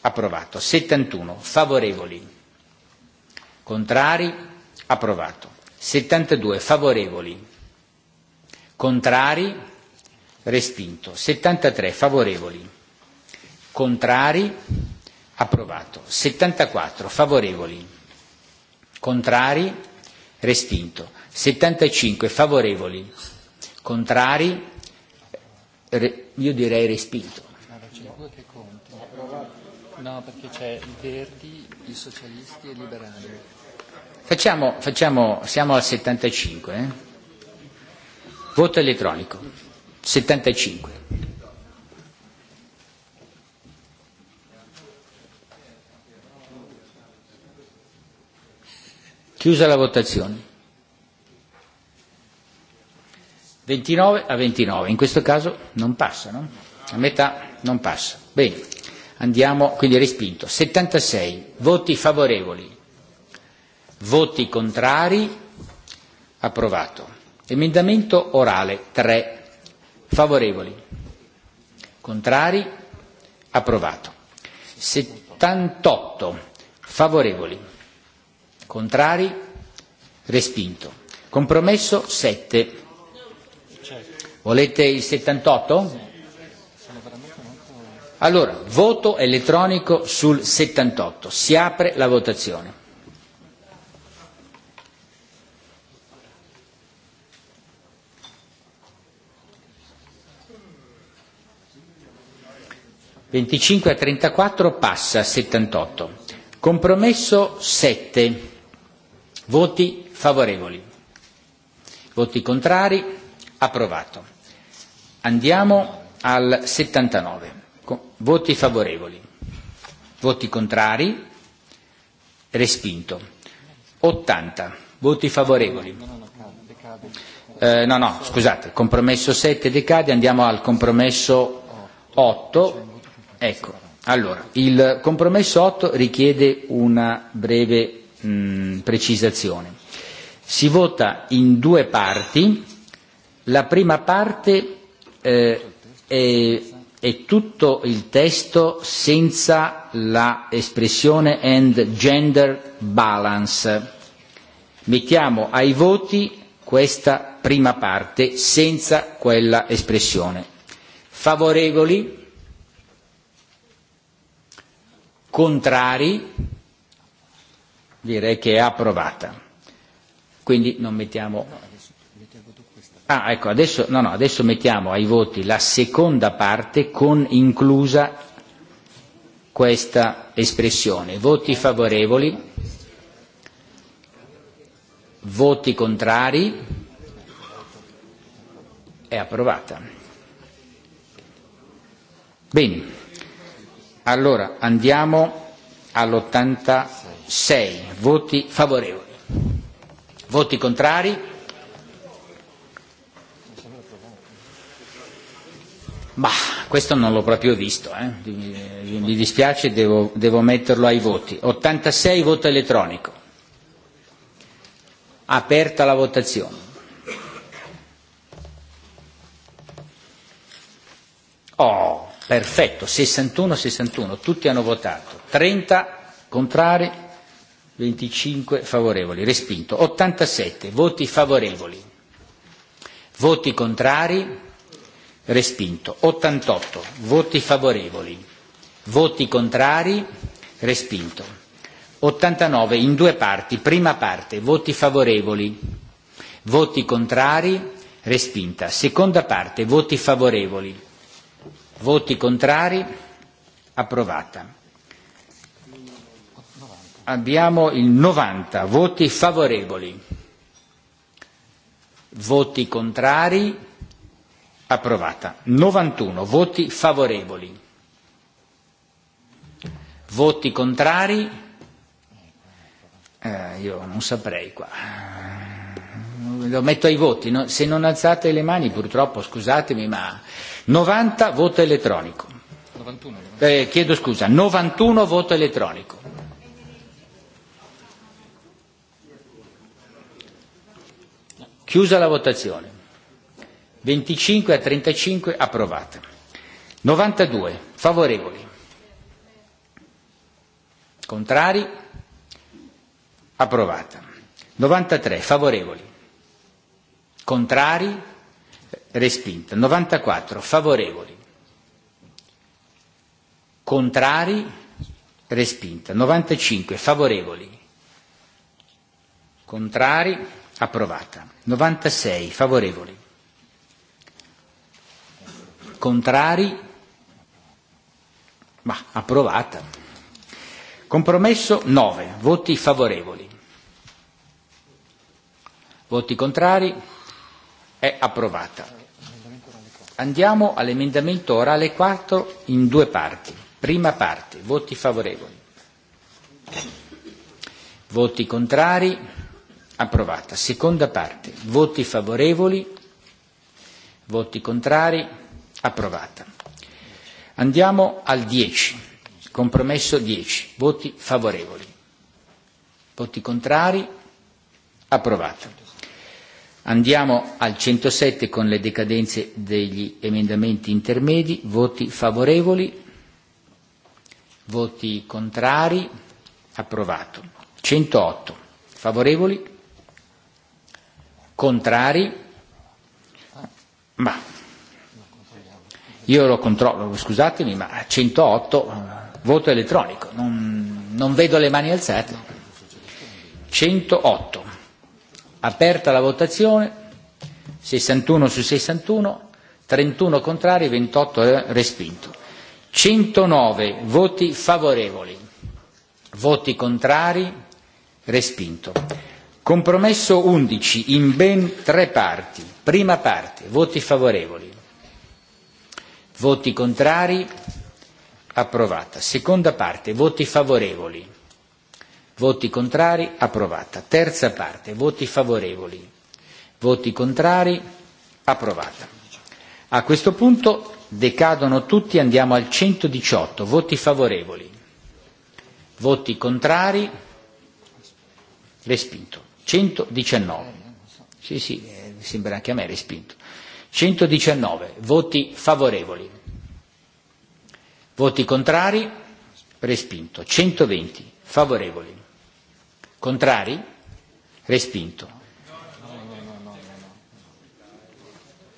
approvato. 71 favorevoli, contrari, approvato. 72 favorevoli, contrari, respinto. 73 favorevoli, contrari, approvato. 74 favorevoli, contrari, respinto. 75 favorevoli, contrari, re, io direi respinto. No, perché c'è i verdi, i socialisti e i liberali. Facciamo, facciamo, siamo al 75. Eh? Voto elettronico. 75. Chiusa la votazione. 29 a 29, in questo caso non passa, no? A metà non passa. Bene, andiamo, quindi respinto. 76 voti favorevoli, Voti contrari? Approvato. Emendamento orale 3. Favorevoli? Contrari? Approvato. 78. Favorevoli? Contrari? Respinto. Compromesso 7. Volete il 78? Allora, voto elettronico sul 78. Si apre la votazione. 25 a 34 passa a 78. Compromesso 7. Voti favorevoli. Voti contrari. Approvato. Andiamo al 79. Voti favorevoli. Voti contrari. Respinto. 80. Voti favorevoli. Eh, no, no, scusate, compromesso 7 decade, andiamo al compromesso 8 Ecco, allora, il compromesso 8 richiede una breve mh, precisazione. Si vota in due parti, la prima parte eh, è, è tutto il testo senza la espressione and gender balance. Mettiamo ai voti questa prima parte senza quella espressione. Favorevoli? Contrari? Direi che è approvata. Quindi non mettiamo... Ah, ecco, adesso, no, no, adesso mettiamo ai voti la seconda parte con inclusa questa espressione. Voti favorevoli? Voti contrari? È approvata. Bene. Allora andiamo all'86, voti favorevoli. Voti contrari? Ma questo non l'ho proprio visto, eh. eh? mi dispiace, devo, devo metterlo ai voti. 86 voto elettronico. Aperta la votazione. Oh, Perfetto, 61, 61, tutti hanno votato, 30 contrari, 25 favorevoli, respinto, 87 voti favorevoli, voti contrari, respinto, 88 voti favorevoli, voti contrari, respinto, 89 in due parti, prima parte, voti favorevoli, voti contrari, respinta, seconda parte, voti favorevoli Voti contrari? Approvata. Abbiamo il 90 voti favorevoli. Voti contrari? Approvata. 91 voti favorevoli. Voti contrari? Eh, io non saprei qua. Lo metto ai voti. No? Se non alzate le mani, purtroppo, scusatemi, ma 90 voto elettronico. 91, eh, chiedo scusa, 91 voto elettronico. Chiusa la votazione. 25 a 35 approvata. 92 favorevoli. Contrari? Approvata. 93 favorevoli. Contrari? respinta. 94 favorevoli, contrari, respinta. 95 favorevoli, contrari, approvata. 96 favorevoli, contrari, ma approvata. Compromesso 9, voti favorevoli. Voti contrari, è approvata. Andiamo all'emendamento orale 4 in due parti. Prima parte, voti favorevoli. Voti contrari, approvata. Seconda parte, voti favorevoli, voti contrari, approvata. Andiamo al 10, compromesso 10, voti favorevoli. Voti contrari, approvata. Andiamo al 107 con le decadenze degli emendamenti intermedi, voti favorevoli, voti contrari, approvato. 108 favorevoli, contrari, ma io lo controllo, scusatemi, ma 108 voto elettronico, non, non vedo le mani alzate. 108. Aperta la votazione, 61 su 61, 31 contrari, 28 eh, respinto. 109 voti favorevoli, voti contrari, respinto. Compromesso 11 in ben tre parti. Prima parte, voti favorevoli, voti contrari, approvata. Seconda parte, voti favorevoli Voti contrari? Approvata. Terza parte. Voti favorevoli. Voti contrari? Approvata. A questo punto decadono tutti, andiamo al 118. Voti favorevoli. Voti contrari? Respinto. 119. Sì, sì, sembra anche a me respinto. 119. Voti favorevoli. Voti contrari? Respinto. 120. Favorevoli. Contrari? Respinto.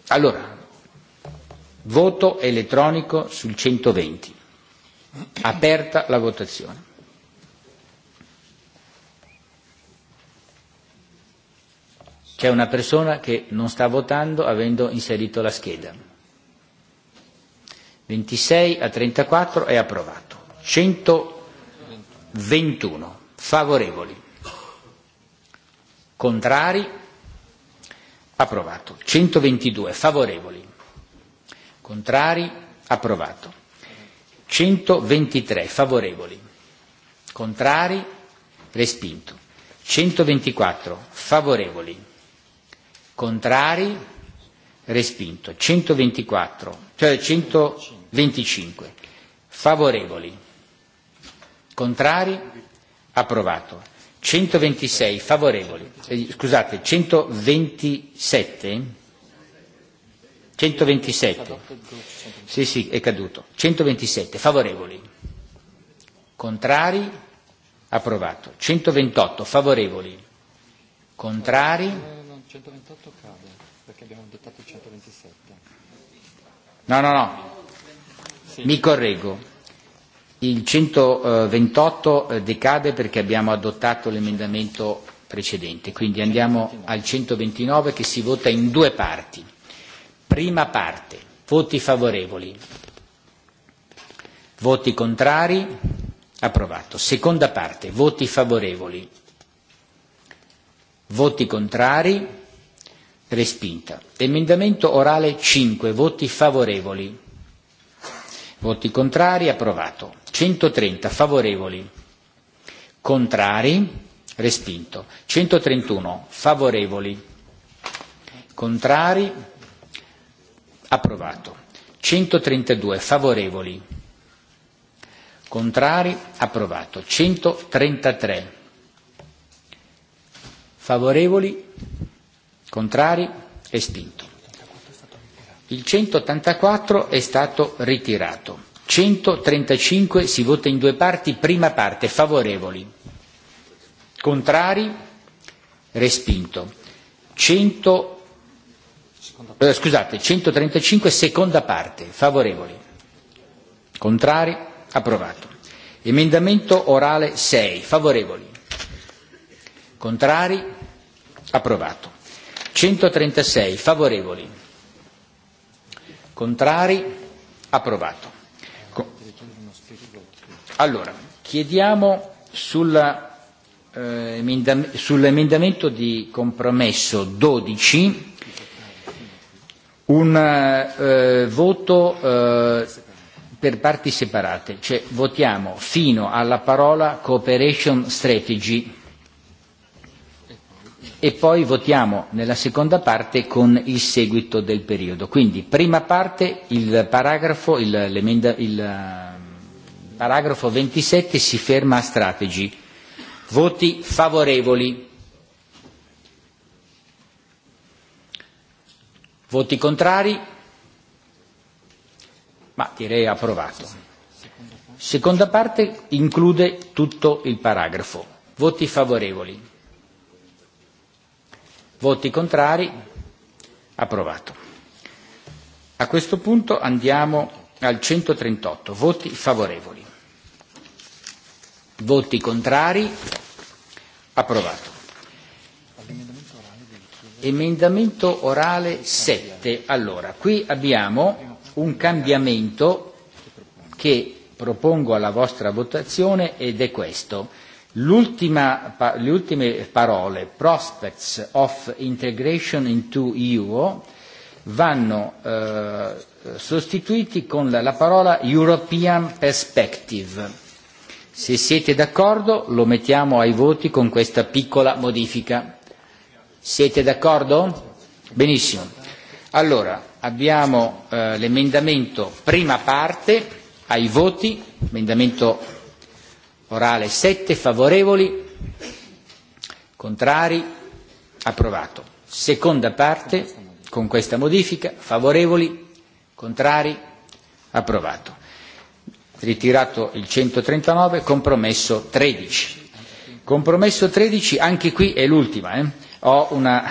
Allora, voto elettronico sul 120. Aperta la votazione. C'è una persona che non sta votando avendo inserito la scheda. 26 a 34 è approvato. 121 favorevoli. Contrari? Approvato. 122. Favorevoli? Contrari? Approvato. 123. Favorevoli? Contrari? Respinto. 124. Favorevoli? Contrari? Respinto. 124. Cioè 125. Favorevoli? Contrari? Approvato. 126 favorevoli, eh, scusate, 127, 127, sì sì è caduto, 127 favorevoli, contrari, approvato, 128 favorevoli, contrari, eh, no, 128 cade perché abbiamo adottato 127. No, no, no, mi correggo, Il 128 eh, decade perché abbiamo adottato l'emendamento precedente, quindi andiamo al 129 che si vota in due parti. Prima parte, voti favorevoli, voti contrari, approvato. Seconda parte, voti favorevoli, voti contrari, respinta. Emendamento orale 5, voti favorevoli, voti contrari, approvato. 130 favorevoli, contrari, respinto. 131 favorevoli, contrari, approvato. 132 favorevoli, contrari, approvato. 133 favorevoli, contrari, respinto. Il 184 è stato ritirato. 135 si vota in due parti, prima parte favorevoli, contrari, respinto. 100, eh, scusate, 135 seconda parte, favorevoli, contrari, approvato. Emendamento orale 6, favorevoli, contrari, approvato. 136, favorevoli, contrari, approvato. Allora, chiediamo sulla, eh, emendam- sull'emendamento di compromesso 12 un eh, voto eh, per parti separate, cioè votiamo fino alla parola cooperation strategy e poi votiamo nella seconda parte con il seguito del periodo. Quindi prima parte il paragrafo, il, il, paragrafo 27 si ferma a strategy. Voti favorevoli. Voti contrari? Ma direi approvato. Seconda parte include tutto il paragrafo. Voti favorevoli. Voti contrari? Approvato. A questo punto andiamo al 138. Voti favorevoli. Voti contrari? Approvato. Emendamento orale 7. Allora, qui abbiamo un cambiamento che propongo alla vostra votazione ed è questo. pa, le ultime parole, prospects of integration into EU, vanno eh, sostituiti con la, la parola European perspective Se siete d'accordo lo mettiamo ai voti con questa piccola modifica. Siete d'accordo? Benissimo. Allora, abbiamo eh, l'emendamento prima parte ai voti, emendamento orale 7 favorevoli, contrari, approvato. Seconda parte con questa modifica, favorevoli, contrari, approvato ritirato il 139, compromesso 13. Compromesso 13, anche qui è l'ultima, eh? ho, una,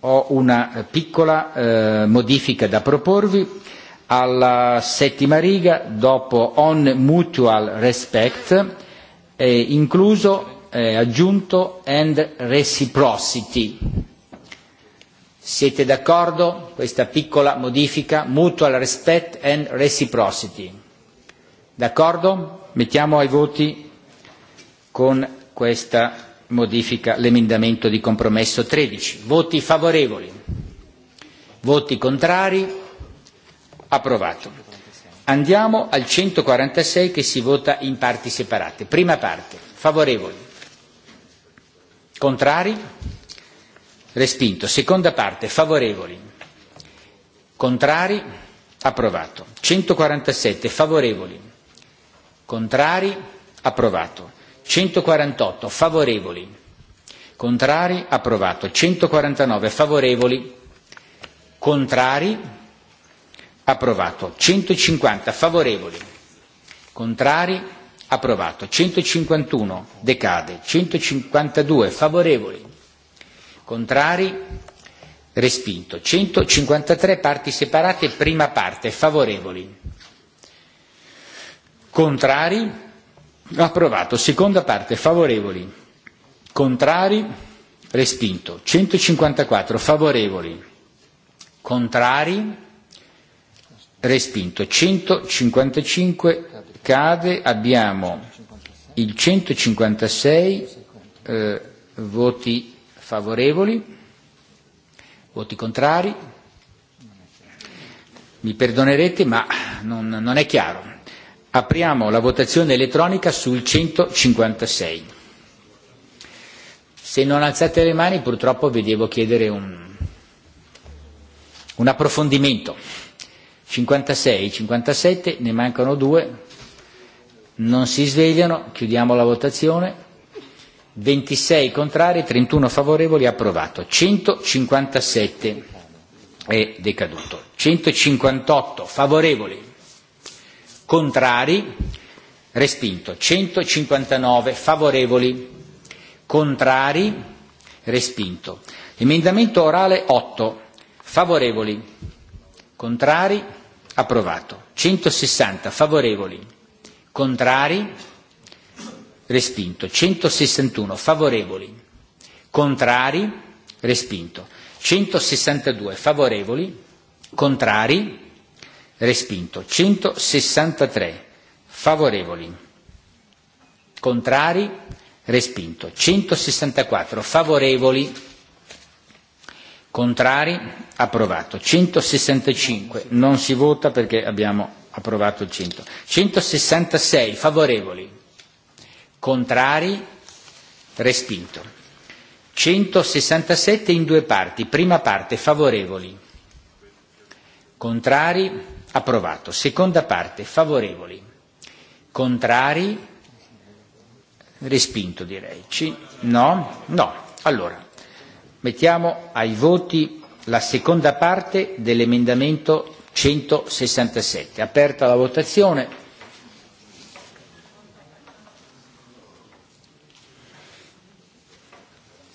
ho una piccola eh, modifica da proporvi alla settima riga dopo on mutual respect è incluso è aggiunto and reciprocity. Siete d'accordo? Questa piccola modifica mutual respect and reciprocity. D'accordo? Mettiamo ai voti con questa modifica l'emendamento di compromesso 13. Voti favorevoli. Voti contrari. Approvato. Andiamo al 146 che si vota in parti separate. Prima parte. Favorevoli. Contrari. Respinto. Seconda parte. Favorevoli. Contrari. Approvato. 147. Favorevoli Contrari? Approvato. 148 favorevoli. Contrari? Approvato. 149 favorevoli. Contrari? Approvato. 150 favorevoli. Contrari? Approvato. 151 decade. 152 favorevoli. Contrari? Respinto. 153 parti separate, prima parte, favorevoli Contrari? Approvato. Seconda parte. Favorevoli? Contrari? Respinto. 154. Favorevoli? Contrari? Respinto. 155 cade. Abbiamo il 156 eh, voti favorevoli, voti contrari. Mi perdonerete ma non, non è chiaro. Apriamo la votazione elettronica sul 156. Se non alzate le mani purtroppo vi devo chiedere un, un approfondimento. 56, 57, ne mancano due, non si svegliano, chiudiamo la votazione. 26 contrari, 31 favorevoli, approvato. 157 è decaduto. 158 favorevoli, contrari, respinto, 159 favorevoli, contrari, respinto. Emendamento orale 8, favorevoli, contrari, approvato, 160 favorevoli, contrari, respinto, 161 favorevoli, contrari, respinto, 162 favorevoli, contrari, Respinto. 163. Favorevoli. Contrari. Respinto. 164. Favorevoli. Contrari. Approvato. 165. Non si vota perché abbiamo approvato il 100. 166. Favorevoli. Contrari. Respinto. 167 in due parti. Prima parte. Favorevoli. Contrari Approvato. Seconda parte. Favorevoli. Contrari? Respinto direi. C no? No. Allora, mettiamo ai voti la seconda parte dell'emendamento 167. Aperta la votazione.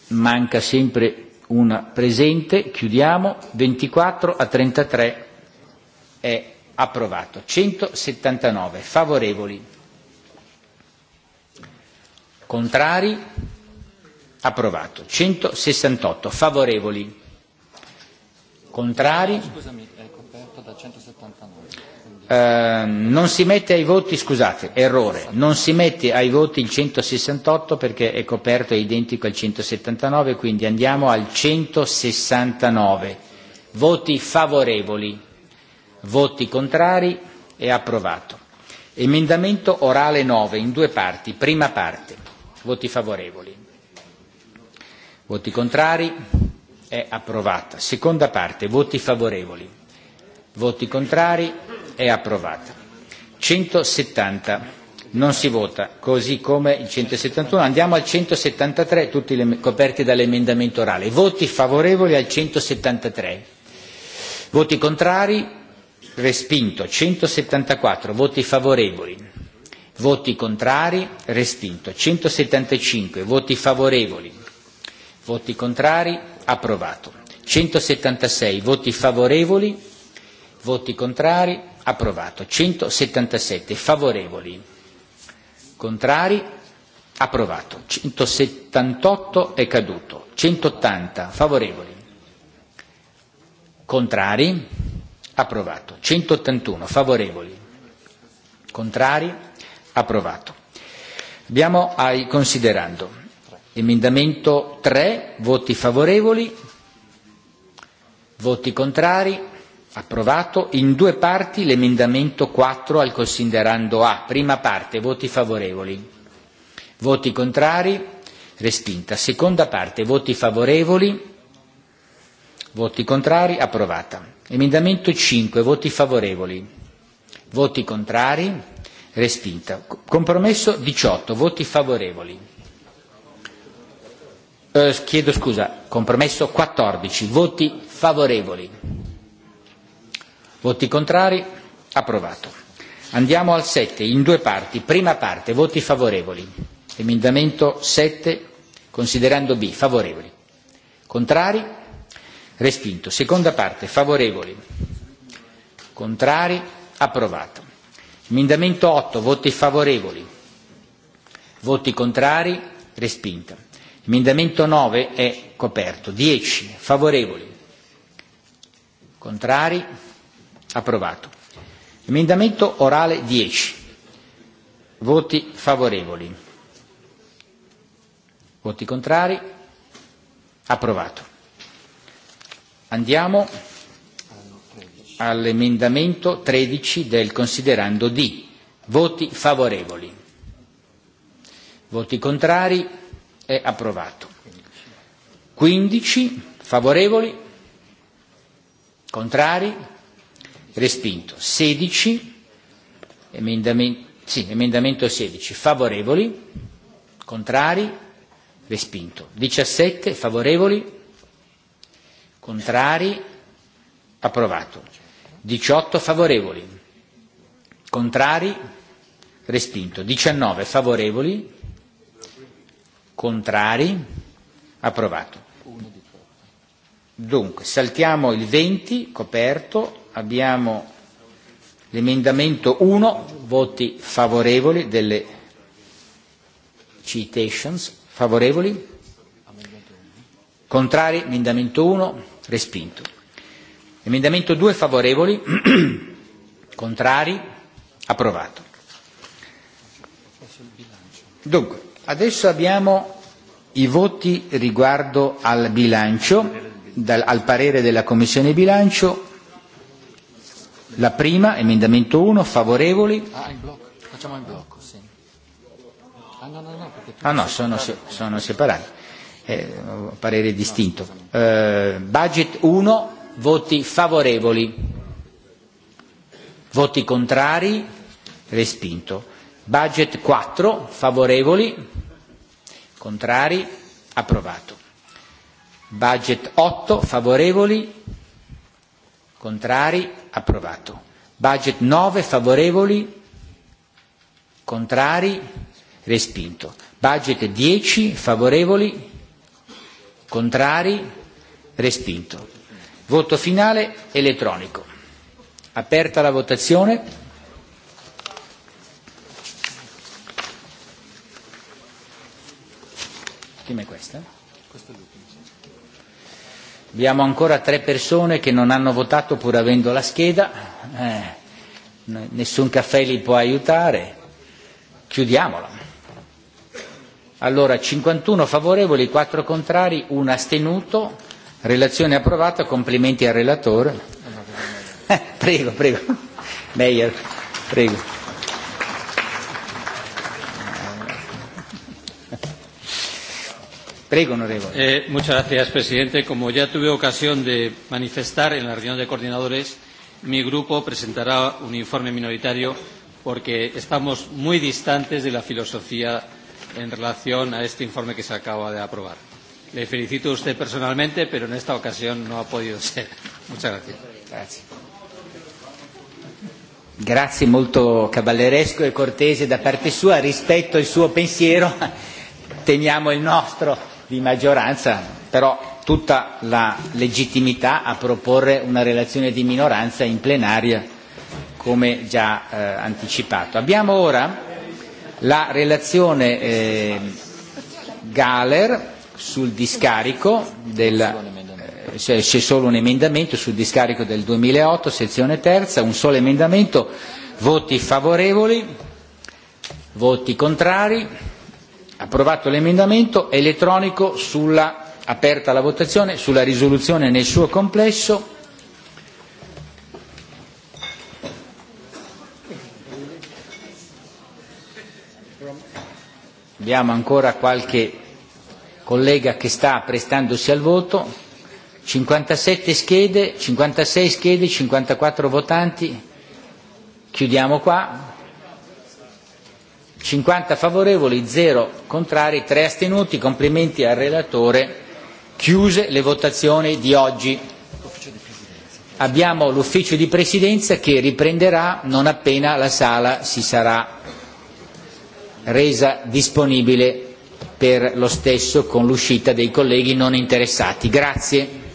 Manca sempre una presente. Chiudiamo. 24 a 33 è approvato. 179 favorevoli, contrari, approvato. 168 favorevoli, contrari. Eh, scusami, è coperto da 179. Ehm, non si mette ai voti, scusate, errore, non si mette ai voti il 168 perché è coperto, è identico al 179, quindi andiamo al 169. Voti favorevoli. Voti contrari? È approvato. Emendamento orale 9 in due parti. Prima parte. Voti favorevoli. Voti contrari? È approvata. Seconda parte. Voti favorevoli. Voti contrari? È approvata. 170 non si vota, così come il 171. Andiamo al 173, tutti le, coperti dall'emendamento orale. Voti favorevoli al 173. Voti contrari? respinto. 174 voti favorevoli, voti contrari, respinto. 175 voti favorevoli, voti contrari, approvato. 176 voti favorevoli, voti contrari, approvato. 177 favorevoli, contrari, approvato. 178 è caduto. 180 favorevoli, contrari, Approvato. 181 favorevoli. Contrari? Approvato. Abbiamo ai considerando. Emendamento 3, voti favorevoli, voti contrari, approvato. In due parti l'emendamento 4 al considerando A. Prima parte, voti favorevoli, voti contrari, respinta. Seconda parte, voti favorevoli, voti contrari, approvata. Emendamento 5, voti favorevoli, voti contrari, respinta. Compromesso 18, voti favorevoli. Eh, chiedo scusa, compromesso 14, voti favorevoli, voti contrari, approvato. Andiamo al 7, in due parti. Prima parte, voti favorevoli. Emendamento 7, considerando B, favorevoli. Contrari? Respinto. Seconda parte. Favorevoli. Contrari. Approvato. Emendamento 8. Voti favorevoli. Voti contrari. Respinta. Emendamento 9 è coperto. 10. Favorevoli. Contrari. Approvato. Emendamento orale 10. Voti favorevoli. Voti contrari. Approvato. Andiamo all'emendamento 13 del considerando D. Voti favorevoli. Voti contrari. È approvato. 15 favorevoli. Contrari. Respinto. 16 emendamento, sì, emendamento 16 favorevoli. Contrari. Respinto. 17 favorevoli Contrari? Approvato. 18 favorevoli. Contrari? Respinto. 19 favorevoli. Contrari? Approvato. Dunque, saltiamo il 20, coperto. Abbiamo l'emendamento 1, voti favorevoli delle citations. Favorevoli? Contrari? Emendamento 1 Respinto. Emendamento 2 favorevoli, contrari, approvato. Dunque, adesso abbiamo i voti riguardo al bilancio, dal, al parere della Commissione bilancio. La prima, emendamento 1, favorevoli. Ah, in blocco. Facciamo in blocco, sì. Ah no, no, no, ah, no sono, sono separati. Eh, parere distinto. Eh, budget 1, voti favorevoli, voti contrari, respinto. Budget 4, favorevoli, contrari, approvato. Budget 8, favorevoli, contrari, approvato. Budget 9, favorevoli, contrari, respinto. Budget 10, favorevoli, Contrari? Respinto. Voto finale elettronico. Aperta la votazione. Prima è questa. Abbiamo ancora tre persone che non hanno votato pur avendo la scheda. Eh, nessun caffè li può aiutare. Chiudiamola. Allora 51 favorevoli, 4 contrari, 1 astenuto. Relazione approvata, complimenti al relatore. prego, prego. Meyer, prego. Prego, onorevole. Eh, muchas gracias, presidente. Como ya tuve ocasión de manifestar en la reunión de coordinadores, mi grupo presentará un informe minoritario porque estamos muy distantes de la filosofía en relación a este informe que se acaba de aprobar. Le felicito a usted personalmente, pero en esta ocasión no ha podido ser. Muchas gracias. Grazie. Grazie molto cavalleresco e cortese da parte sua, rispetto il suo pensiero, teniamo il nostro di maggioranza, però tutta la legittimità a proporre una relazione di minoranza in plenaria, come già eh, anticipato. Abbiamo ora la relazione eh, Galer sul discarico del eh, c'è solo un emendamento sul discarico del 2008, sezione terza, un solo emendamento, voti favorevoli, voti contrari, approvato l'emendamento, elettronico sulla, aperta la votazione sulla risoluzione nel suo complesso, Abbiamo ancora qualche collega che sta prestandosi al voto. 57 schede, 56 schede, 54 votanti. Chiudiamo qua. 50 favorevoli, 0 contrari, 3 astenuti. Complimenti al relatore. Chiuse le votazioni di oggi. Abbiamo l'ufficio di presidenza che riprenderà non appena la sala si sarà resa disponibile per lo stesso con l'uscita dei colleghi non interessati. Grazie.